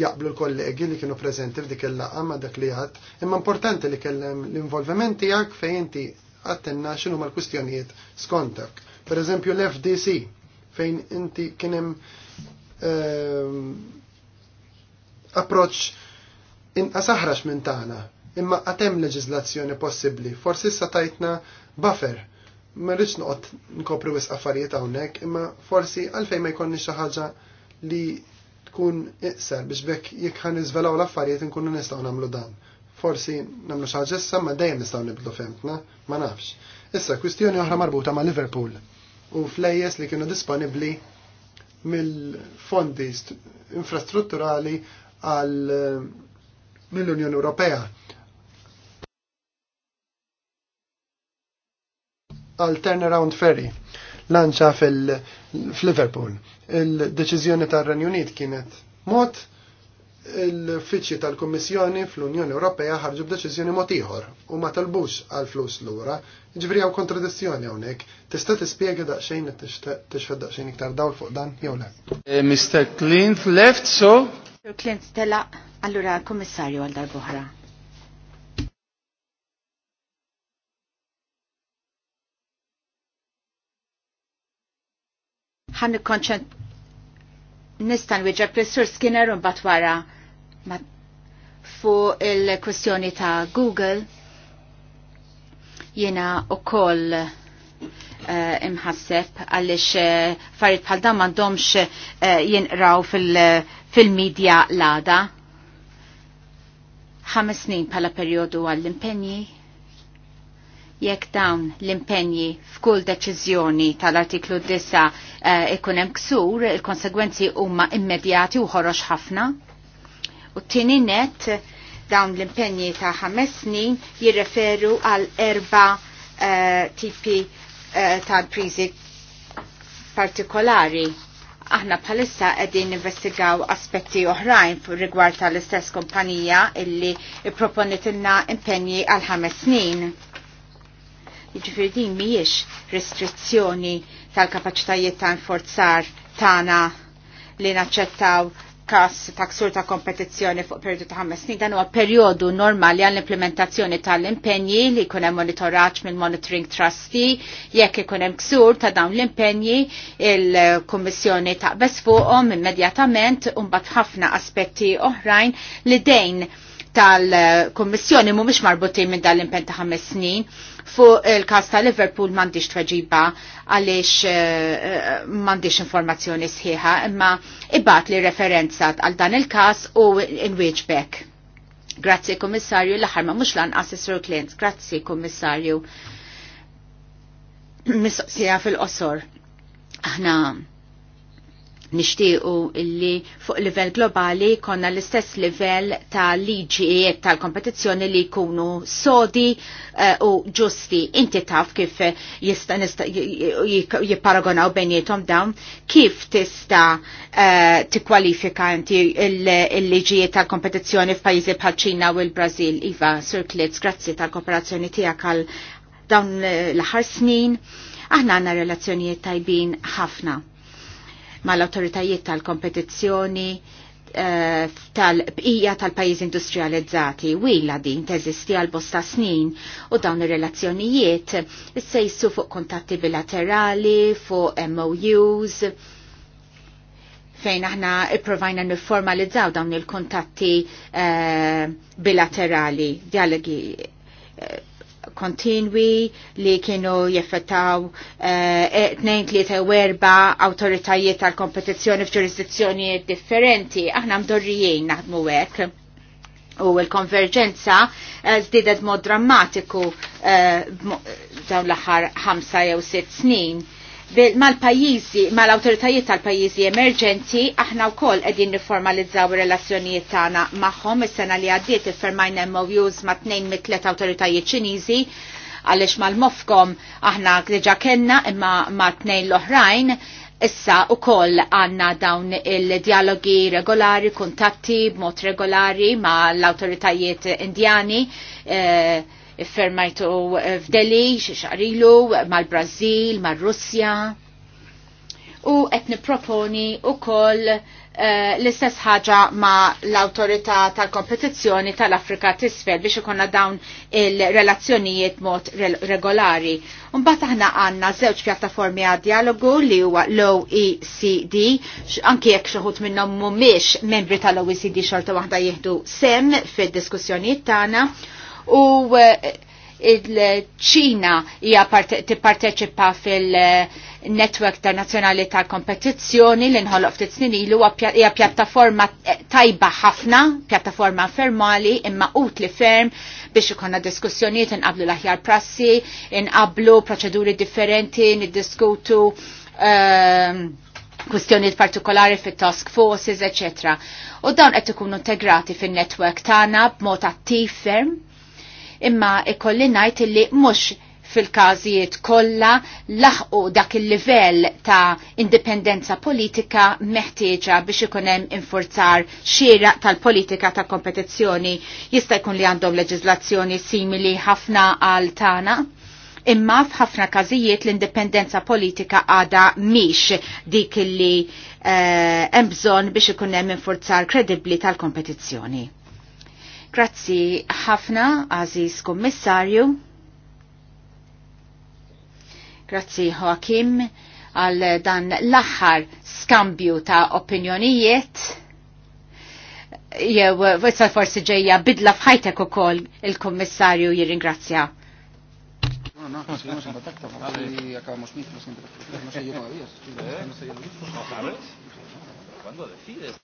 jaqblu l-kollegi li kienu preżenti f'dik il-laqgħa ma' dak li għad, imma importanti li kellem l involvementi tiegħek fejn inti għattenna ma' l kwistjonijiet skontak. Per eżempju l-FDC fejn inti kien hemm ehm, approċċ inqas aħrax minn tagħna, imma għatem leġislazzjoni possibbli, forsi issa tajtna buffer. Ma rridx noqgħod nkopri wisq affarijiet hawnhekk, imma forsi għalfejn ma jkollni xi ħaġa li tkun iqser biex bekk jekk ħan niżvelaw l-affarijiet inkunu nistgħu nagħmlu dan. Forsi nagħmlu xi ħaġa issa ma dejjem nistgħu nibdlu femtna, ma nafx. Issa kwistjoni oħra marbuta ma' Liverpool u flejjes li kienu disponibbli mill-fondi infrastrutturali għal mill-Unjoni Ewropea. Għal turnaround ferry lanċa fil-Liverpool. Il-deċiżjoni tar-Renju Unit kienet mod l-uffiċċji tal-Kummissjoni fl-Unjoni Ewropea ħarġu b'deċizjoni mod ieħor u ma talbux għal flus lura, ġifri hawn kontradizzjoni hawnhekk. Tista' tispjega daqsxejn tixfed daqxajn iktar dawl fuq dan jew le. Eh, Mr. Clint left so Sir Clint Stella, allura kommissarju għal darbohra. Għan ikkonċent nistan wieġeb l-sur Skinner un batwara fuq il-kwestjoni ta' Google jena u koll uh, imħasseb għalix uh, farid bħal dan mandomx uh, eh, jinqraw fil- uh, fil-medja l-għada. Ħames snin pala periodu għall-impenji. Jekk dawn l-impenji f'kull deċiżjoni tal-artiklu 9 eh, ikun hemm ksur, il-konsegwenzi huma immedjati u ħorox ħafna. U t-tieni net dawn l-impenji ta' ħames snin jirreferu għal erba eh, tipi eh, tal-prizi partikolari Aħna bħalissa qegħdin investigaw aspetti oħrajn rigward tal-istess kumpanija illi proponitilna impenji għal ħames snin. Jiġifieri din mhijiex restrizzjoni tal-kapaċitajiet ta' nforzar tagħna li naċċettaw kas ta' ksur ta' kompetizzjoni fuq periodu ta' ħames snin dan huwa perjodu normali għall implementazzjoni tal-impenji li jkun hemm monitoraġġ mill-monitoring trustee jekk ikun hemm ksur ta' dawn l-impenji il-Kummissjoni taqbes fuqhom immedjatament u mbagħad ħafna aspetti oħrajn li dejn tal-Kommissjoni mhumiex marbutin minn dal-impen ta' ħames snin fuq il-każ ta' Liverpool m'għandix tweġiba għaliex eh, eh, m'għandix informazzjoni sħiħa, imma ibat li referenzat għal dan il-każ u nwieġbek. Grazzi Kommissarju, l-aħħar ma mhux lanqas is-Sur Clint. Grazzi Kommissarju. *clears throat* Mistoqsija fil-qosor. Aħna Nishtiqu illi fuq livell globali konna l-istess livell ta' liġijiet tal-kompetizzjoni li jkunu sodi eh, u ġusti. Inti taf kif eh, jipparagonaw bejnietom dawn, kif tista eh, tikkwalifika inti l-liġijiet tal-kompetizzjoni f'pajjiżi bħal ċina u l-Brażil. Iva, Sir Klitz, grazzi tal-kooperazzjoni tiegħek għal dawn l-aħħar snin. Aħna għandna relazzjonijiet tajbin ħafna mal-autoritajiet tal-kompetizzjoni eh, tal-bqija tal pajiz industrializzati wila din teżisti għal bosta snin u dawn ir-relazzjonijiet issejsu fuq kontatti bilaterali, fuq MOUs, fejn aħna ipprovajna niformalizzaw dawn il-kontatti eh, bilaterali, dialogi eh, kontinwi li kienu jeffettaw eh, eh, tnejn tlieta ta' werba' awtoritajiet tal-kompetizzjoni f'ġurisdizzjonijiet differenti. Aħna mdorrijin naħdmu hekk u l-konverġenza zdidet eh, mod drammatiku dawn l-aħħar ħamsa jew sitt snin mal-pajjiżi, mal-awtoritajiet tal-pajjiżi emerġenti, aħna wkoll qegħdin nifformalizzaw ir-relazzjonijiet tagħna magħhom is-sena li għaddiet iffermajna MOUs ma' tnejn mit-tliet awtoritajiet Ċiniżi għaliex mal-mofkom aħna diġà kellna imma ma' tnejn l-oħrajn issa u koll għanna dawn il-dialogi regolari, kuntatti b'mod regolari ma' l-autoritajiet indjani. Eh, fermajtu f'Deli, xaqrilu, mal-Brazil, mal-Russja. U qed niproponi koll uh, eh, l-istess ħaġa ma l-autorità tal-kompetizzjoni tal-Afrika tisfel biex ikonna dawn il-relazzjonijiet mod regolari. Mbagħad aħna għandna żewġ pjattaformi għad dialogu li huwa l-OECD, anke jekk xi minnhom mhumiex membri tal-OECD xorta waħda jieħdu sem fid-diskussjonijiet tagħna u eh, il-ċina hija tipparteċipa fil-netwerk internazzjonali ta' kompetizzjoni li nħolloq ftit snin ilu hija pjattaforma tajba ħafna, pjattaforma fermali imma utli ferm biex ikonna diskussjonijiet inqablu l-aħjar prassi, inqablu proċeduri differenti, niddiskutu ehm, kustjoniet partikolari fit task forces, eccetera. U dawn qed ikunu integrati fin-netwerk tagħna b'mod attiv ferm imma ikolli najt li mhux fil-każijiet kollha laħqu dak il-livell ta' indipendenza politika meħtieġa biex ikun hemm infurzar xieraq tal-politika ta' kompetizzjoni jista' jkun li għandhom leġizlazzjoni simili ħafna għal tagħna imma f'ħafna każijiet l-indipendenza politika għada miex dik li eh, hemm uh, bżonn biex ikun hemm infurzar kredibbli tal-kompetizzjoni. Grazzi ħafna, Aziz Kommissarju. Grazzi Joachim għal dan l-aħħar skambju ta' opinjonijiet. Jew wissa forsi ġejja bidla fħajtek ukoll il-Kummissarju jirringrazzja. No, decides?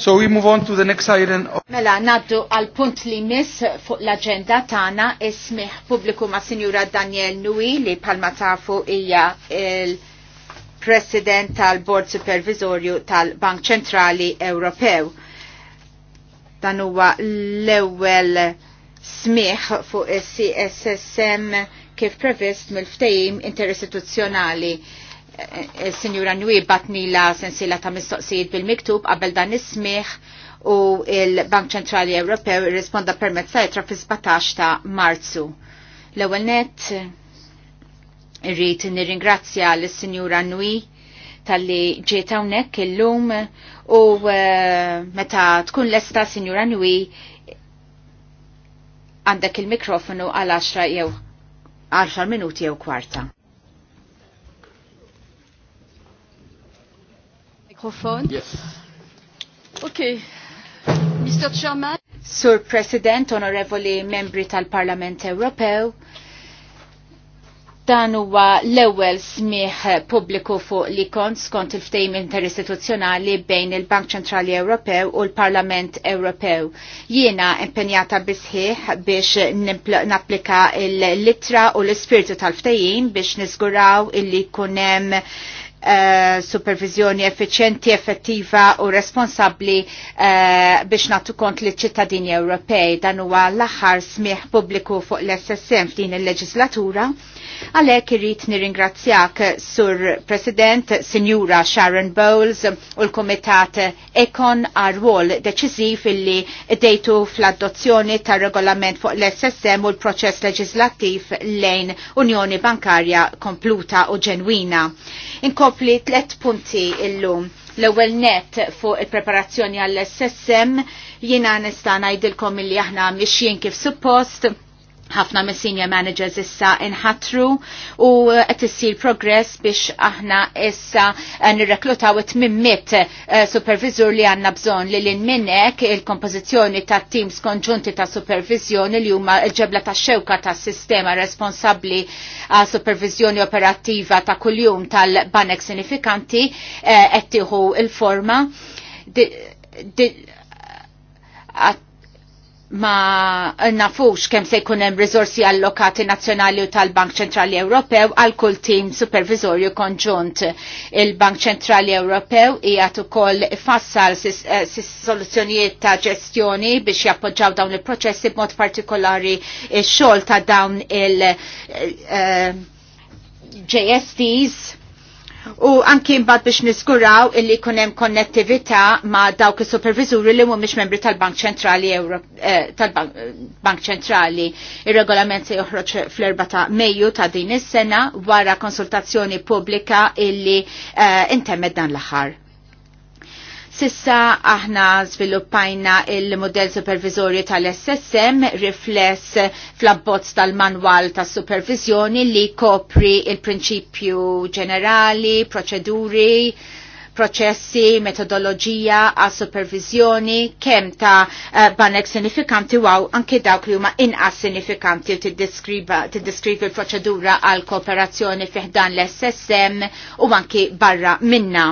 So we move on to the next item. Mela, naddu għal punt li mis fuq l-agenda tana ismiħ publiku ma' Sinjura Daniel Nui li palma tafu ija il-President tal-Bord Supervisorju tal-Bank Ċentrali Ewropew. Dan huwa l-ewwel smiħ fuq is-CSSM kif previst mill-ftehim interistituzzjonali il-Sinjura batni batnila sensila ta' mistoqsijiet bil-miktub qabel dan ismiħ u il-Bank Ċentrali Ewropew risponda permezz sajtra fi fis-17 ta' Marzu. L-ewwel net irrid nirringrazzja l-Sinjura Nui tal-li ġiet hawnhekk illum u eh, meta tkun lesta Sinjura Nui għandek il-mikrofonu għal 10 jew 10 minuti jew kwarta. microphone. Yes. Okay. Mr. Chairman. Sur President, onorevoli membri tal-Parlament Ewropew, dan huwa l-ewwel smieħ pubbliku fuq li kont skont il-ftehim interistituzzjonali bejn il-Bank Ċentrali Ewropew u l-Parlament Ewropew. Jiena impenjata bisħiħ biex napplika l-litra u l-ispirtu tal-ftehim biex niżguraw illi kunem hemm Uh, supervizjoni effiċjenti, effettiva u responsabli uh, biex natu kont li ċittadini Ewropej dan huwa l-aħħar smieħ pubbliku fuq l-SSM f'din il-leġislatura. il leġislatura Għalhekk irrid nirringrazzjak sur President Sinjura Sharon Bowles u l-Kumitat Ekon għar rwol deċiżiv illi dejtu fl-adozzjoni tar regolament fuq l-SSM u l-proċess leġislattiv lejn Unjoni Bankarja kompluta u ġenwina. Inkopli tlet punti illum l-ewel net fuq il-preparazzjoni għall-SSM jina nista' ngħidilkom illi aħna mixjin kif suppost ħafna mis senior managers issa inħatru u qed issir progress biex aħna issa eh, nirreklutaw mimmit eh, supervisor li għandna bżonn li l minnek il-kompożizzjoni ta' teams konġunti ta' supervizjoni li huma l-ġebla ta' xewka ta' sistema responsabbli għal supervizjoni operattiva ta' kuljum tal-banek sinifikanti eh, qed tieħu il-forma ma nafux kemm se jkun hemm riżorsi allokati nazzjonali u tal-Bank Ċentrali Ewropew għal kull tim supervizorju konġunt. Il-Bank Ċentrali Ewropew qiegħed ukoll ifassal eh, soluzzjonijiet ta' ġestjoni biex jappoġġaw dawn il-proċessi b'mod partikolari x-xogħol ta' dawn il- eh, eh, JSTs U anki mbagħad biex niskuraw illi jkun hemm konnettività ma' dawk is supervizuri li mhumiex membri tal-Bank Ċentrali eh, tal-Bank Ċentrali. il regolament se joħroġ fl-4 ta' Mejju ta' din is-sena wara konsultazzjoni pubblika illi eh, intemmed dan l-aħħar. Sissa aħna sviluppajna il-modell supervizorju tal-SSM rifless fl-abbozz tal-manwal tas supervizjoni li kopri il-prinċipju ġenerali, proċeduri, proċessi, metodoloġija għas supervizjoni kemm ta' uh, banek sinifikanti waw anke dawk li huma inqas sinifikanti u tiddiskrivi l-proċedura għal kooperazzjoni fiħdan l-SSM u anki barra minna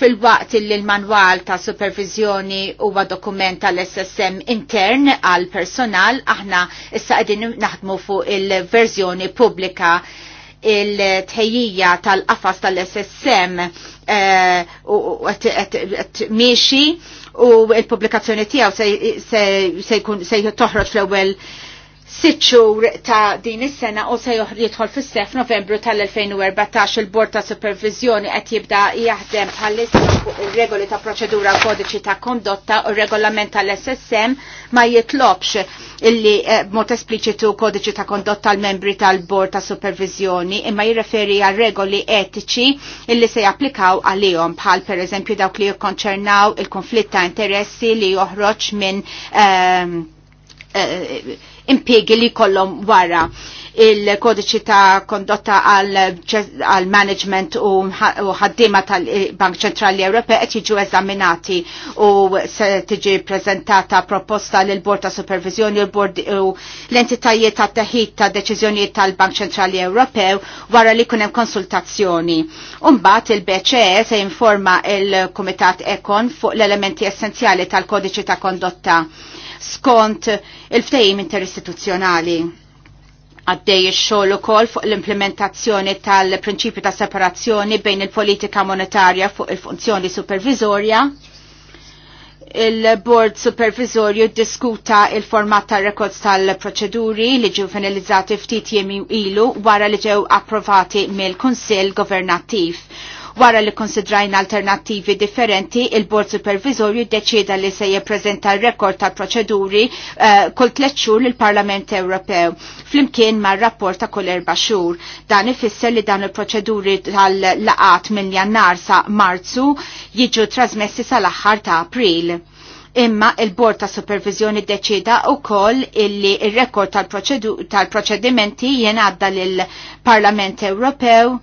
fil-waqt li l-manwal ta' supervizjoni huwa dokument tal-SSM intern għal personal, aħna issa qegħdin naħdmu fuq il-verżjoni pubblika il-tħejjija tal-qafas tal-SSM eh, miexi u il-publikazzjoni tiegħu se jkun se toħroġ fl-ewwel sitt xhur ta' din is-sena u se jidħol fis-sef Novembru tal-2014 il-Bord ta' Supervizjoni qed jibda jaħdem bħal fuq regoli ta' proċedura kodiċi ta' kondotta u regolament tal-SSM ma jitlobx illi eh, mod espliċitu kodiċi ta' kondotta tal-membri tal-Bord ta' Supervizjoni imma jirreferi għal regoli etiċi illi se japplikaw għalihom bħal pereżempju dawk li jikkonċernaw il-konflitt ta' interessi li joħroġ minn ehm, eh, impiegi li kollom wara il-kodiċi ta' kondotta għal management u ħaddima tal-Bank Ċentrali Ewropea qed jiġu eżaminati u se tiġi prezentata proposta lil bord ta' supervizjoni u l-entitajiet ta' teħid ta' deċiżjonijiet tal-Bank Ċentrali Ewropew wara li kunem konsultazzjoni. Umbat il-BCE se informa il-Komitat Ekon fuq l-elementi essenzjali tal-kodiċi ta' kondotta skont il-ftejim interistituzzjonali għaddej il-xol ukoll fuq l-implementazzjoni tal-prinċipju ta' separazzjoni bejn il-politika monetarja fuq il-funzjoni supervizorja. Il-Board Supervisorju diskuta il-format tal rekords tal-proċeduri li ġew finalizzati ftit jiem ilu wara li ġew approvati mill-Kunsill Governattiv Wara li konsidrajna alternattivi differenti, il-Bord Supervisorju deċida li se jippreżenta rekord ta' proċeduri uh, eh, kull tliet xhur lill-Parlament Ewropew flimkien mar rapport ta' kull erba' xhur. Dan ifisser li dan il-proċeduri tal-laqat minn jannar sa' Marzu jiġu trasmessi sal-aħħar ta' April imma il-Bord ta' Supervizjoni deċida u koll illi il-rekord tal-proċedimenti tal jenadda l-Parlament Ewropew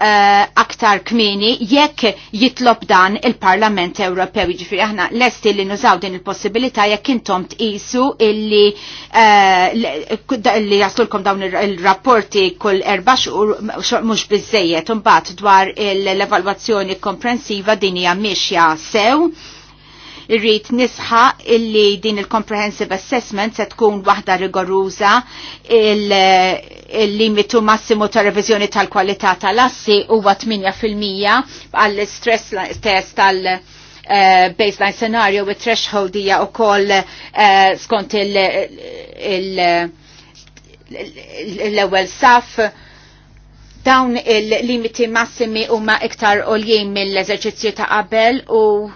uh, aktar kmini jekk jitlob dan il-Parlament Ewropew. Ġifri aħna lesti li nużaw din il-possibilità jekk intom tqisu illi uh, li jaslulkom dawn il-rapporti kull erba xhur mhux biżejjed imbagħad dwar l-evalwazzjoni komprensiva din hija mixja sew Irrid nisħa illi din il-comprehensive assessment se tkun waħda rigoruża il-limitu massimu ta' reviżjoni tal-kwalità tal-assi huwa 8% għall-stress test tal- Uh, baseline scenario with threshold hija wkoll uh, skont l-ewwel saf dawn il-limiti massimi huma iktar għoljien mill-eżerċizzju ta' qabel u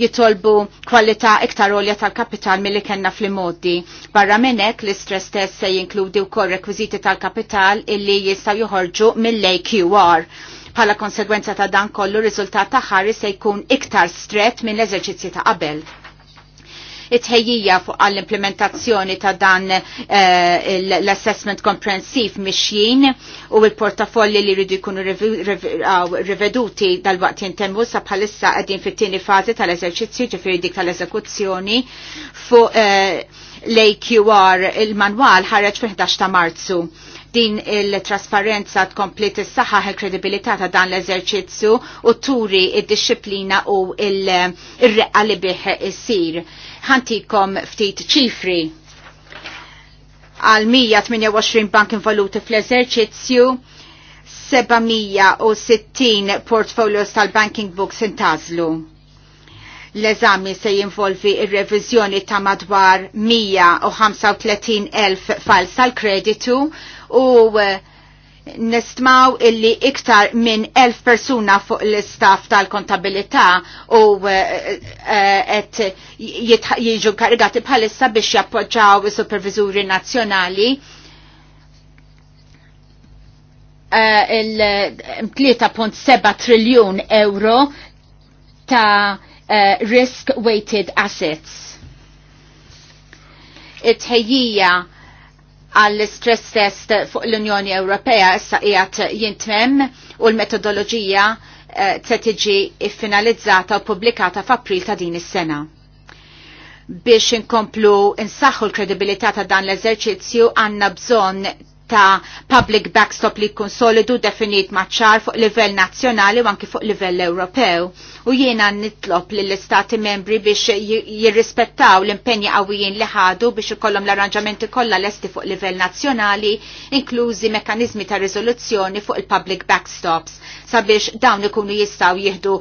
jitolbu kwalità iktar olja tal-kapital milli kellna fl-modi. Barra minnek l-istress test se jinkludi wkoll rekwiżiti tal-kapital illi jistgħu joħorġu mill-AQR. Bħala konsegwenza ta' dan kollu riżultat ta' ħari se jkun iktar stret minn l-eżerċizzji ta' qabel it-ħejjija fuq għall-implementazzjoni ta' dan eh, l-assessment komprensiv mixjien u il-portafolli li rridu jkunu riveduti dal-waqt jintemmu sa bħalissa għedin fit-tieni fazi tal-eżerċizzju ġifiri dik tal-eżekuzzjoni fuq eh, l-AQR il-manwal ħareġ fil-11 ta' Marzu din il-trasparenza tkompli tissaħħa il-kredibilità ta' dan l-eżerċizzju u turi id-disciplina u il-reqqa li bih isir ħantikom ftit ċifri għal 128 bank involuti fl-eżerċizzju 760 portfolios tal-banking books intazlu. L-eżami se jinvolvi ir-reviżjoni ta' madwar 135.000 fals tal-kreditu u eh, nistmaw illi iktar minn elf persuna fuq l-istaff tal-kontabilità u qed uh, uh, uh, jiġu karigati bħalissa biex jappoġġaw is-supervizuri nazjonali il-3.7 um, triljun euro ta' risk-weighted assets. It-ħejjija għall-stress test fuq l-Unjoni Ewropea issa qiegħed jintmem u l-metodoloġija eh, se tiġi finalizzata u pubblikata f'April ta' din is-sena. Biex inkomplu insaħħu l-kredibilità ta' dan l-eżerċizzju għandna bżonn ta' public backstop li jkun solidu definit maċċar fuq livell nazzjonali u anki fuq livell Ewropew. U jiena nitlob li l-istati membri biex jirrispettaw l impenni qawwijin li ħadu biex ikollhom l-arranġamenti kollha lesti fuq livell nazzjonali, inklużi mekkaniżmi ta' riżoluzzjoni fuq il-public backstops sabiex dawn ikunu jistgħu jieħdu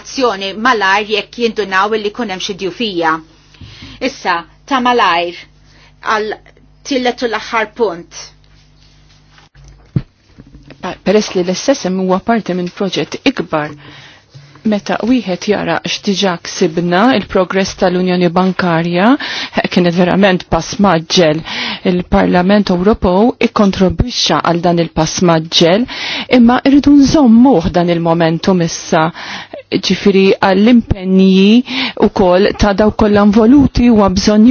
azzjoni malajr jekk jindunaw li jkun hemm xi djufija. Issa, ta' malajr għal u l-aħħar punt Ah, peress li l-SSM huwa parti minn proġett ikbar. Meta wieħed jara x'diġà ksibna il-progress tal-Unjoni Bankarja eh, kienet verament pass maġġel il-Parlament Ewropew ikkontribwixxa għal dan il-pass maġġel imma rridu nżommuh dan il-momentum issa ġifiri għall-impenji u koll ta' daw kollan voluti u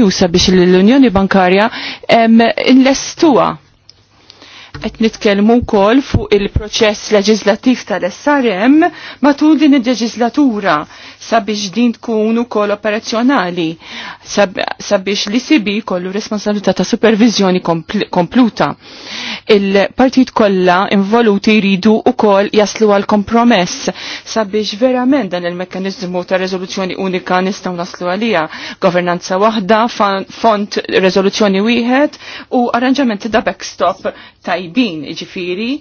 jusa biex l-Unjoni Bankarja l-estuwa qed nitkellmu wkoll fuq il-proċess leġislattiv tal-SRM matul din il-leġislatura sabiex din tkun ukoll operazzjonali. Sab sabiex li sibi kollu responsabilità ta' supervizjoni kompl kompluta. Il-partit kollha involuti jridu koll jaslu għal kompromess sabiex verament dan il mekanizmu ta' rezoluzzjoni unika nistgħu naslu għalija. Governanza waħda, font rezoluzzjoni wieħed u arranġamenti da' backstop tajbin iġifiri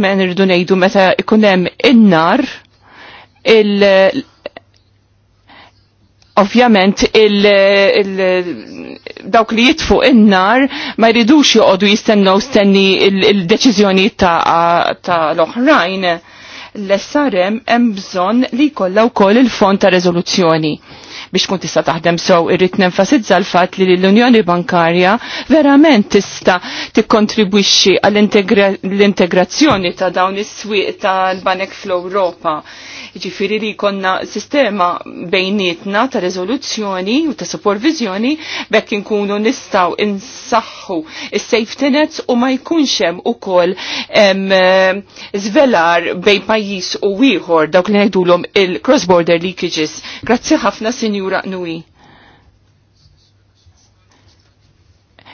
men irridu ngħidu meta ikun hemm in-nar il- ovvjament il, il, dawk li jitfu in-nar ma jridux joqogħdu jistennew stenni il-deċiżjoni ta', ta l-oħrajn l-SRM hemm bżonn li jkollha wkoll il-fond ta' reżoluzzjoni biex tkun tista' taħdem sew irrid nenfasizza l-fatt li l-Unjoni Bankarja verament tista' tikkontribwixxi għall-integrazzjoni ta' dawn is-swieq tal-banek fl-Ewropa Ġifieri li konna sistema bejnietna ta' rezoluzzjoni u ta' supervizjoni bekk inkunu nistgħu insaħħu is-safety nets u ma jkunx hemm ukoll żvelar bejn pajjiż u ieħor dawk li ngħidulhom il-cross border leakages. Grazzi ħafna sinjur. Sinjura Nui.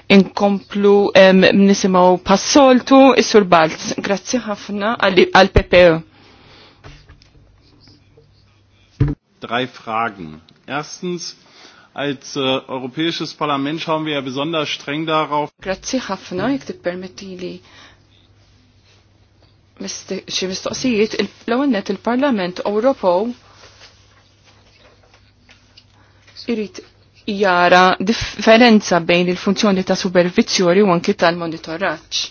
Inkomplu nisimaw passoltu is-sur Balz. Grazzi ħafna għal PPO. Drei Fragen. Erstens, als äh, Europäisches Parlament schauen wir ja besonders streng darauf. Grazie ich te permetti li xi mistoqsijiet il ewwel il-Parlament Europo irrit jara differenza bejn il-funzjoni ta' supervizjoni u anki tal monitorraċ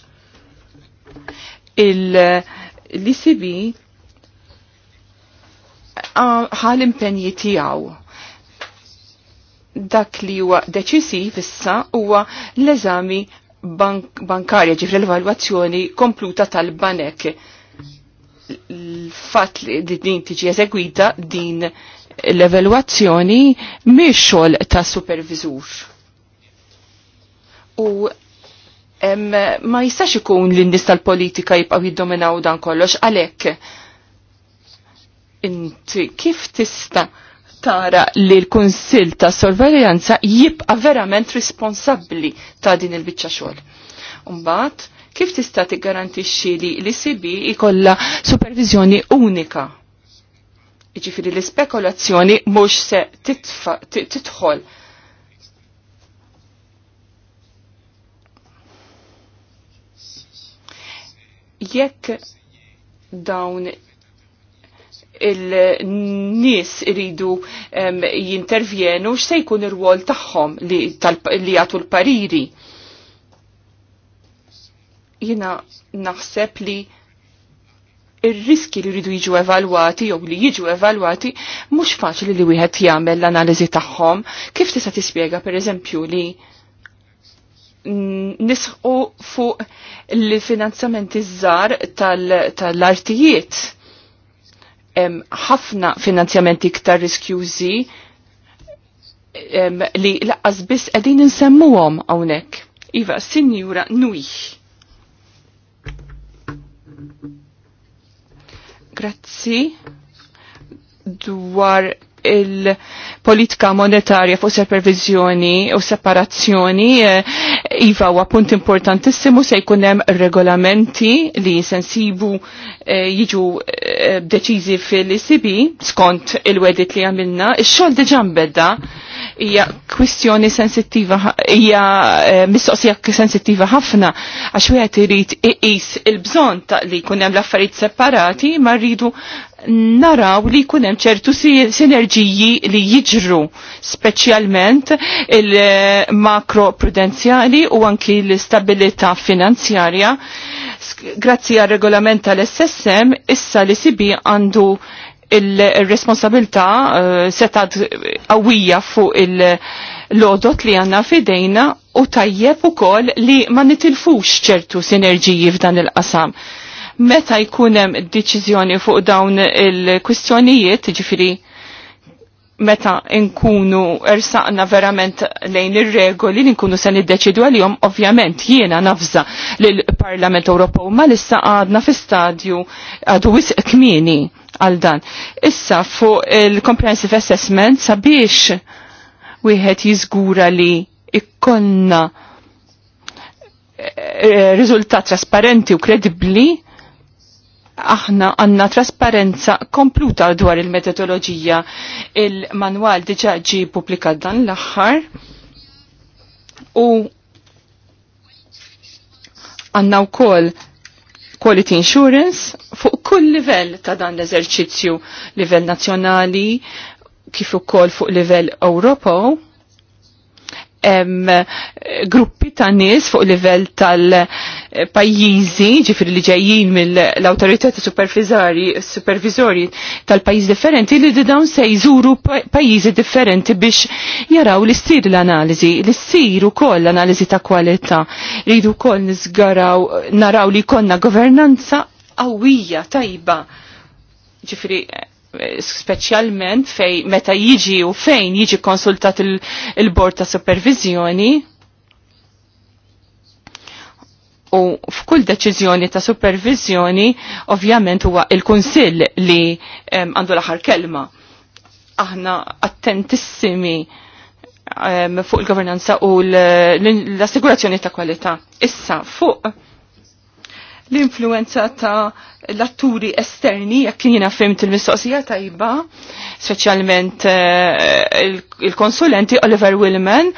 L-ICB ħal impenji tijaw dak li huwa deċisi issa huwa l-eżami bank bankarja ġifri l-evalwazzjoni kompluta tal-banek l-fat li din tiġi eżegwita din l-evalwazzjoni mhix xogħol ta' supervizur. U em, ma jistax ikun li nies tal-politika jibqaw jiddominaw dan kollox għalhekk inti kif tista' tara li l-Kunsill ta' Sorveljanza jibqa' verament responsabbli ta' din il-biċċa xogħol. Mbagħad kif tista' tiggarantixxi li l-ICB ikollha supervizjoni unika Iġifiri l-spekulazzjoni mux se titħol. Jekk dawn il-nis iridu jintervjenu, x'se jkun ir-rwol tagħhom li jagħtu l-pariri. Jina naħseb li ir-riski li rridu jiġu evalwati jew li jiġu evalwati mhux faċli li wieħed jagħmel l-analiżi tagħhom. Kif tista' tispjega pereżempju li nisħu fuq l-finanzamenti żgħar tal-artijiet. ħafna finanzjamenti iktar riskjużi li laqqas biss qegħdin insemmuhom hawnhekk. Iva, Sinjura Nui. Grazzi dwar il-politika monetarja fuq supervizjoni u separazzjoni eh, iva huwa punt importantissimu se jkun hemm regolamenti li sensibu eh, jiġu deċizi eh, deċiżi fil-ECB skont il-wedit li għamilna, ix-xogħol diġà mbedda hija kwistjoni sensittiva hija eh, mistoqsija sensittiva ħafna għax wieħed irid iqis il-bżonn li jkun hemm l-affarijiet separati ma rridu naraw li jkun hemm ċertu sinerġiji li jiġru speċjalment il-makro eh, prudenzjali u anki l-istabilità finanzjarja. Grazzi għal regolament tal-SSM, issa li sibi għandu il-responsabilta eh, setad għawija fuq il-lodot li għanna fidejna u tajjeb u kol li ma nitilfux ċertu sinerġiji f'dan il-qasam. Meta jkunem deċizjoni fuq dawn il-kwistjonijiet, ġifiri meta nkunu ersaqna verament lejn ir-regoli li nkunu se niddeċidu għalihom ovvjament jiena nafza l parlament Ewropew ma issa għadna fi stadju għadu wisq kmini għal dan. Issa fuq il-comprehensive assessment sabiex wieħed jiżgura li ikkonna eh, riżultat trasparenti u kredibbli aħna għanna trasparenza kompluta dwar il-metodologija. Il-manwal diġa ġi publika dan l-axħar u għanna u kol quality insurance fuq kull livell ta' dan l-eżerċizzju, livell nazjonali, kif ukoll fuq livell Europo gruppi ta' nies fuq livell tal-pajjiżi, ġifir li ġejjin mill-autorità supervizori tal-pajjiż differenti li dawn se jżuru pajjiżi differenti biex jaraw li ssir l-analiżi, li ssir ukoll l-analiżi ta' kwalità. Rridu wkoll niżgaraw naraw li konna governanza qawwija tajba Ġifri, speċjalment fej meta jiġi u fejn jiġi konsultat il-bord il ta' supervizjoni u f'kull deċiżjoni ta' supervizjoni ovvjament huwa il-kunsill li għandu l-aħħar kelma. Aħna attentissimi fuq il-governanza u l-assigurazzjoni ta' kwalità. Issa fuq l-influenza ta' l-atturi esterni, jekk jiena fimt il-mistoqsija tajba, speċjalment eh, il-konsulenti Oliver Willman,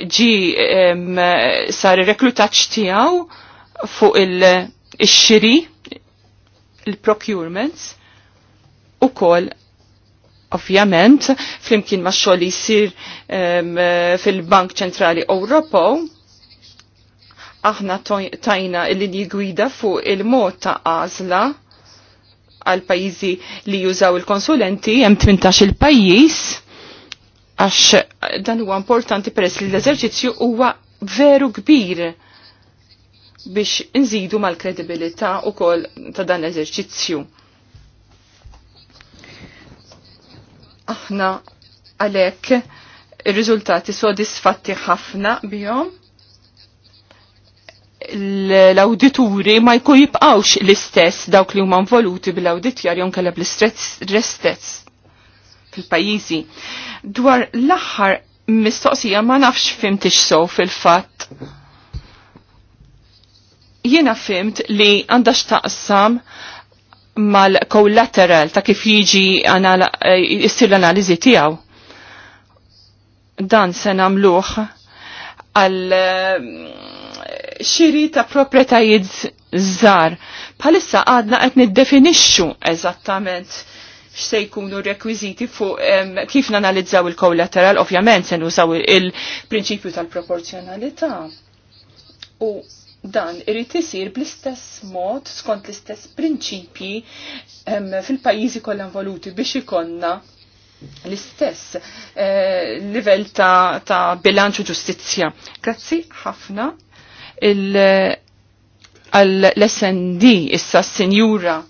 ġi sar reklutat reklutaċ tijaw fuq il-xiri, il-procurements, u kol ovvjament, flimkien ma' xogħol jisir fil-Bank Ċentrali Ewropew, aħna tajna il li gwida fuq il-mod ta' għażla għal pajjiżi li jużaw il-konsulenti hemm 18 il-pajjiż għax dan huwa importanti peress li l-eżerċizzju huwa veru kbir biex nżidu mal-kredibilità ukoll ta' dan l-eżerċizzju. Aħna għalhekk ir-riżultati sodisfatti ħafna bihom l-awdituri ma jkun jibqawx l-istess dawk li huma involuti bil-awditjar jew kellha bl-istress fil-pajjiżi. Dwar l-aħħar mistoqsija ma nafx fimt sow fil-fatt. Jiena fimt li għandha x'taqsam mal-collateral ta' kif jiġi jissir eh, l-analiżi tiegħu. Dan se nagħmluh għal eh, xiri ta' proprietajiet żgħar. Bħalissa għadna qed niddefinixxu eżattament x'se jkunu rekwiżiti fuq kif nanalizzaw il-kollateral, ovvjament se nużaw il-prinċipju tal-proporzjonalità. U dan irid isir bl-istess mod skont l-istess prinċipji fil-pajjiżi kollha involuti biex ikonna l-istess eh, livell ta', ta bilanċu ġustizzja. Grazzi ħafna l-SND issa s-Sinjura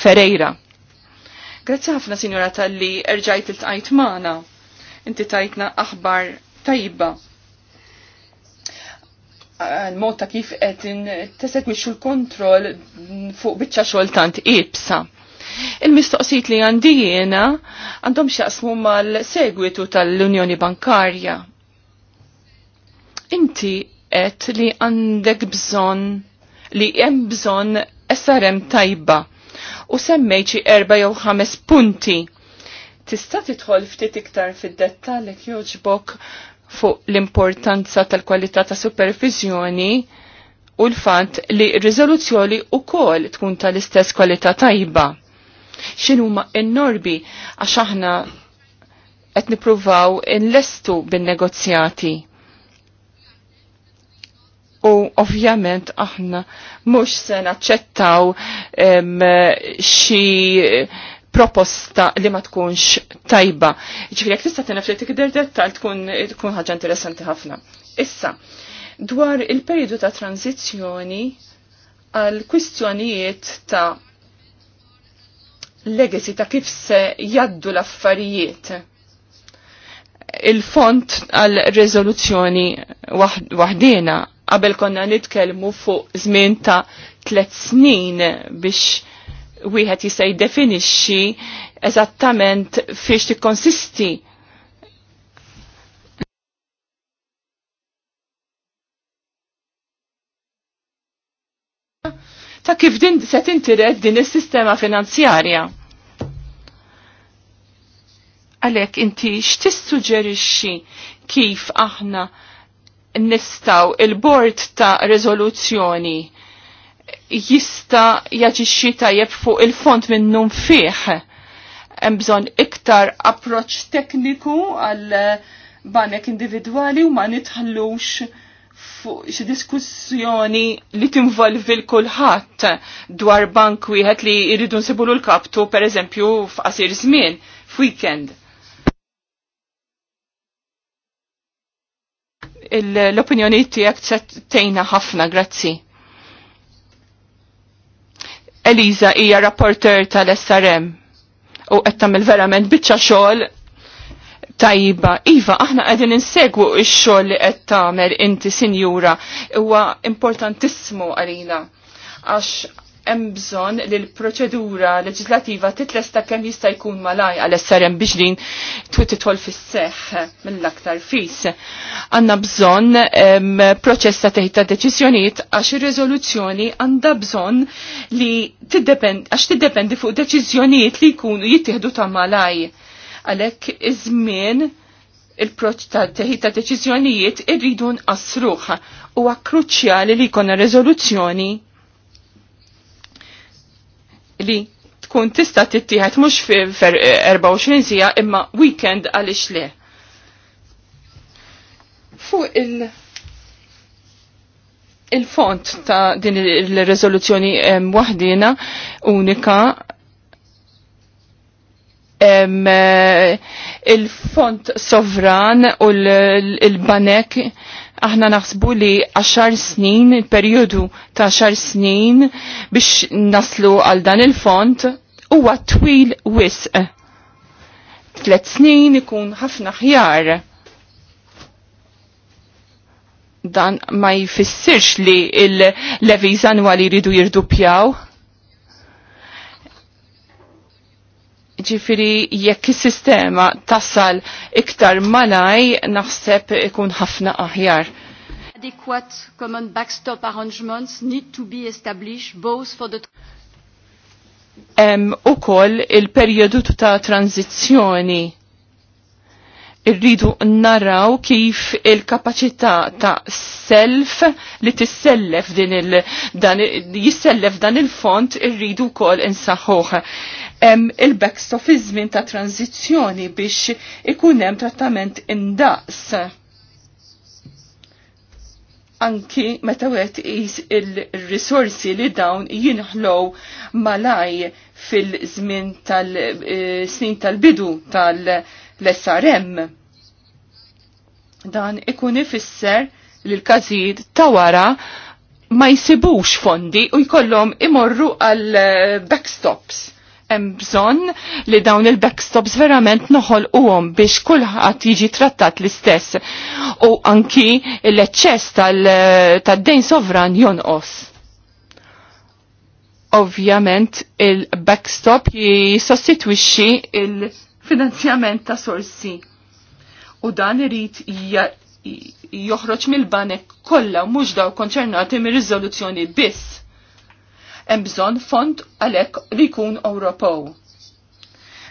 Ferreira. Grazzi ħafna Sinjura tal-li erġajt il tajt maħna. Inti tajtna aħbar tajba. Mod ta' kif qed tesek mixu l kontrol fuq biċċa xogħol tant ibsa. il mistoqsit li għandi jiena għandhom x'jaqsmu mal-segwitu tal-Unjoni Bankarja Inti et li għandek bżonn li hemm bżonn SRM tajba u semmejċi erba jew ħames punti. Tista' tidħol ftit iktar fid-dettall jekk jogħġbok fuq l-importanza tal-kwalità ta' supervizjoni u l-fatt li r-riżoluzzjoni wkoll tkun tal-istess kwalità tajba. X'inhuma n-norbi għax aħna qed nippruvaw inlestu bin-negozjati u ovvjament aħna mhux se naċċettaw xi proposta li ma tkunx tajba. Ġifri, jekk tista' tinef li tikder dettal tkun tkun ħaġa interessanti ħafna. Issa, dwar il-periodu ta' tranzizjoni għal kwistjonijiet ta' legacy ta' kif se jaddu l-affarijiet. Il-font għal rezoluzzjoni wahdina qabel konna nitkellmu fuq żmien ta' tlet snin biex wieħed jista' jiddefinixxi eżattament fiex tikkonsisti ta' kif din se tintired din is-sistema finanzjarja. Għalhekk inti x'tissuġġerixxi kif aħna nistaw il-bord ta' rezoluzzjoni jista jaġixxi tajjeb fuq il-font minnum fih. Hemm bżonn iktar approċċ tekniku għal banek individwali u ma nitħallux fuq xi diskussjoni li tinvolvi l-kulħadd dwar bank wieħed li jridu nsibulu l-kaptu pereżempju f'qasir żmien f'weekend. l-opinjoni tijak tejna ħafna, grazzi. Eliza hija rapporter tal-SRM u qed il verament biċċa xogħol tajba. Iva, aħna qegħdin insegwu x-xogħol li qed tagħmel inti sinjura huwa importantissimu għalina għax hemm bżonn li l-proċedura leġislativa titlesta kemm jista' jkun malaj għal SRM biex din titħol fis-seħħ mill-aktar fis. Għandna bżonn proċess ta' teħid ta' deċiżjonijiet għax ir-riżoluzzjoni għandha bżonn li għax tiddependi fuq deċiżjonijiet li jkunu jittieħdu ta' malaj. Għalhekk iż-żmien il-proċ ta' teħid ta' deċiżjonijiet irridu nqasruh huwa kruċjali li jkollna riżoluzzjoni li tkun tista tittieħed mhux fi 24 eh, sija imma weekend għaliex le. Fuq il- il-font ta' din il-rezoluzzjoni wahdina unika eh, il-font sovran u l-banek il aħna naħsbu li 10 snin, periodu ta' 10 snin biex naslu għal dan il-font huwa twil wisq. Tlet snin ikun ħafna ħjar. Dan ma jfissirx li l leviz annwali jridu jirdupjaw ġifiri jekk is-sistema tassal iktar malaj naħseb ikun ħafna aħjar. Adequate common backstop arrangements need to be established both for the Em u koll il-periodu ta' tranzizjoni. Irridu naraw kif il-kapacità ta' self li tissellef din il-dan jissellef dan il-font irridu koll insaħħuħ il-backstop iż-żmien ta' tranzizzjoni biex ikun hemm trattament indaqs. Anki meta wieħed is il-risorsi li dawn jinħlow malaj fil-żmien tal-snin tal-bidu tal-SRM. Dan ikun ifisser li l-każijiet ta' wara ma jsibux fondi u jkollhom imorru għal backstops hemm bżonn li dawn il-backstops verament noħolquhom biex kulħadd jiġi trattat l-istess u anki l-eċċess tad-dejn sovran jonqos. Ovvjament il-backstop jissostitwixxi il-finanzjament ta' sorsi. U dan irid joħroġ mill-banek kollha mhux daw konċernati mir-riżoluzzjoni biss hemm bżonn fond għalhekk li kun Ewropew.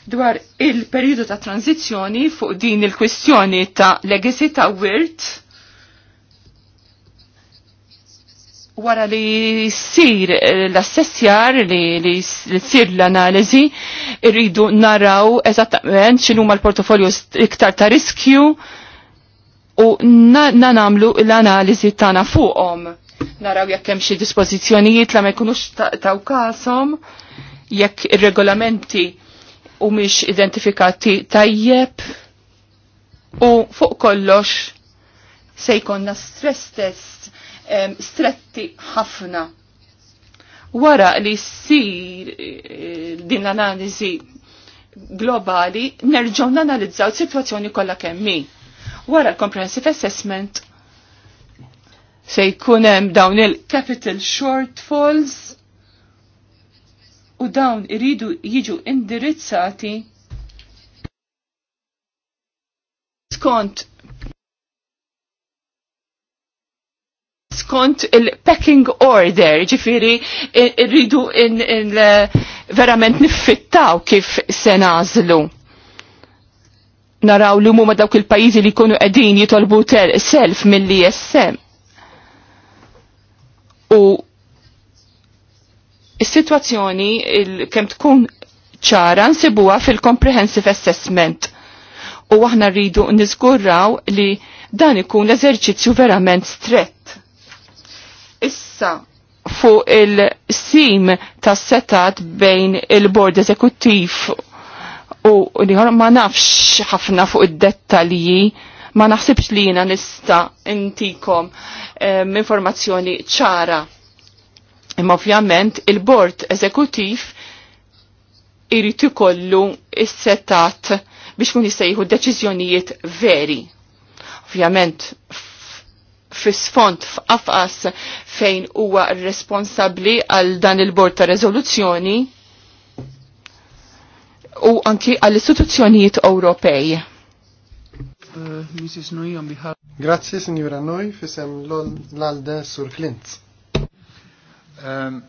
Dwar il-periodu ta' tranzizjoni fuq din il-kwistjoni ta' legacy ta' wirt, wara li sir eh, l-assessjar li, li, li sir l-analizi irridu naraw eżattament xinu ma l-portofolju iktar ta' riskju u na, namlu l-analizi tana fuqom naraw jekk hemm xi dispożizzjonijiet la ma jkunux taw kasom, jekk ir-regolamenti humiex identifikati tajjeb u fuq kollox se jkollna stress test stretti ħafna. Wara li ssir eh, din l-analiżi globali nerġgħu nanalizzaw sitwazzjoni kollha kemm Wara l-comprehensive assessment se jkun hemm dawn il-capital shortfalls u dawn iridu jiġu indirizzati skont skont il-packing order, ġifiri rridu verament niffittaw kif se nażlu. Naraw l-umu ma dawk il-pajizi li kunu qegħdin jitolbu self mill-ISM U is-sitwazzjoni il kemm tkun ċara nsibuha fil-comprehensive assessment. U aħna rridu nizgurraw li dan ikun eżerċizzju verament strett. Issa fuq il-sim ta' setat bejn il-bord eżekuttiv u li ma nafx ħafna fuq id-dettalji ma naħsibx li jina nista intikom um, informazzjoni ċara. Imma ovvjament il-bord eżekutiv irrit ikollu is-setat biex kun jistajħu deċiżjonijiet veri. Ovvjament fis-sfond f'qafqas fejn huwa responsabbli għal dan il-bord ta' rezoluzzjoni u anki għall-istituzzjonijiet Ewropej Uh, Mrs. Nui on behalf. Grazie, signora Nui, fisem l sur Klintz. Um,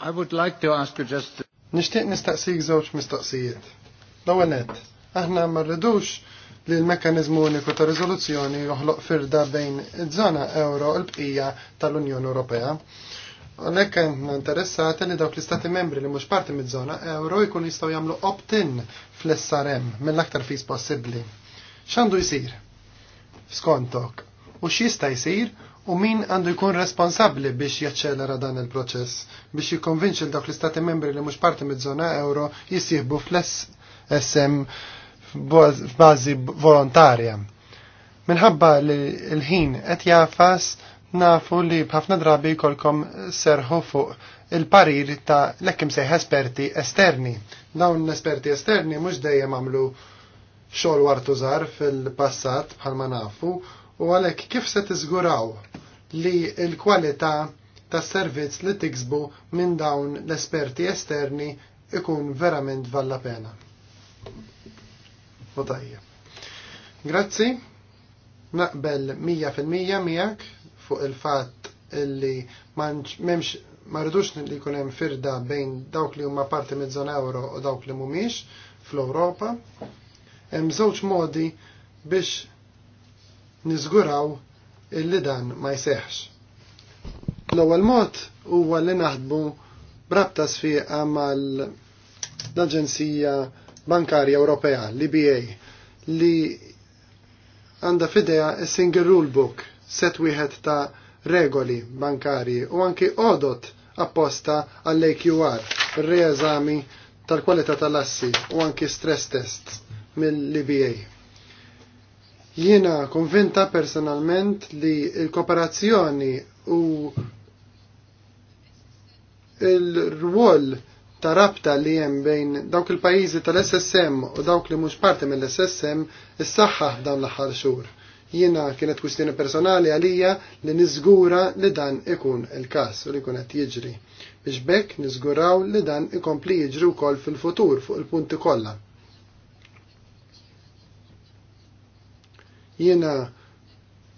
I would like to ask you just... Nishtiq nistaqsik żewġ mistaqsijiet. l nett, aħna ma rridux li l mekanizmu uniku ta' Rizoluzzjoni joħloq firda bejn iż-żona euro l-bqija tal-Unjoni Ewropea. Għalhekk hemm interessati li dawk l-istati membri li mhux parti miż-żona euro jkun jistgħu jagħmlu opt-in fl-SRM mill-aktar fis possibbli. X'għandu jsir? Skontok. U x'jista' jsir u min għandu jkun responsabbli biex jaċċelera dan il-proċess biex jikkonvinċi dawk l-istati membri li mhux parti miż-żona euro jisieħbu fl-SM f'bażi volontarja. Minħabba li l-ħin qed jafas nafu li bħafna drabi kolkom serħu fuq il-parir ta' lekkim sejħ esperti esterni. Dawn l-esperti esterni mux dejjem għamlu xol wartu zar fil-passat bħalma nafu u għalek kif se tiżguraw li l-kwalità ta' servizz li tiksbu minn dawn l-esperti esterni ikun verament valla pena. U tajja. Grazzi, naqbel 100% miegħek fuq il-fatt illi memx ma li jkun hemm firda bejn dawk li huma parti miż zona euro u dawk li mhumiex fl-Ewropa. Hemm żewġ modi biex niżguraw illi dan ma jseħħx. L-ewwel mod huwa li naħdmu brabta sfiqa mal-Aġenzija Bankarja Ewropea, l-IBA, li għandha fidea s-Single Rule Book set wieħed ta' regoli bankari u anki odot apposta għall-AQR, reżami tal-kwalità tal-assi u anki stress tests mill-LBA. Jiena konvinta personalment li il-kooperazzjoni u il-rwol ta' rabta li jem bejn dawk il-pajizi tal-SSM u dawk li mhux parti mill-SSM is-saħħa dawn l-aħħar xhur Jiena kienet kustjoni personali għalija li niżgura li dan ikun il-każ u li jkun qed jiġri. Biex bekk niżguraw li dan ikompli jiġri wkoll fil-futur fuq il-punti kollha. Jiena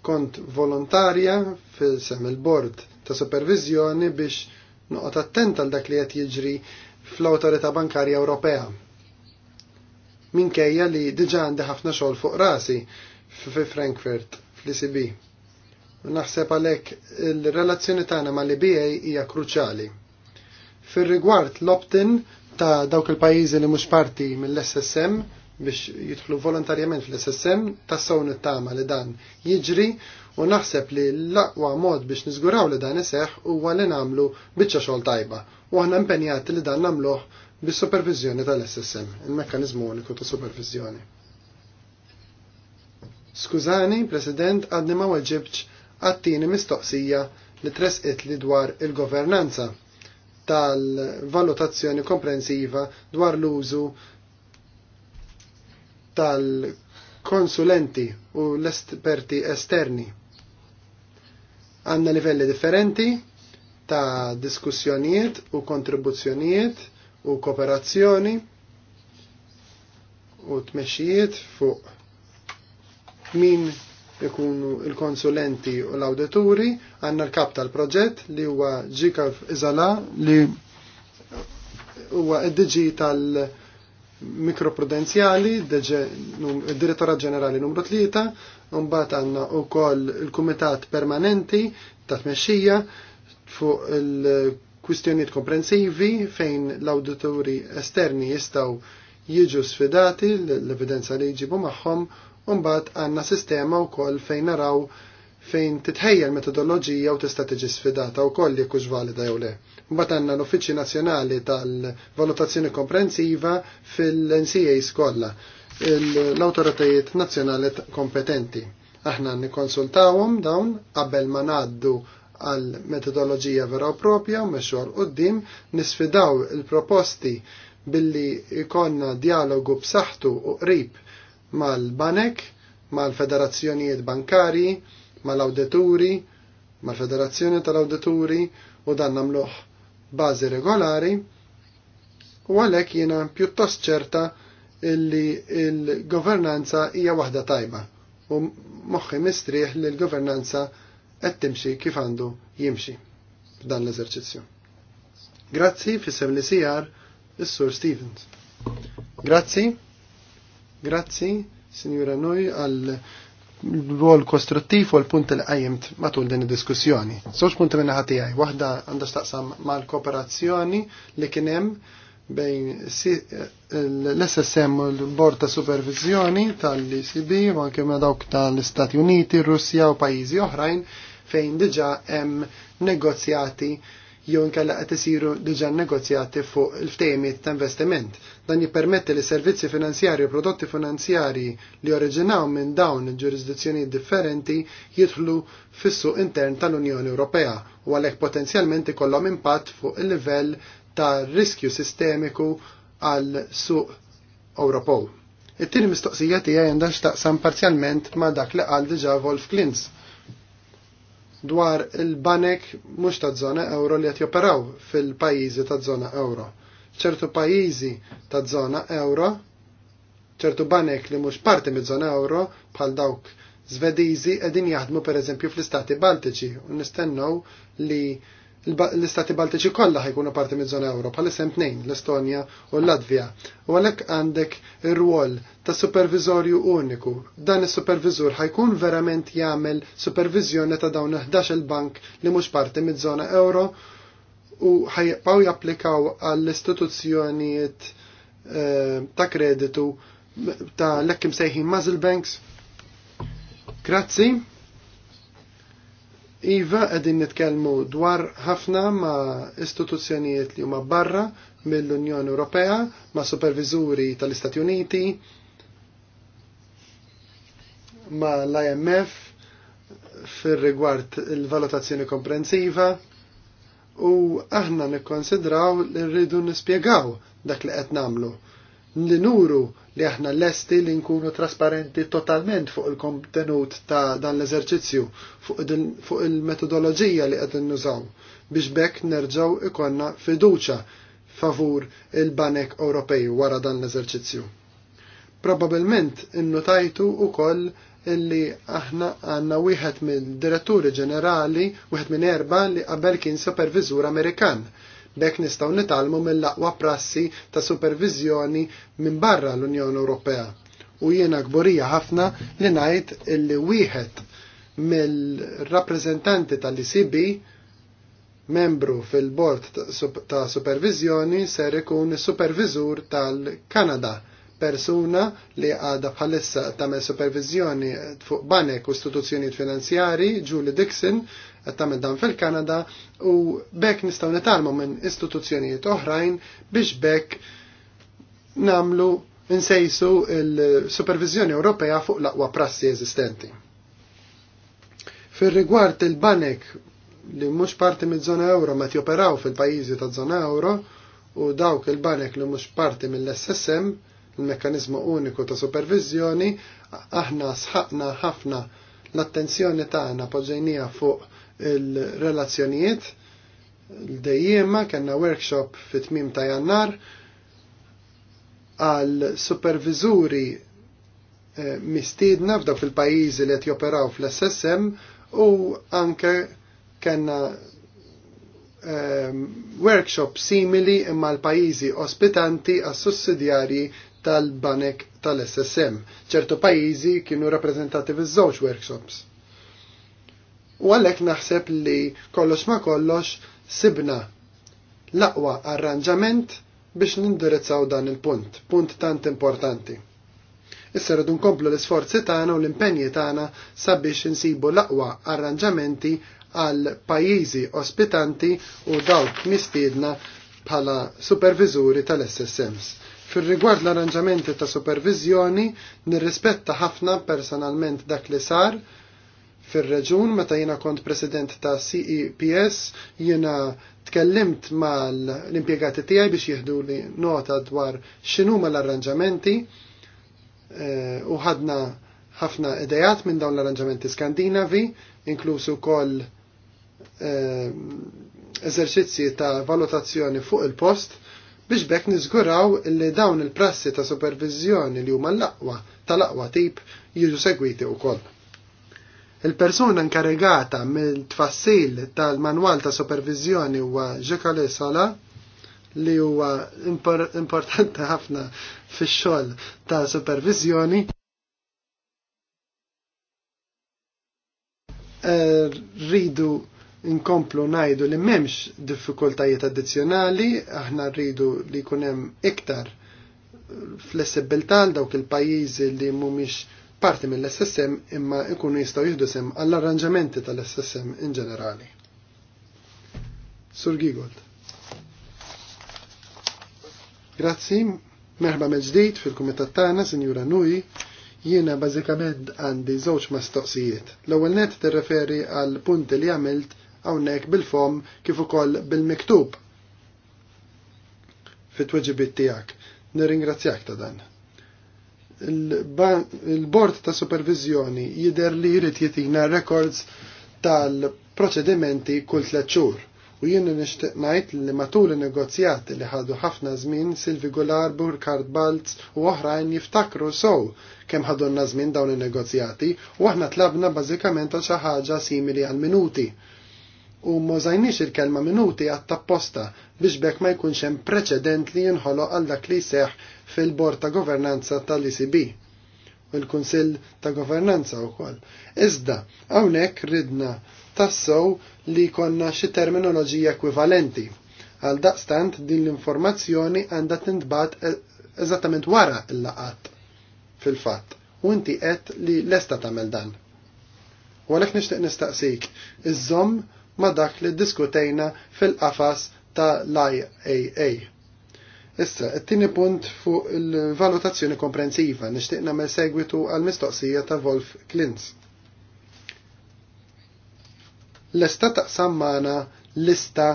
kont volontarja fil-sem il-bord ta' supervizjoni biex noqgħod attent għal dak li qed jiġri fl-Awtorità Bankarja Ewropea. Minkejja li diġan għandi ħafna xogħol fuq rasi fi Frankfurt fl-ICB. E naħseb għalhekk il-relazzjoni tagħna mal-IBA e hija kruċjali. Fir-rigward l-opt-in ta' dawk il-pajjiżi li mhux parti mill-SSM biex jidħlu volontarjament fl-SSM tassaw nittama li dan jiġri u naħseb li l-aqwa mod biex nizguraw li dan iseħ huwa li namlu biċċa xogħol tajba u aħna impenjati li dan namluh bis-supervizjoni tal-SSM, il-mekkaniżmu uniku ta' supervizjoni. Skużani, President, għadni ma weġibċ għattini mistoqsija li tresqit li dwar il-governanza tal-valutazzjoni komprensiva dwar l-użu tal-konsulenti u l-esperti esterni. Għanna livelli differenti ta' diskussjonijiet u kontribuzzjonijiet u kooperazzjoni u tmexijiet fuq min ikunu il-konsulenti u l-awdituri, għanna l-kap tal-proġett li huwa Ġikaf Izala li huwa id diġi tal- mikroprudenzjali, direttorat ġenerali numru 3, mbagħad għandna wkoll il-kumitat permanenti ta' tmexxija fuq il-kwistjonijiet komprensivi fejn l-awdituri esterni jistgħu jiġu sfidati l-evidenza li jġibu magħhom Umbat għanna sistema u koll fejn naraw fejn titħejja l-metodologija u tista' tiġi sfidata wkoll jekk hux valida jew le. Mbagħad għandna l-Uffiċċju Nazzjonali tal-Valutazzjoni Komprensiva fil-NCAs kollha, l-awtoritajiet nazzjonali kompetenti. Aħna nikkonsultawhom dawn qabel ma ngħaddu għal metodoloġija vera u propja u mexxor qudiem nisfidaw il-proposti billi ikonna dialogu b'saħħtu u qrib mal-banek, mal-federazzjonijiet bankari, mal-awdituri, mal-federazzjoni tal-awdituri u dan namluħ bazi regolari u għalek jena pjuttost ċerta illi il-governanza hija waħda tajba u moħħi mistrieħ li l-governanza qed timxi kif għandu jimxi f'dan l-eżerċizzju. Grazzi fis-sem li sijar is-Sur Stevens. Grazzi. Grazzi, Signora Noi, għal l-ruol kostruttiv u l-punt li qajjimt matul din id-diskussjoni. Sox punti minna ħati għaj, wahda għanda staqsam mal-kooperazzjoni li kien hemm bejn l-SSM u l-Bord ta' Supervizjoni tal icb u anke ma' dawk tal-Istati Uniti, Russja u pajjiżi oħrajn fejn diġà hemm negozjati jew inkella qed isiru diġà negozjati fuq il-ftehimiet ta' investiment. Dan jippermetti li servizzi finanzjarji u prodotti finanzjarji li oriġinaw minn dawn il-ġurisdizzjonijiet differenti jidħlu fis-suq intern tal-Unjoni Ewropea u għalhekk potenzjalment ikollhom impatt fuq il-livell ta' riskju sistemiku għal suq Ewropew. It-tieni mistoqsija tiegħi għandha x'taqsam parzjalment ma' dak li qal diġà Wolf Klins dwar il-banek mhux ta' żona euro li qed joperaw fil-pajjiżi ta' żona euro. ċertu pajjiżi ta' żona euro, ċertu banek li mhux parti mid-żona euro bħal dawk Zvediżi qegħdin jaħdmu pereżempju fl-Istati Baltiċi u nistennew li l-istati baltiċi kollha ħajkunu parti miż-żona Ewro bħalissa hemm tnejn l-Estonja u l-Latvja. U għalhekk għandek ir-rwol ta' supervizorju uniku. Dan is-supervizur ħajkun verament jagħmel supervizjoni ta' dawn 11 bank li mhux parti miż-żona Ewro u ħajbqgħu japplikaw għall-istituzzjonijiet eh, ta' kreditu ta' l-ekkim sejħin Muzzle Banks. Grazzi. Iva qegħdin nitkellmu dwar ħafna ma' istituzzjonijiet li huma barra mill-Unjoni Ewropea, ma' superviżuri tal-Istati Uniti, ma' l-IMF fir-rigward il-valutazzjoni komprensiva u aħna nikkonsidraw li rridu nispjegaw dak li qed nagħmlu li nuru li aħna lesti li nkunu trasparenti totalment fuq il-kontenut ta' dan l-eżerċizzju, fuq il-metodoloġija li qed nużaw biex bekk nerġaw ikonna fiduċa favur il-banek Ewropej wara dan l-eżerċizzju. Probabilment innotajtu u koll illi aħna għanna wieħed mill diretturi ġenerali, wieħed minn erba li qabel kien supervizur Amerikan Dek nistgħu nitalmu mill-aqwa prassi ta' supervizjoni minn barra l-Unjoni Ewropea. U jiena gburija ħafna li ngħid illi wieħed mill-rappreżentanti tal-ICB membru fil-bord ta' supervizjoni ser ikun supervizur tal-Kanada, persuna li għada bħalissa tagħmel supervizjoni fuq banek u istituzzjoni finanzjari, Julie Dixon, qed tagħmel dan fil-Kanada u bekk nistgħu netalmu minn istituzzjonijiet oħrajn biex bekk namlu nsejsu il-supervizjoni Ewropea fuq l-aqwa prassi eżistenti. Fil-rigward il-banek li mhux parti miż-żona euro ma joperaw fil-pajjiżi ta' żona euro u dawk il-banek li mhux parti mill-SSM, il mekanizmu uniku ta' supervizjoni, aħna sħaqna ħafna l-attenzjoni tagħna poġġejnija fuq il-relazzjonijiet l-dejjema kena workshop fit-tmim ta' jannar għal supervizuri eh, mistidna f'dawk il-pajjiżi li joperaw fl-SSM u anke kena um, workshop simili imma l-pajjiżi ospitanti għas sussidjarji tal-banek tal-SSM. ċertu pajjiżi kienu rappreżentati fiż-żewġ workshops. U għalhekk naħseb li kollox ma kollox sibna l-aqwa arranġament biex nindirizzaw dan il-punt, punt tant importanti. Issa rridu nkomplu l-isforzi tagħna u l-impenji tagħna sabiex insibu l-aqwa arranġamenti għal pajjiżi ospitanti u dawk mistiedna bħala supervizuri tal-SSMs. Fil-rigward l-arranġamenti ta' supervizjoni, nirrispetta ħafna personalment dak li sar, fir-reġun meta jiena kont president ta' CEPS jiena tkellimt mal impiegati tiegħi biex jieħdu li nota dwar x'inhuma l-arranġamenti eh, u ħadna ħafna idejat minn dawn l-arranġamenti skandinavi, inklusu kol eh, eżerċizzji ta' valutazzjoni fuq il-post biex bekk niżguraw li dawn il-prassi ta' supervizjoni li huma l-aqwa tal-aqwa tip jiġu segwiti wkoll. Il-persuna inkarigata mill-tfassil tal-manwal ta' supervizjoni huwa Ġekale Sala li huwa importanti ħafna fix-xogħol ta' supervizjoni. Eh, rridu inkomplu najdu li m'hemmx diffikultajiet addizzjonali, aħna rridu li jkun hemm iktar flessibilità dawk il-pajjiżi li mhumiex parti mill-SSM imma ikunu jistgħu jieħdu sem għall-arranġamenti tal-SSM in ġenerali. Sur Gigold. Grazzi, merħba meġdijt fil-Kumitat tagħna, Sinjura Nui, jiena bażikament għandi żewġ mastoqsijiet. L-ewwel net tirreferi għal punti li għamilt hawnhekk bil-fom kif ukoll bil-miktub fit-tweġibiet tiegħek. Nirringrazzjak ta' dan il-bord ta' supervizjoni jider li jrid jitina records tal-proċedimenti kull tliet xhur. U jien nixtieq ngħid li matul in-negozjati li ħadu ħafna żmien Silvi Gular, Burkard Balz u oħrajn jiftakru sow kemm ħadunna żmien dawn in-negozjati u aħna tlabna bażikament għal xi ħaġa simili għal minuti u mużajniex il-kelma minuti għat tapposta biex bekk ma jkunx hemm preċedent li jinħolo għal dak li seħ fil-bord ta' governanza tal icb u l-Kunsill ta' Governanza wkoll. Iżda, hawnhekk ridna tassow li konna xi terminoloġija ekwivalenti. Għal daqstant din l-informazzjoni għandha tintbat e- eżattament wara l-laqat fil-fatt u inti qed li lesta tagħmel dan. U għalhekk nixtieq nistaqsik, iż-żomm ma' dak li diskutejna fil-qafas ta' l-IAA. Issa, it-tieni punt fuq il-valutazzjoni komprensiva nixtieq nagħmel segwitu għal mistoqsija ta' Wolf Klintz. L-esta taqsam sammana lista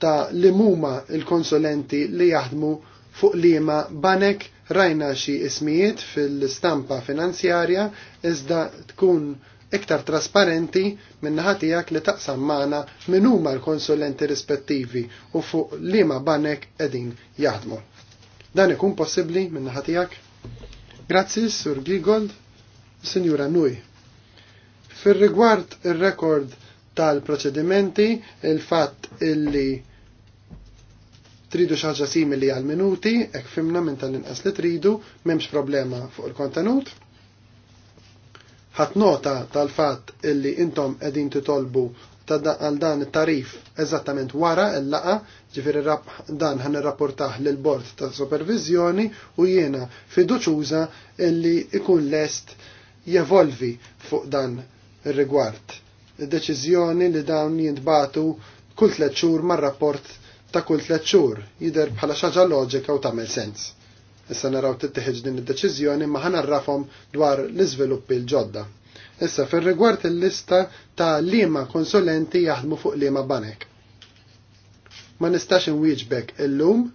ta' li muma il-konsulenti li jaħdmu fuq liema banek rajna xi ismijiet fil-stampa finanzjarja iżda tkun iktar trasparenti minnaħa tiegħek li taqsam maħna min huma l-konsulenti rispettivi u fuq liema banek qegħdin jaħdmu. Dan ikun possibbli minnaħa tiegħek? Grazzi, Sur Gigold, Sinjura Nui. Fir-rigward ir-rekord tal-proċedimenti, il-fatt illi tridu xaġa simili għal minuti, ek fimna minn tal-inqas li tridu, memx problema fuq il-kontenut ħat nota tal-fatt illi intom edin titolbu għal dan tarif eżattament wara l-laqa, ġifiri dan ħan rapportaħ l bord ta' supervizjoni u jiena fiduċuża illi ikun lest jevolvi fuq dan il-rigward. Deċizjoni li dawn jintbatu kull tlet xhur mar-rapport ta' kull tlet xhur jidher bħala xaġa loġika u tagħmel sens. Issa naraw tittieħed din id-deċiżjoni ma ħanarrafhom dwar l-iżviluppi l-ġodda. Issa fir-rigward il-lista ta' liema konsulenti jaħdmu fuq liema banek. Ma nistax inwieġbek illum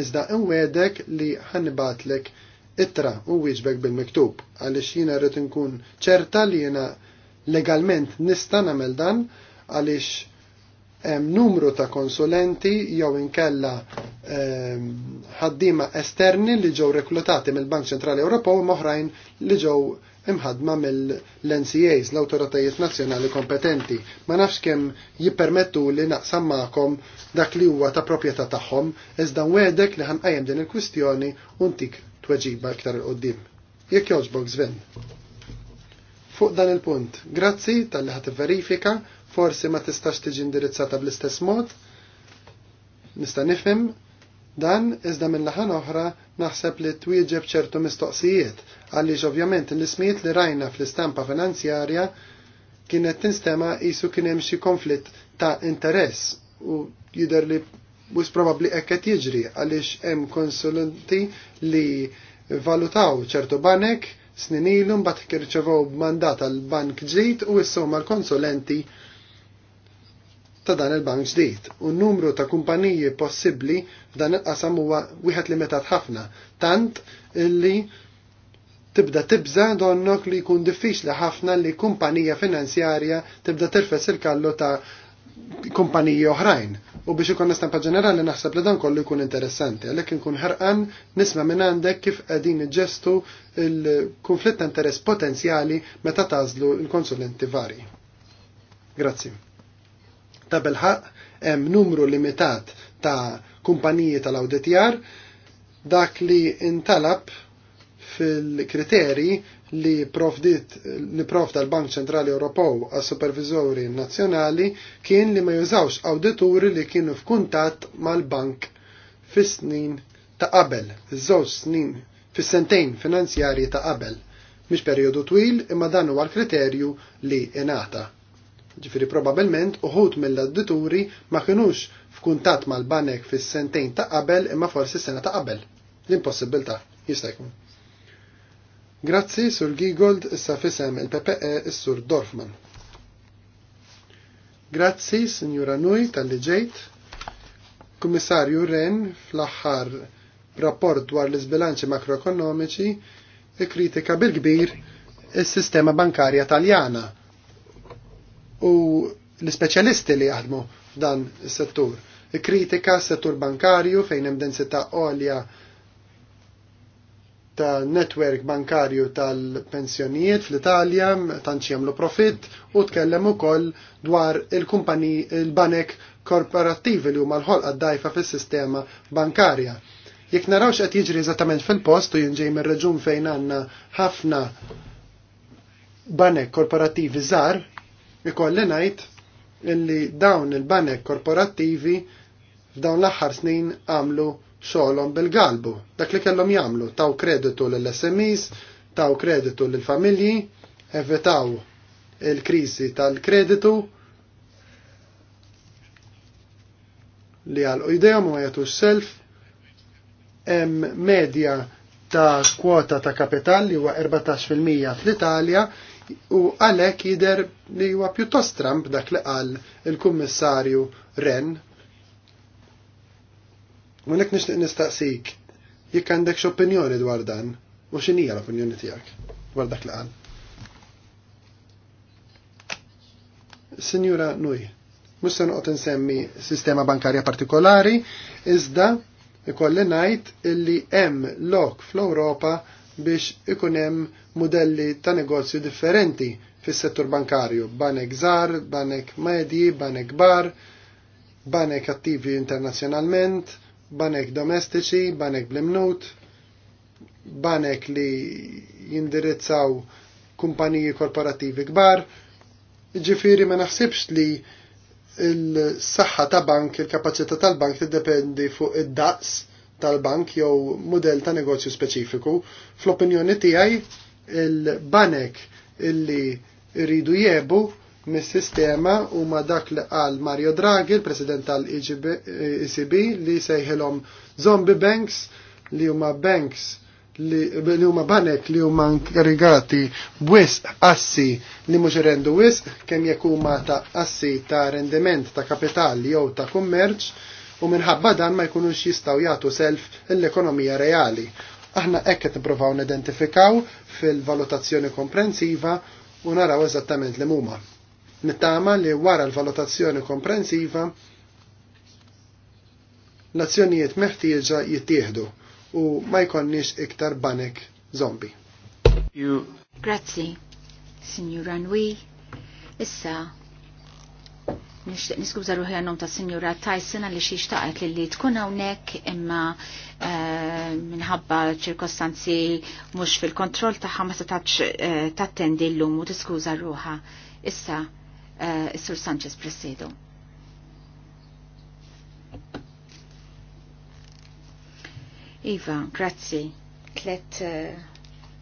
iżda inwedek li ħanibatlek ittra u wieġbek bil-miktub għaliex jiena rrid inkun ċerta li jiena legalment nista' nagħmel dan għaliex hemm numru ta' konsulenti jew inkella Ehm, ħaddima esterni li ġew reklutati mill-Bank Ċentrali Ewropew moħrajn li ġew imħadma mill-NCAs, l-Awtoritajiet Nazzjonali Kompetenti. Ma nafx kemm jippermettu li naqsam magħkom dak li huwa ta' proprjetà tagħhom, iżda wedek li ħanqajjem din il-kwistjoni u ntik tweġiba iktar il qoddim Jekk jogħġbok żvin. Fuq dan il-punt, grazzi tal-li ħat verifika, forsi ma tistax tiġi indirizzata bl-istess mod, nista' nifhem Dan iżda minn laħan oħra naħseb li twieġeb ċertu mistoqsijiet għaliex ovvjament l-ismijiet li rajna fl-istampa finanzjarja kienet tinstema isu kien hemm xi konflitt ta' interess u jidher li bus probabbli hekk qed jiġri għaliex hemm konsulenti li valutaw ċertu banek snin ilu mbagħad kirċevew mandat għal bank ġrid u issuma mal konsulenti ta' dan il-bank ġdid u n-numru ta' kumpaniji possibbli f'dan il-qasam huwa wieħed limitat ħafna, tant illi tibda tibza donnok li jkun diffiċli ħafna li kumpanija finanzjarja tibda tirfes il-kallu ta' kumpaniji oħrajn. U biex ikun nistampa ġenerali naħseb li dan kollu jkun interessanti, għalhekk inkun ħarqan nisma' minn għandek kif qegħdin iġġestu il-konflitt ta' interess potenzjali meta tażlu l-konsulenti vari. Grazzi ta' belħaq hemm numru limitat ta' kumpaniji tal-awditjar dak li intalab fil-kriteri li profdit li prof tal-Bank Ċentrali Ewropew għas supervizori nazzjonali kien li ma jużawx awdituri li kienu f'kuntatt mal-bank fis-snin ta' qabel, iż-żewġ snin fis-sentejn finanzjarji ta' qabel mhix perjodu twil imma dan huwa l-kriterju li ngħata. Ġifiri probabilment uħut mill-addituri ma kienux f'kuntat mal-banek fis-sentejn ta' qabel imma forsi s-sena ta' qabel. L-impossibilta jista' jkun. Grazzi sur Gigold issa fisem il-PPE is-sur Dorfman. Grazzi, Signora Nui, tal liġejt ġejt. Kummissarju Ren, fl-axħar rapport dwar l-izbilanċi makroekonomiċi, kritika bil-kbir il sistema bankarja taljana u l-speċjalisti li jaħdmu f'dan is-settur. Kritika settur bankarju fejn hemm densità għolja ta' netwerk bankarju tal-pensjonijiet fl-Italja, xi jagħmlu profit u tkellem ukoll dwar il-kumpani il-banek korporattivi li huma l ħolq dajfa fis-sistema bankarja. Jekk narawx qed jiġri eżattament fil-post u jinġej mir-reġun fejn għandna ħafna banek korporattivi żgħar, Ikolli ngħid illi dawn il-banek korporattivi f'dawn l-aħħar snin għamlu xolom bil-galbu. Dak li kellhom jagħmlu taw kreditu lill-SMEs, taw kreditu lill-familji, evitaw il-krisi tal-kreditu li għal idejhom u jagħtu self hemm medja ta' kwota ta' kapital li huwa 14% fl-Italja u għalhekk jidher li huwa pjuttost Trump dak li qal il-Kummissarju Ren. U nek nixtieq nistaqsik jekk għandek x'opinjoni dwar dan u x'inhija l-opinjoni tiegħek dwar dak li qal. Signora Nui, mux se noqgħod insemmi sistema bankarja partikolari, iżda ikolli ngħid illi hemm lok fl-Ewropa biex ikunem modelli ta' negozju differenti fis-settur bankarju, banek zar, banek medji, banek bar, banek attivi internazzjonalment, banek domestiċi, banek blimnut, banek li jindirizzaw kumpaniji korporativi kbar. Ġifiri ma naħsibx li il-saħħa ta' bank, il-kapacità tal-bank tiddependi fuq id-daqs tal-bank jew model ta' negozju speċifiku. Fl-opinjoni tiegħi il-banek illi rridu jebu mis-sistema u ma dak li qal Mario Draghi, il-president tal-ECB, e li sejħilhom zombie banks li huma banks li huma banek li huma nkarigati b'wisq assi li mhux irrendu wisq kemm jekk huma ta' assi ta' rendiment ta' kapitali jew ta' kummerċ u minħabba dan ma jkunux jistgħu jagħtu self l-ekonomija reali. Aħna hekk qed nippruvaw nidentifikaw fil-valutazzjoni komprensiva u naraw eżattament li huma. Nittama li wara l-valutazzjoni komprensiva l-azzjonijiet meħtieġa jittieħdu u ma jkonniex iktar banek zombi. Grazzi, Signor Anwi. Issa nishtiq niskuża ruħi għannum ta' Sinjura Tyson għalli xie xtaqet li li tkun hawnhekk imma eh, minħabba ċirkostanzi mhux fil-kontroll tagħha ma eh, tendi l llum u tiskuża ruħa Issa eh, Sur Sanchez Presedo. Iva, grazzi. Tlet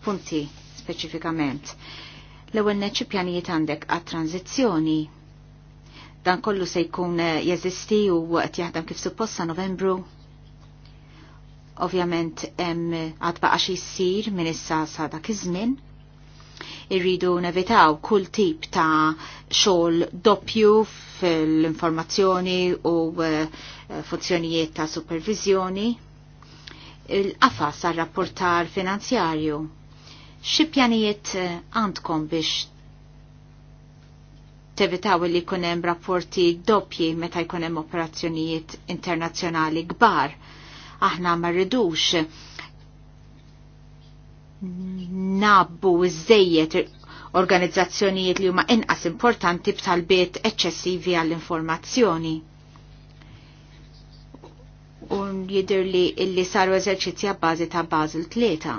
punti speċifikament. L-ewwel neċċi pjanijiet għandek għat tranzizjoni Dan kollu se jkun eh, jeżisti u waqt jaħdem kif supposta novembru. Ovvjament hemm għadba xi jissir minn issa sa dak iż-żmien. Irridu nevitaw kull tip ta' xogħol doppju fil-informazzjoni u eh, funzjonijiet ta' supervizjoni. Il-qafas għal rapportar finanzjarju xi pjanijiet eh, għandkom biex tevitaw li kunem rapporti doppji meta jkunem operazzjonijiet internazzjonali gbar. Aħna ma rridux nabbu iżejjed organizzazzjonijiet li huma inqas importanti b'talbiet eċċessivi għall-informazzjoni. U jidir li illi saru eżerċizzja bażi ta' Basel tlieta.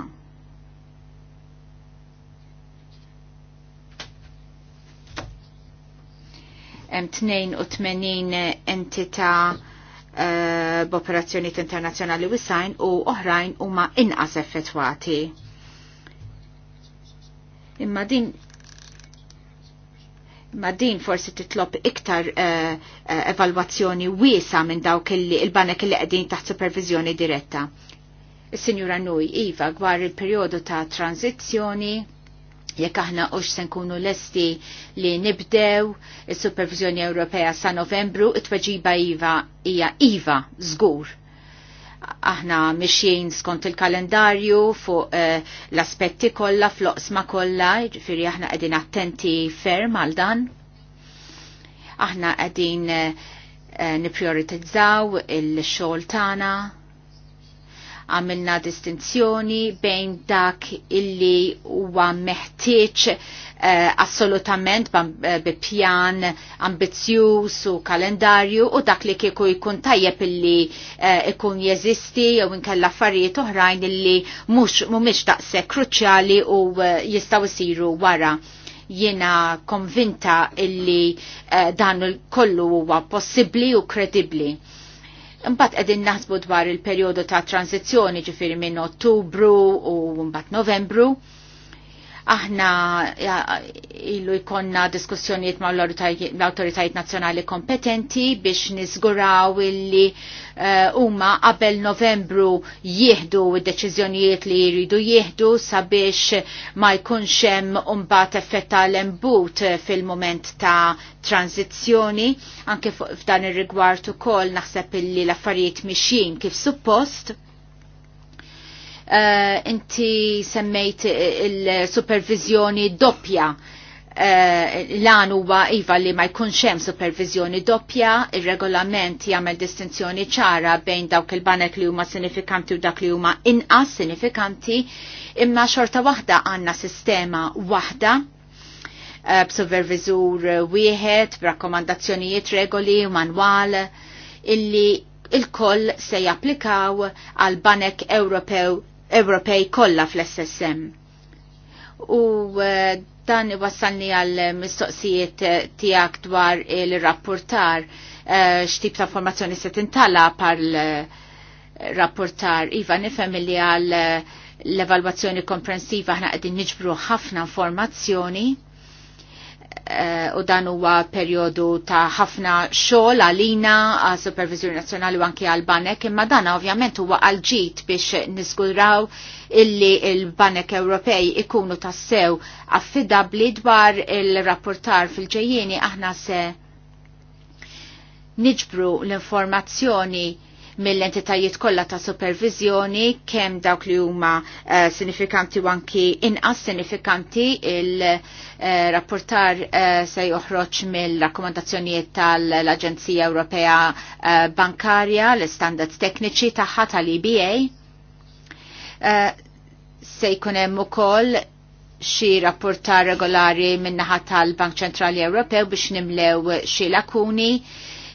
Hemm 82 entità eh, b'operazzjonijiet internazzjonali wisajn u oħrajn huma inqas effettwati. Imma din ma din forsi titlob iktar eh, eh, evalwazzjoni wiesa minn dawk il-banek illi qegħdin taħt supervizjoni diretta. Is-Sinjura Nui, Iva, gwar il-perjodu ta' tranzizzjoni, jekk aħna ux se nkunu lesti li nibdew is-Supervizjoni Ewropea sa Novembru, it-tweġiba iva hija iva żgur. Aħna mixjien skont il-kalendarju fuq eh, l-aspetti kollha fl-oqsma kollha, ġifieri aħna qegħdin attenti ferm għal dan. Aħna qegħdin eh, eh il-xogħol tagħna Għamilna distinzjoni bejn dak illi huwa meħtieġ uh, assolutament eh, bi pjan ambizzjuż u kalendarju u dak li kieku jkun tajjeb illi uh, ikun jeżisti jew inkella affarijiet oħrajn illi mhux mhumiex daqshekk kruċjali u uh, jistgħu jsiru wara jiena konvinta illi eh, dan kollu huwa possibbli u kredibbli. Mbatt edin naħsbu dwar il-periodu ta' tranzizjoni ġifiri minn ottubru u mbatt novembru. Aħna ilu jkonna diskussjonijiet ma' l-autoritajiet nazjonali kompetenti biex nizguraw illi eh, huma uh, qabel novembru jieħdu id-deċiżjonijiet li jridu jieħdu sabiex ma jkunx hemm imbagħad effetta l-embut fil-moment ta' tranzizzjoni anke f'dan ir-rigward ukoll naħseb illi l-affarijiet mixjin kif suppost Eh, inti semmejt il-supervizjoni doppja. Eh, lan huwa iva li ma jkunx hemm supervizjoni doppja, ir-regolament jagħmel distinzjoni ċara bejn dawk il-banek li huma sinifikanti u dak li huma inqas sinifikanti, imma xorta waħda għandna sistema waħda eh, b'supervizur wieħed, b'rakkomandazzjonijiet regoli u manwal illi il-koll se japplikaw għal banek Ewropew Ewropej kollha fl-SSM. U eh, dan wassalni għal mistoqsijiet eh, tiegħek dwar il-rapportar eh, x'tip ta' formazzjoni se tintala par rapportar iva nifhem li għal l-evalwazzjoni komprensiva ħna qegħdin niġbru ħafna informazzjoni Eh, u dan huwa perjodu ta' ħafna xogħol għalina għal Supervisur Nazzjonali u anke għal Banek, imma dan ovvjament huwa għal ġid biex niżguraw illi il-Banek Ewropej ikunu tassew affidabli dwar il-rapportar fil-ġejjieni aħna se niġbru l-informazzjoni mill-entitajiet kollha ta' supervizjoni kemm dawk li huma uh, sinifikanti u anki inqas sinifikanti il-rapportar eh, uh, eh, se joħroġ mill-rakkomandazzjonijiet tal-Aġenzija Ewropea uh, Bankarja l-standards tekniċi tagħha tal-EBA. Uh, se jkun hemm ukoll xi rapportar regolari min-naħa tal-Bank Ċentrali Ewropew biex nimlew xi lakuni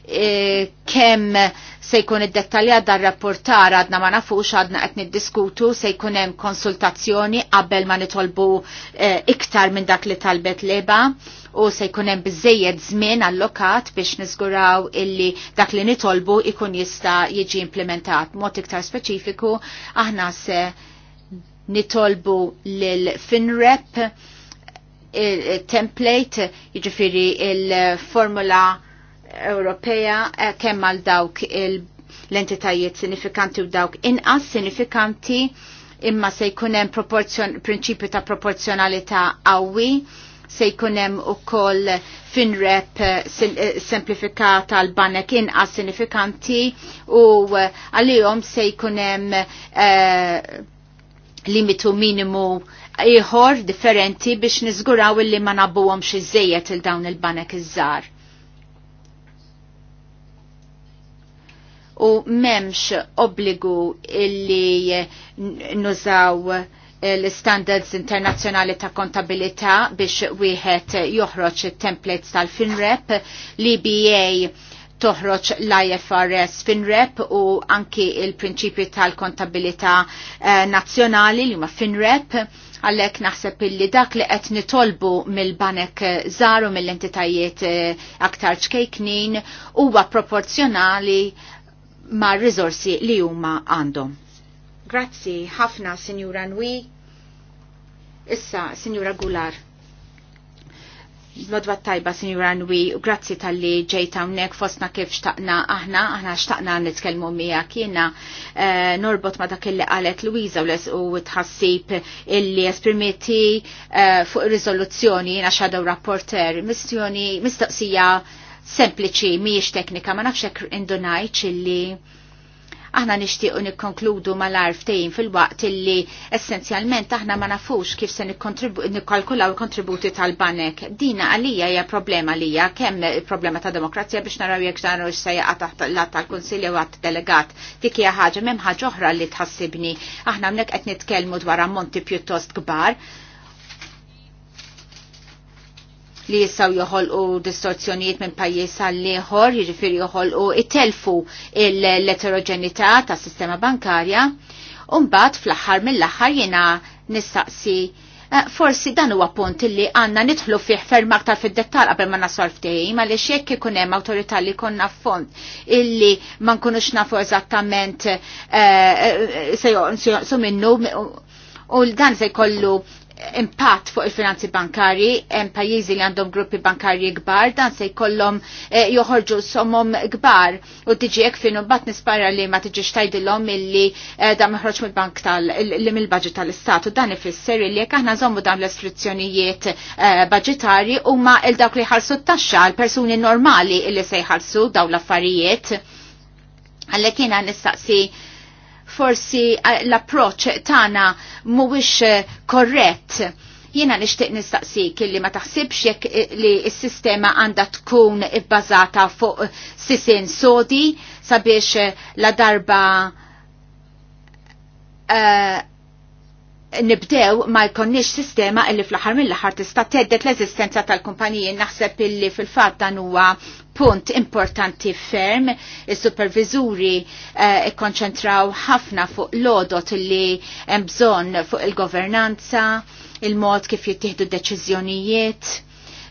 E, kemm se jkun id-dettalja dar rapportar għadna ma nafux għadna qed niddiskutu se jkun hemm konsultazzjoni qabel ma nitolbu e, iktar minn dak li talbet leba u se jkun hemm biżejjed żmien allokat biex niżguraw illi dak li nitolbu ikun jista' jiġi implementat. Mod iktar speċifiku aħna se nitolbu lil FinRep e, template jiġifieri il-formula Ewropea eh, kemm għal dawk l-entitajiet sinifikanti u dawk inqas sinifikanti imma se jkun hemm prinċipju ta' proporzjonalità qawwi se jkunem ukoll koll finrep eh, eh, semplifikata għal banek inqas sinifikanti u għalihom se jkunem hemm limitu minimu ieħor differenti biex niżguraw illi ma nabuwom xizzejet il-dawn il-banek iż-żar. u memx obbligu illi nużaw eh, l-standards internazzjonali ta' kontabilità biex wieħed joħroġ templates tal-FinRep, l-EBA toħroġ l-IFRS FinRep u anki il-prinċipju tal-kontabilità eh, nazzjonali li huma FinRep għallek naħseb illi dak li qed nitolbu mill-banek zaru mill-entitajiet eh, aktar ċkejknin huwa proporzjonali ma' rizorsi li huma għandhom. Grazzi ħafna, Sinjura Nwi. Issa, Sinjura Gular. Modwa tajba, Sinjura Nwi, grazzi tal-li ġejt hawnhekk fosna kif xtaqna aħna, aħna xtaqna nitkellmu mija kiena uh, eh, norbot ma dak qalet għalet Luisa u les u tħassib illi esprimiti uh, eh, fuq riżoluzzjoni jiena naxħadaw rapporter, Mistjoni mistoqsija sempliċi miex teknika, ma nafx hekk indunajċ illi aħna nixtiequ nikkonkludu mal-arf tejn fil-waqt illi essenzjalment aħna ma nafux kif se nikkalkulaw il-kontributi tal-banek. Dina għalija hija problema għalija kemm problema ta' demokrazija biex naraw jekk dan x se l taħt tal konsilja u għat delegat. Dik hija ħaġa m'hemm ħaġa oħra li tħassibni. Aħna hawnhekk qed nitkellmu dwar ammonti pjuttost kbar li jissaw joħolqu distorzjonijiet minn pajjiż għal ieħor, jiġifieri joħolqu itelfu l-eterogenità tas sistema bankarja. Umbat fl-aħħar mill-aħħar jiena nistaqsi eh, forsi dan huwa punt li għandna nidħlu fih ferm aktar fid-dettal qabel ma nasol ftehim għaliex jekk ikun hemm awtorità li konna fond illi ma nkunux nafu eżattament eh, eh, se minnu u dan se jkollu impatt fuq il-finanzi bankari, hemm pajjiżi li għandhom gruppi bankarji kbar, dan se jkollhom eh, joħorġu somom kbar u tiġi hekk fin imbagħad nispara li ma tiġix tajdilhom milli eh, dan meħroġ mill-bank tal mill-baġit tal-istat u dan ifisser li jekk aħna żommu dawn l-esfrizzjonijiet eh, baġitarji huma il dawk li ħarsu t-taxxa għal persuni normali li se jħallsu dawn l-affarijiet. Għallek jiena nistaqsi forsi eh, l-approċ tana mhuwiex eh, korrett jiena nixtieq nistaqsik li ma taħsibx jekk eh, li s-sistema għandha tkun ibbażata fuq sisin sodi sabiex la darba uh, nibdew ma jkonniex sistema illi fl-aħħar mill-aħħar tista' teddet l-eżistenza tal-kumpaniji naħseb illi fil-fatt dan huwa punt importanti ferm, il-supervizuri eh, ikkonċentraw eh, ħafna fuq l-odot li hemm bżonn fuq il-governanza, il-mod kif jittieħdu deċiżjonijiet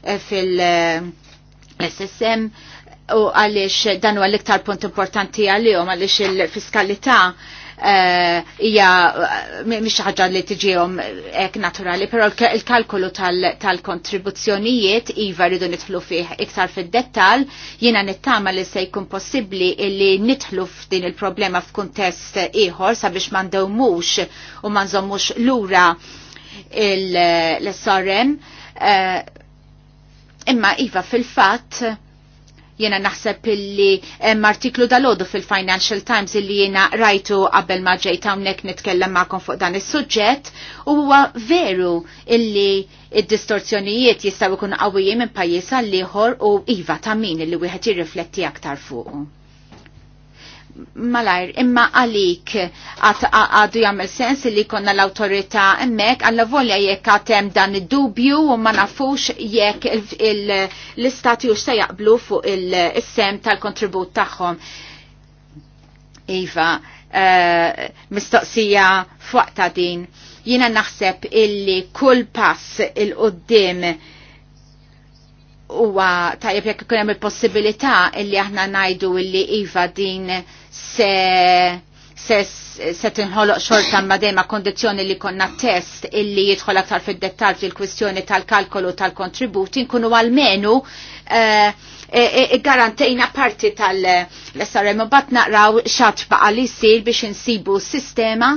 eh, fil-SSM u għaliex dan huwa l-iktar punt importanti għalihom għaliex il-fiskalità Eh, hija eh, mish ħaġa li tiġihom hekk naturali, però l kalkulu tal-kontribuzzjonijiet iva rridu nidħlu fih iktar fid-dettall, jiena nittama li se jkun possibbli li nidħlu f'din il-problema f'kuntest ieħor sabiex ma ndewmux u ma l lura l-SRM. Eh, imma iva fil-fatt Jena naħseb illi em artiklu dalodu fil-Financial Times illi jena rajtu qabel ma ġejt hawnhekk nitkellem magħkom fuq dan is-suġġett u huwa veru illi id-distorzjonijiet jistgħu jkunu qawwijin minn pajjiż għal ieħor u iva ta' min illi wieħed jirrifletti aktar fuq malajr, imma għalik għadu jagħmel sens li konna l-autorita emmek, għalla volja jekk għatem dan id-dubju u ma nafux jekk l-istati u se jaqblu fuq il-sem tal-kontribut tagħhom. Iva, eh, mistoqsija mistoqsija fuqta din. Jiena naħseb illi kull pass il-qoddim huwa tajjeb jekk ikun hemm il-possibilità illi aħna ngħidu illi iva din se se, se tinħoloq xorta ma dejma kondizjoni li konna test illi jidħol aktar fid-dettal fil-kwistjoni tal-kalkolu tal-kontributi nkunu għalmenu eh, eh, eh, garantejna parti tal-SRM u bat naqraw xat baqa li sir biex insibu sistema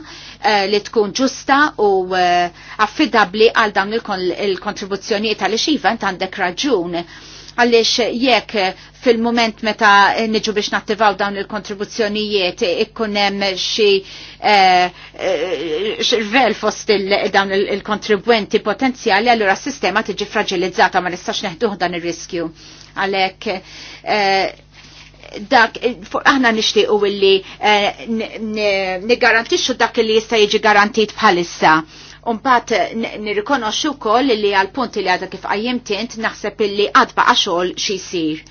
li tkun ġusta u affidabli għal dawn il-kontribuzzjoni tal-ixiva għandek raġun għaliex jekk fil-moment meta niġu biex nattivaw dawn il-kontribuzzjonijiet ikkunem hemm xi eh, eh, fost dawn il-kontribwenti potenzjali, allora s-sistema tiġi fragilizzata ma nistax neħduh dan ir-riskju. Għalhekk eh, dak aħna nixtiequ illi niggarantixxu dak li jista' jiġi garantit bħalissa Unbat nirrikonoxxu wkoll li għal punti li għadha kif qajjimtint naħseb illi għadba għaxol xi jsir.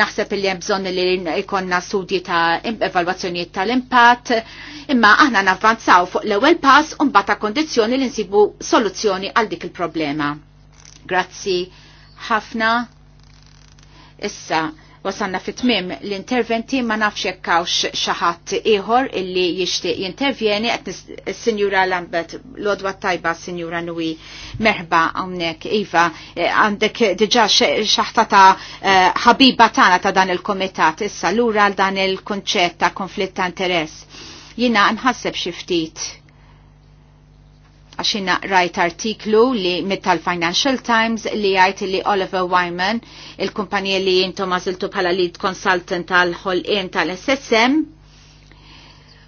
Naħseb illi hemm bżonn li jkollna studji ta' evalwazzjonijiet tal-impatt, imma aħna navvanzaw fuq l-ewwel pass u mbagħad ta' kondizzjoni li nsibu soluzzjoni għal dik il-problema. Grazzi ħafna. Issa, Wasanna fit-tmim l-interventi ma nafx jekkawx xaħat iħor illi jixtieq jintervjeni għet s-Sinjura Lambert, l-odwa tajba Sinjura Nui, merħba għamnek, Iva, eh, għandek diġa xaħta ta' eh, ħabiba tana ta' dan il-komitat, issa l-ura dan il kunċett ta' konflitt ta' interess. Jina nħasseb xiftit għaxina rajt artiklu li mittal Financial Times li għajt li Oliver Wyman, il-kumpanija li jintu mażiltu bħala lead consultant tal-ħolqien tal-SSM,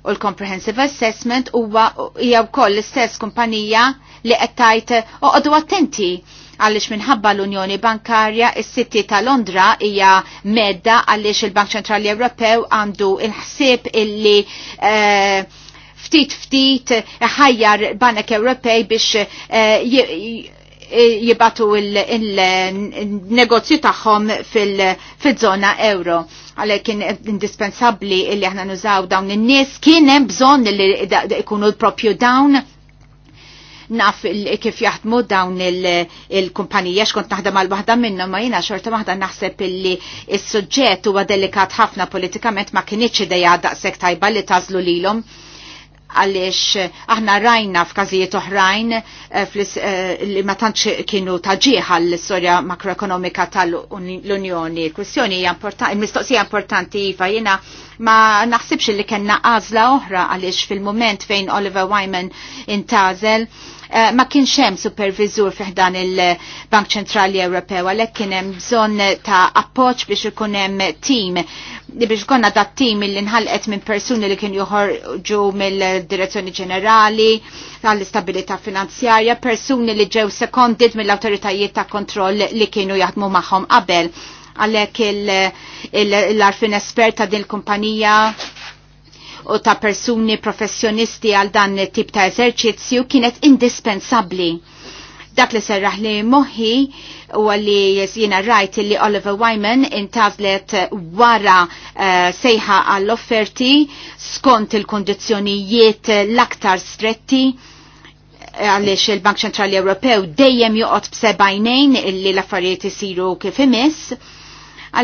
u l-Comprehensive Assessment huwa hija wkoll l-istess kumpanija li qed tajt għadu attenti għaliex minħabba l-Unjoni Bankarja is-Sitti ta' Londra hija medda għaliex il-Bank Ċentrali Ewropew għandu il-ħsieb illi uh, ftit ftit ħajjar Banek Ewropej biex eh, jibatu il-negozju tagħhom fil-żona euro għalek indispensabli illi aħna nużaw dawn in-nies kien hemm bżonn li ikunu l-propju dawn naf kif jaħdmu dawn il-kumpanija xkont naħdem għal waħda minnhom ma jiena xorta waħda naħseb illi s-suġġett huwa delikat ħafna politikament ma kienitx idejja daqshekk tajba li tażlu lilhom għaliex eh, aħna rajna f'każijiet oħrajn eh, eh, li ma tantx kienu ġieħ l-istorja makroekonomika tal-Unjoni. Kwestjoni importanti, mistoqsija importanti iva jiena ma naħsibx li kellna għażla oħra għaliex fil-moment fejn Oliver Wyman intażel Eh, ma kienx hemm supervizur fih il-Bank Ċentrali Ewropew għalhekk kien hemm bżonn ta' appoġġ biex ikun hemm tim biex konna dat tim li nħalqet minn persuni li kien joħorġu mill-Direzzjoni Ġenerali tal-istabilità finanzjarja, persuni li ġew sekondit mill-awtoritajiet ta' kontroll li kienu jaħdmu magħhom qabel għalhekk l-arfin esperta ta' din il-kumpanija u ta' persuni professjonisti għal dan tip ta' eżerċizzju kienet indispensabbli. Dak li serraħ li moħi u għalli jina rajt li Oliver Wyman intazlet wara uh, sejħa għall-offerti skont il-kondizjonijiet l-aktar stretti eh, għalix il-Bank Ċentrali Ewropew dejjem joqgħod b'sebajnejn illi l-affarijiet isiru kif imiss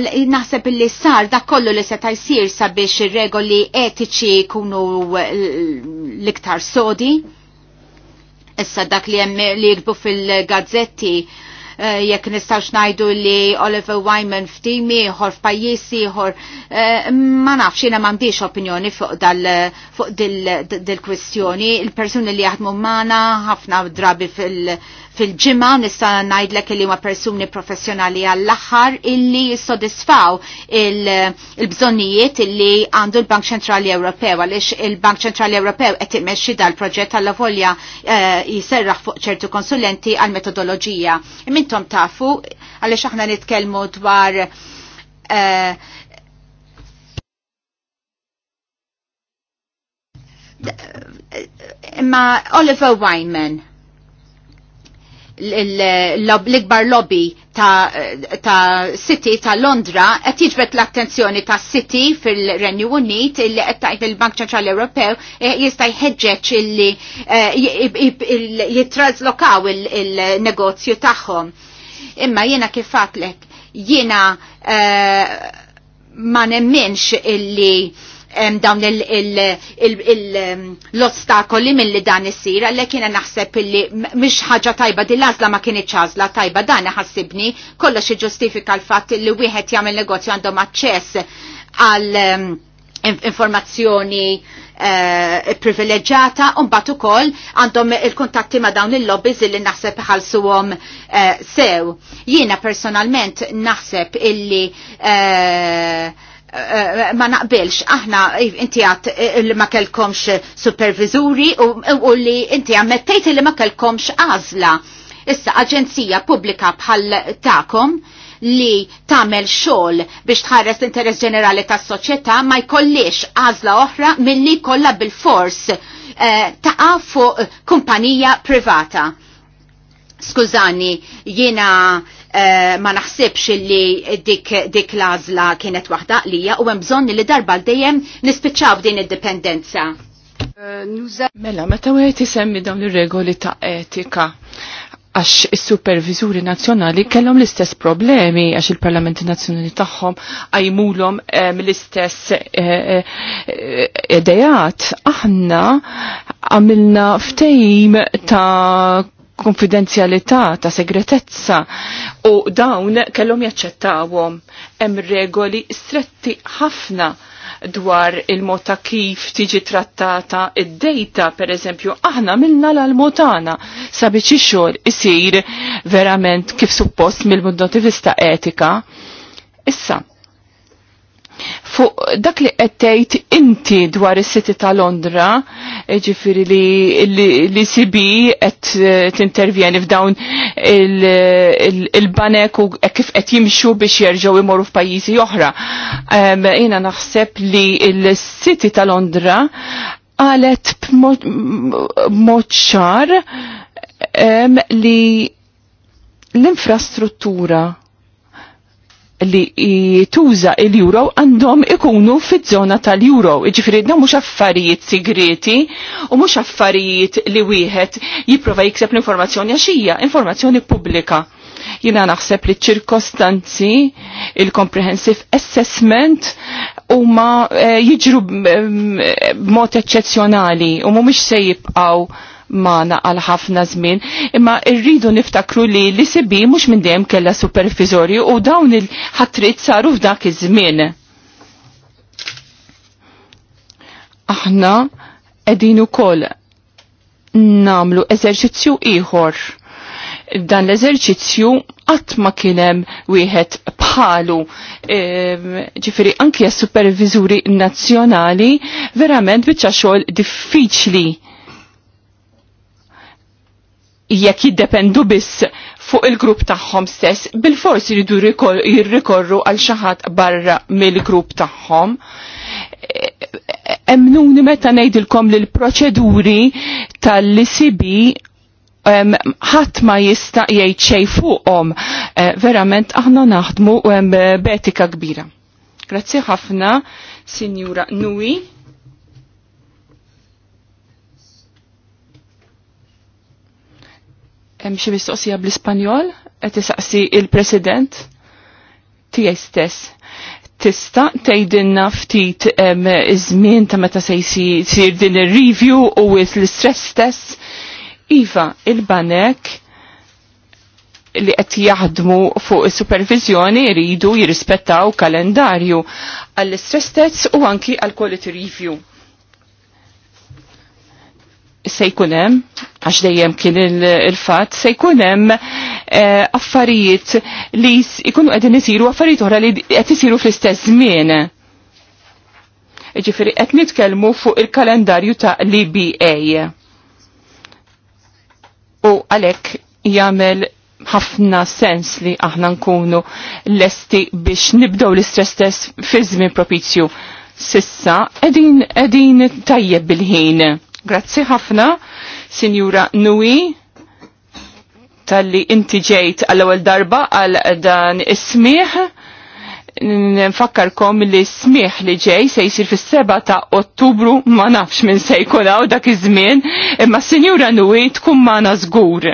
naħseb illi sar dak kollu li seta' jsir sabiex ir-regoli etiċi jkunu l-iktar sodi. Issa dak li hemm li jirbu fil-gazzetti eh, jekk nistax najdu li Oliver Wyman f'timi, ħor f'pajjiżi, ħor eh, ma nafx jiena m'għandix opinjoni fuq dal fuq dil-kwistjoni. Il-persuni li jaħdmu mana ħafna drabi fil- fil-ġimgħa nista' ngħidlek li huma persuni professjonali għall-aħħar illi jissodisfaw il-bżonnijiet illi għandu l-Bank Ċentrali Ewropew għaliex il-Bank Ċentrali Ewropew qed immexxi dal-proġett għalla volja eh, jiserraħ fuq ċertu konsulenti għal metodoloġija. Imintom tafu għaliex aħna nitkellmu dwar eh, imma Oliver Wyman l-ikbar lobby ta' City ta' Londra qed jiġbed l-attenzjoni ta' City fil-Renju Unit illi qed il-Bank Ċentrali Ewropew jista' jħeġġeġ illi jittrażlokaw il-negozju tagħhom. Imma jiena kif għatlek, jiena ma nemminx illi dawn l-ostakoli mill dan isir, għallek naħseb illi mish ħaġa tajba di lazla ma kienet ċazla tajba dan ħassibni, kollox iġustifika l fatt li wieħed jagħmel negozju għandhom aċċess għal informazzjoni uh, eh, privileġġata un bat ukoll għandhom il kuntatti ma' dawn il-lobbies illi naħseb ħalsuhom uh, eh, sew. Jiena personalment naħseb illi uh, Eh, ma naqbilx, aħna inti għat eh, li ma kellkomx supervizuri u li inti għammettejt li ma kelkomx għazla. Issa aġenzija publika bħal ta'kom li tamel xol biex tħares l-interess ġenerali tas soċjetà ma jkollix għazla oħra mill-li kolla bil-fors eh, taqa fuq kumpanija privata Skużani, jiena eh, ma naħsibx li dik, dik lazla kienet waħda qlija u hemm bżonn li darba dejjem nispiċċaw din id-dipendenza. Mela, meta wieħed isemmi dawn ir-regoli ta' etika għax il-supervizuri nazjonali kellhom l-istess problemi għax il-parlamenti nazjonali tagħhom għajmulhom eh, l-istess eh, idejat. Aħna għamilna ftejim ta' konfidenzjalità, ta' segretezza u dawn kellhom jaċċettawhom. Hemm regoli stretti ħafna dwar il-mod ta' kif tiġi trattata id-dejta, per eżempju, aħna minna l-almotana sabiex xogħol isir verament kif suppost mill-punto vista etika. Issa, fuq dak li qed inti dwar is siti ta' Londra, e ġifiri li li sibi qed e, tintervjeni f'dawn il-banek u e kif qed jimxu biex jerġgħu jmorru f'pajjiżi oħra. Jiena naħseb li l siti ta' Londra qalet b'mod ċar li l-infrastruttura li tuża il-euro għandhom ikunu fiż-żona tal-euro. Ġifieri dawn mhux affarijiet segreti u mhux affarijiet li wieħed jipprova jikseb l-informazzjoni għaxija, informazzjoni pubblika. Jiena naħseb li ċirkostanzi il-comprehensive assessment huma eh, jiġru eh, b'mod eċċezzjonali u mhumiex se jibqgħu maħna għal ħafna żmien, imma rridu niftakru li li sibi mhux minn dejjem kellha supervizorju u dawn il-ħatrit saru f'dak iż-żmien. Aħna qegħdin ukoll namlu eżerċizzju ieħor. Dan l-eżerċizzju qatt ma kien hemm wieħed bħalu ehm, ġifieri anki s-supervizuri nazzjonali verament biċċa xogħol diffiċli jekk jiddependu biss fuq il-grupp tagħhom stess, bil-fors jridu jirrikorru għal xi ħadd barra mill-grupp tagħhom. Emnuni meta ngħidilkom li l-proċeduri tal-ICB ħadd ma jista' jgħid xejn fuqhom. Eh, verament aħna naħdmu betika kbira. Grazzi ħafna, Sinjura Nui. Hemm xi mistoqsija bl-Ispanjol qed isaqsi il-President tiegħi stess. Tista' tgħidilna ftit iż-żmien ta' meta se jsir din ir-review u l-istress test. Iva, il-banek li qed jaħdmu fuq is-supervizjoni jridu jirrispettaw kalendarju għall-istress tests u anki għall quality review se jkunem, għax dejjem kien il-fat, se jkunem eh, affarijiet li jkunu għedin isiru affarijiet oħra li għed isiru fl-istess żmien. Iġifiri, għed nitkelmu fuq il-kalendarju ta' l-IBA. U għalek jagħmel ħafna sens li aħna nkunu lesti biex nibdow l-istress test fi żmien propizju. Sissa, edin, edin tajjeb bil-ħin Grazzi ħafna, Sinjura Nui, tal-li inti ġejt għall-ewwel darba għal dan is-smieħ. Nfakkarkom li smieħ li ġej se jsir fis-7 ta' Ottubru ma nafx minn se jkun hawn dak iż-żmien, imma Sinjura Nui tkun magħna żgur.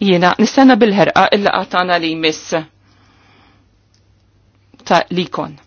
Jiena nistenna bil-ħerqa il-laqgħa tagħna li jmiss ta' likon.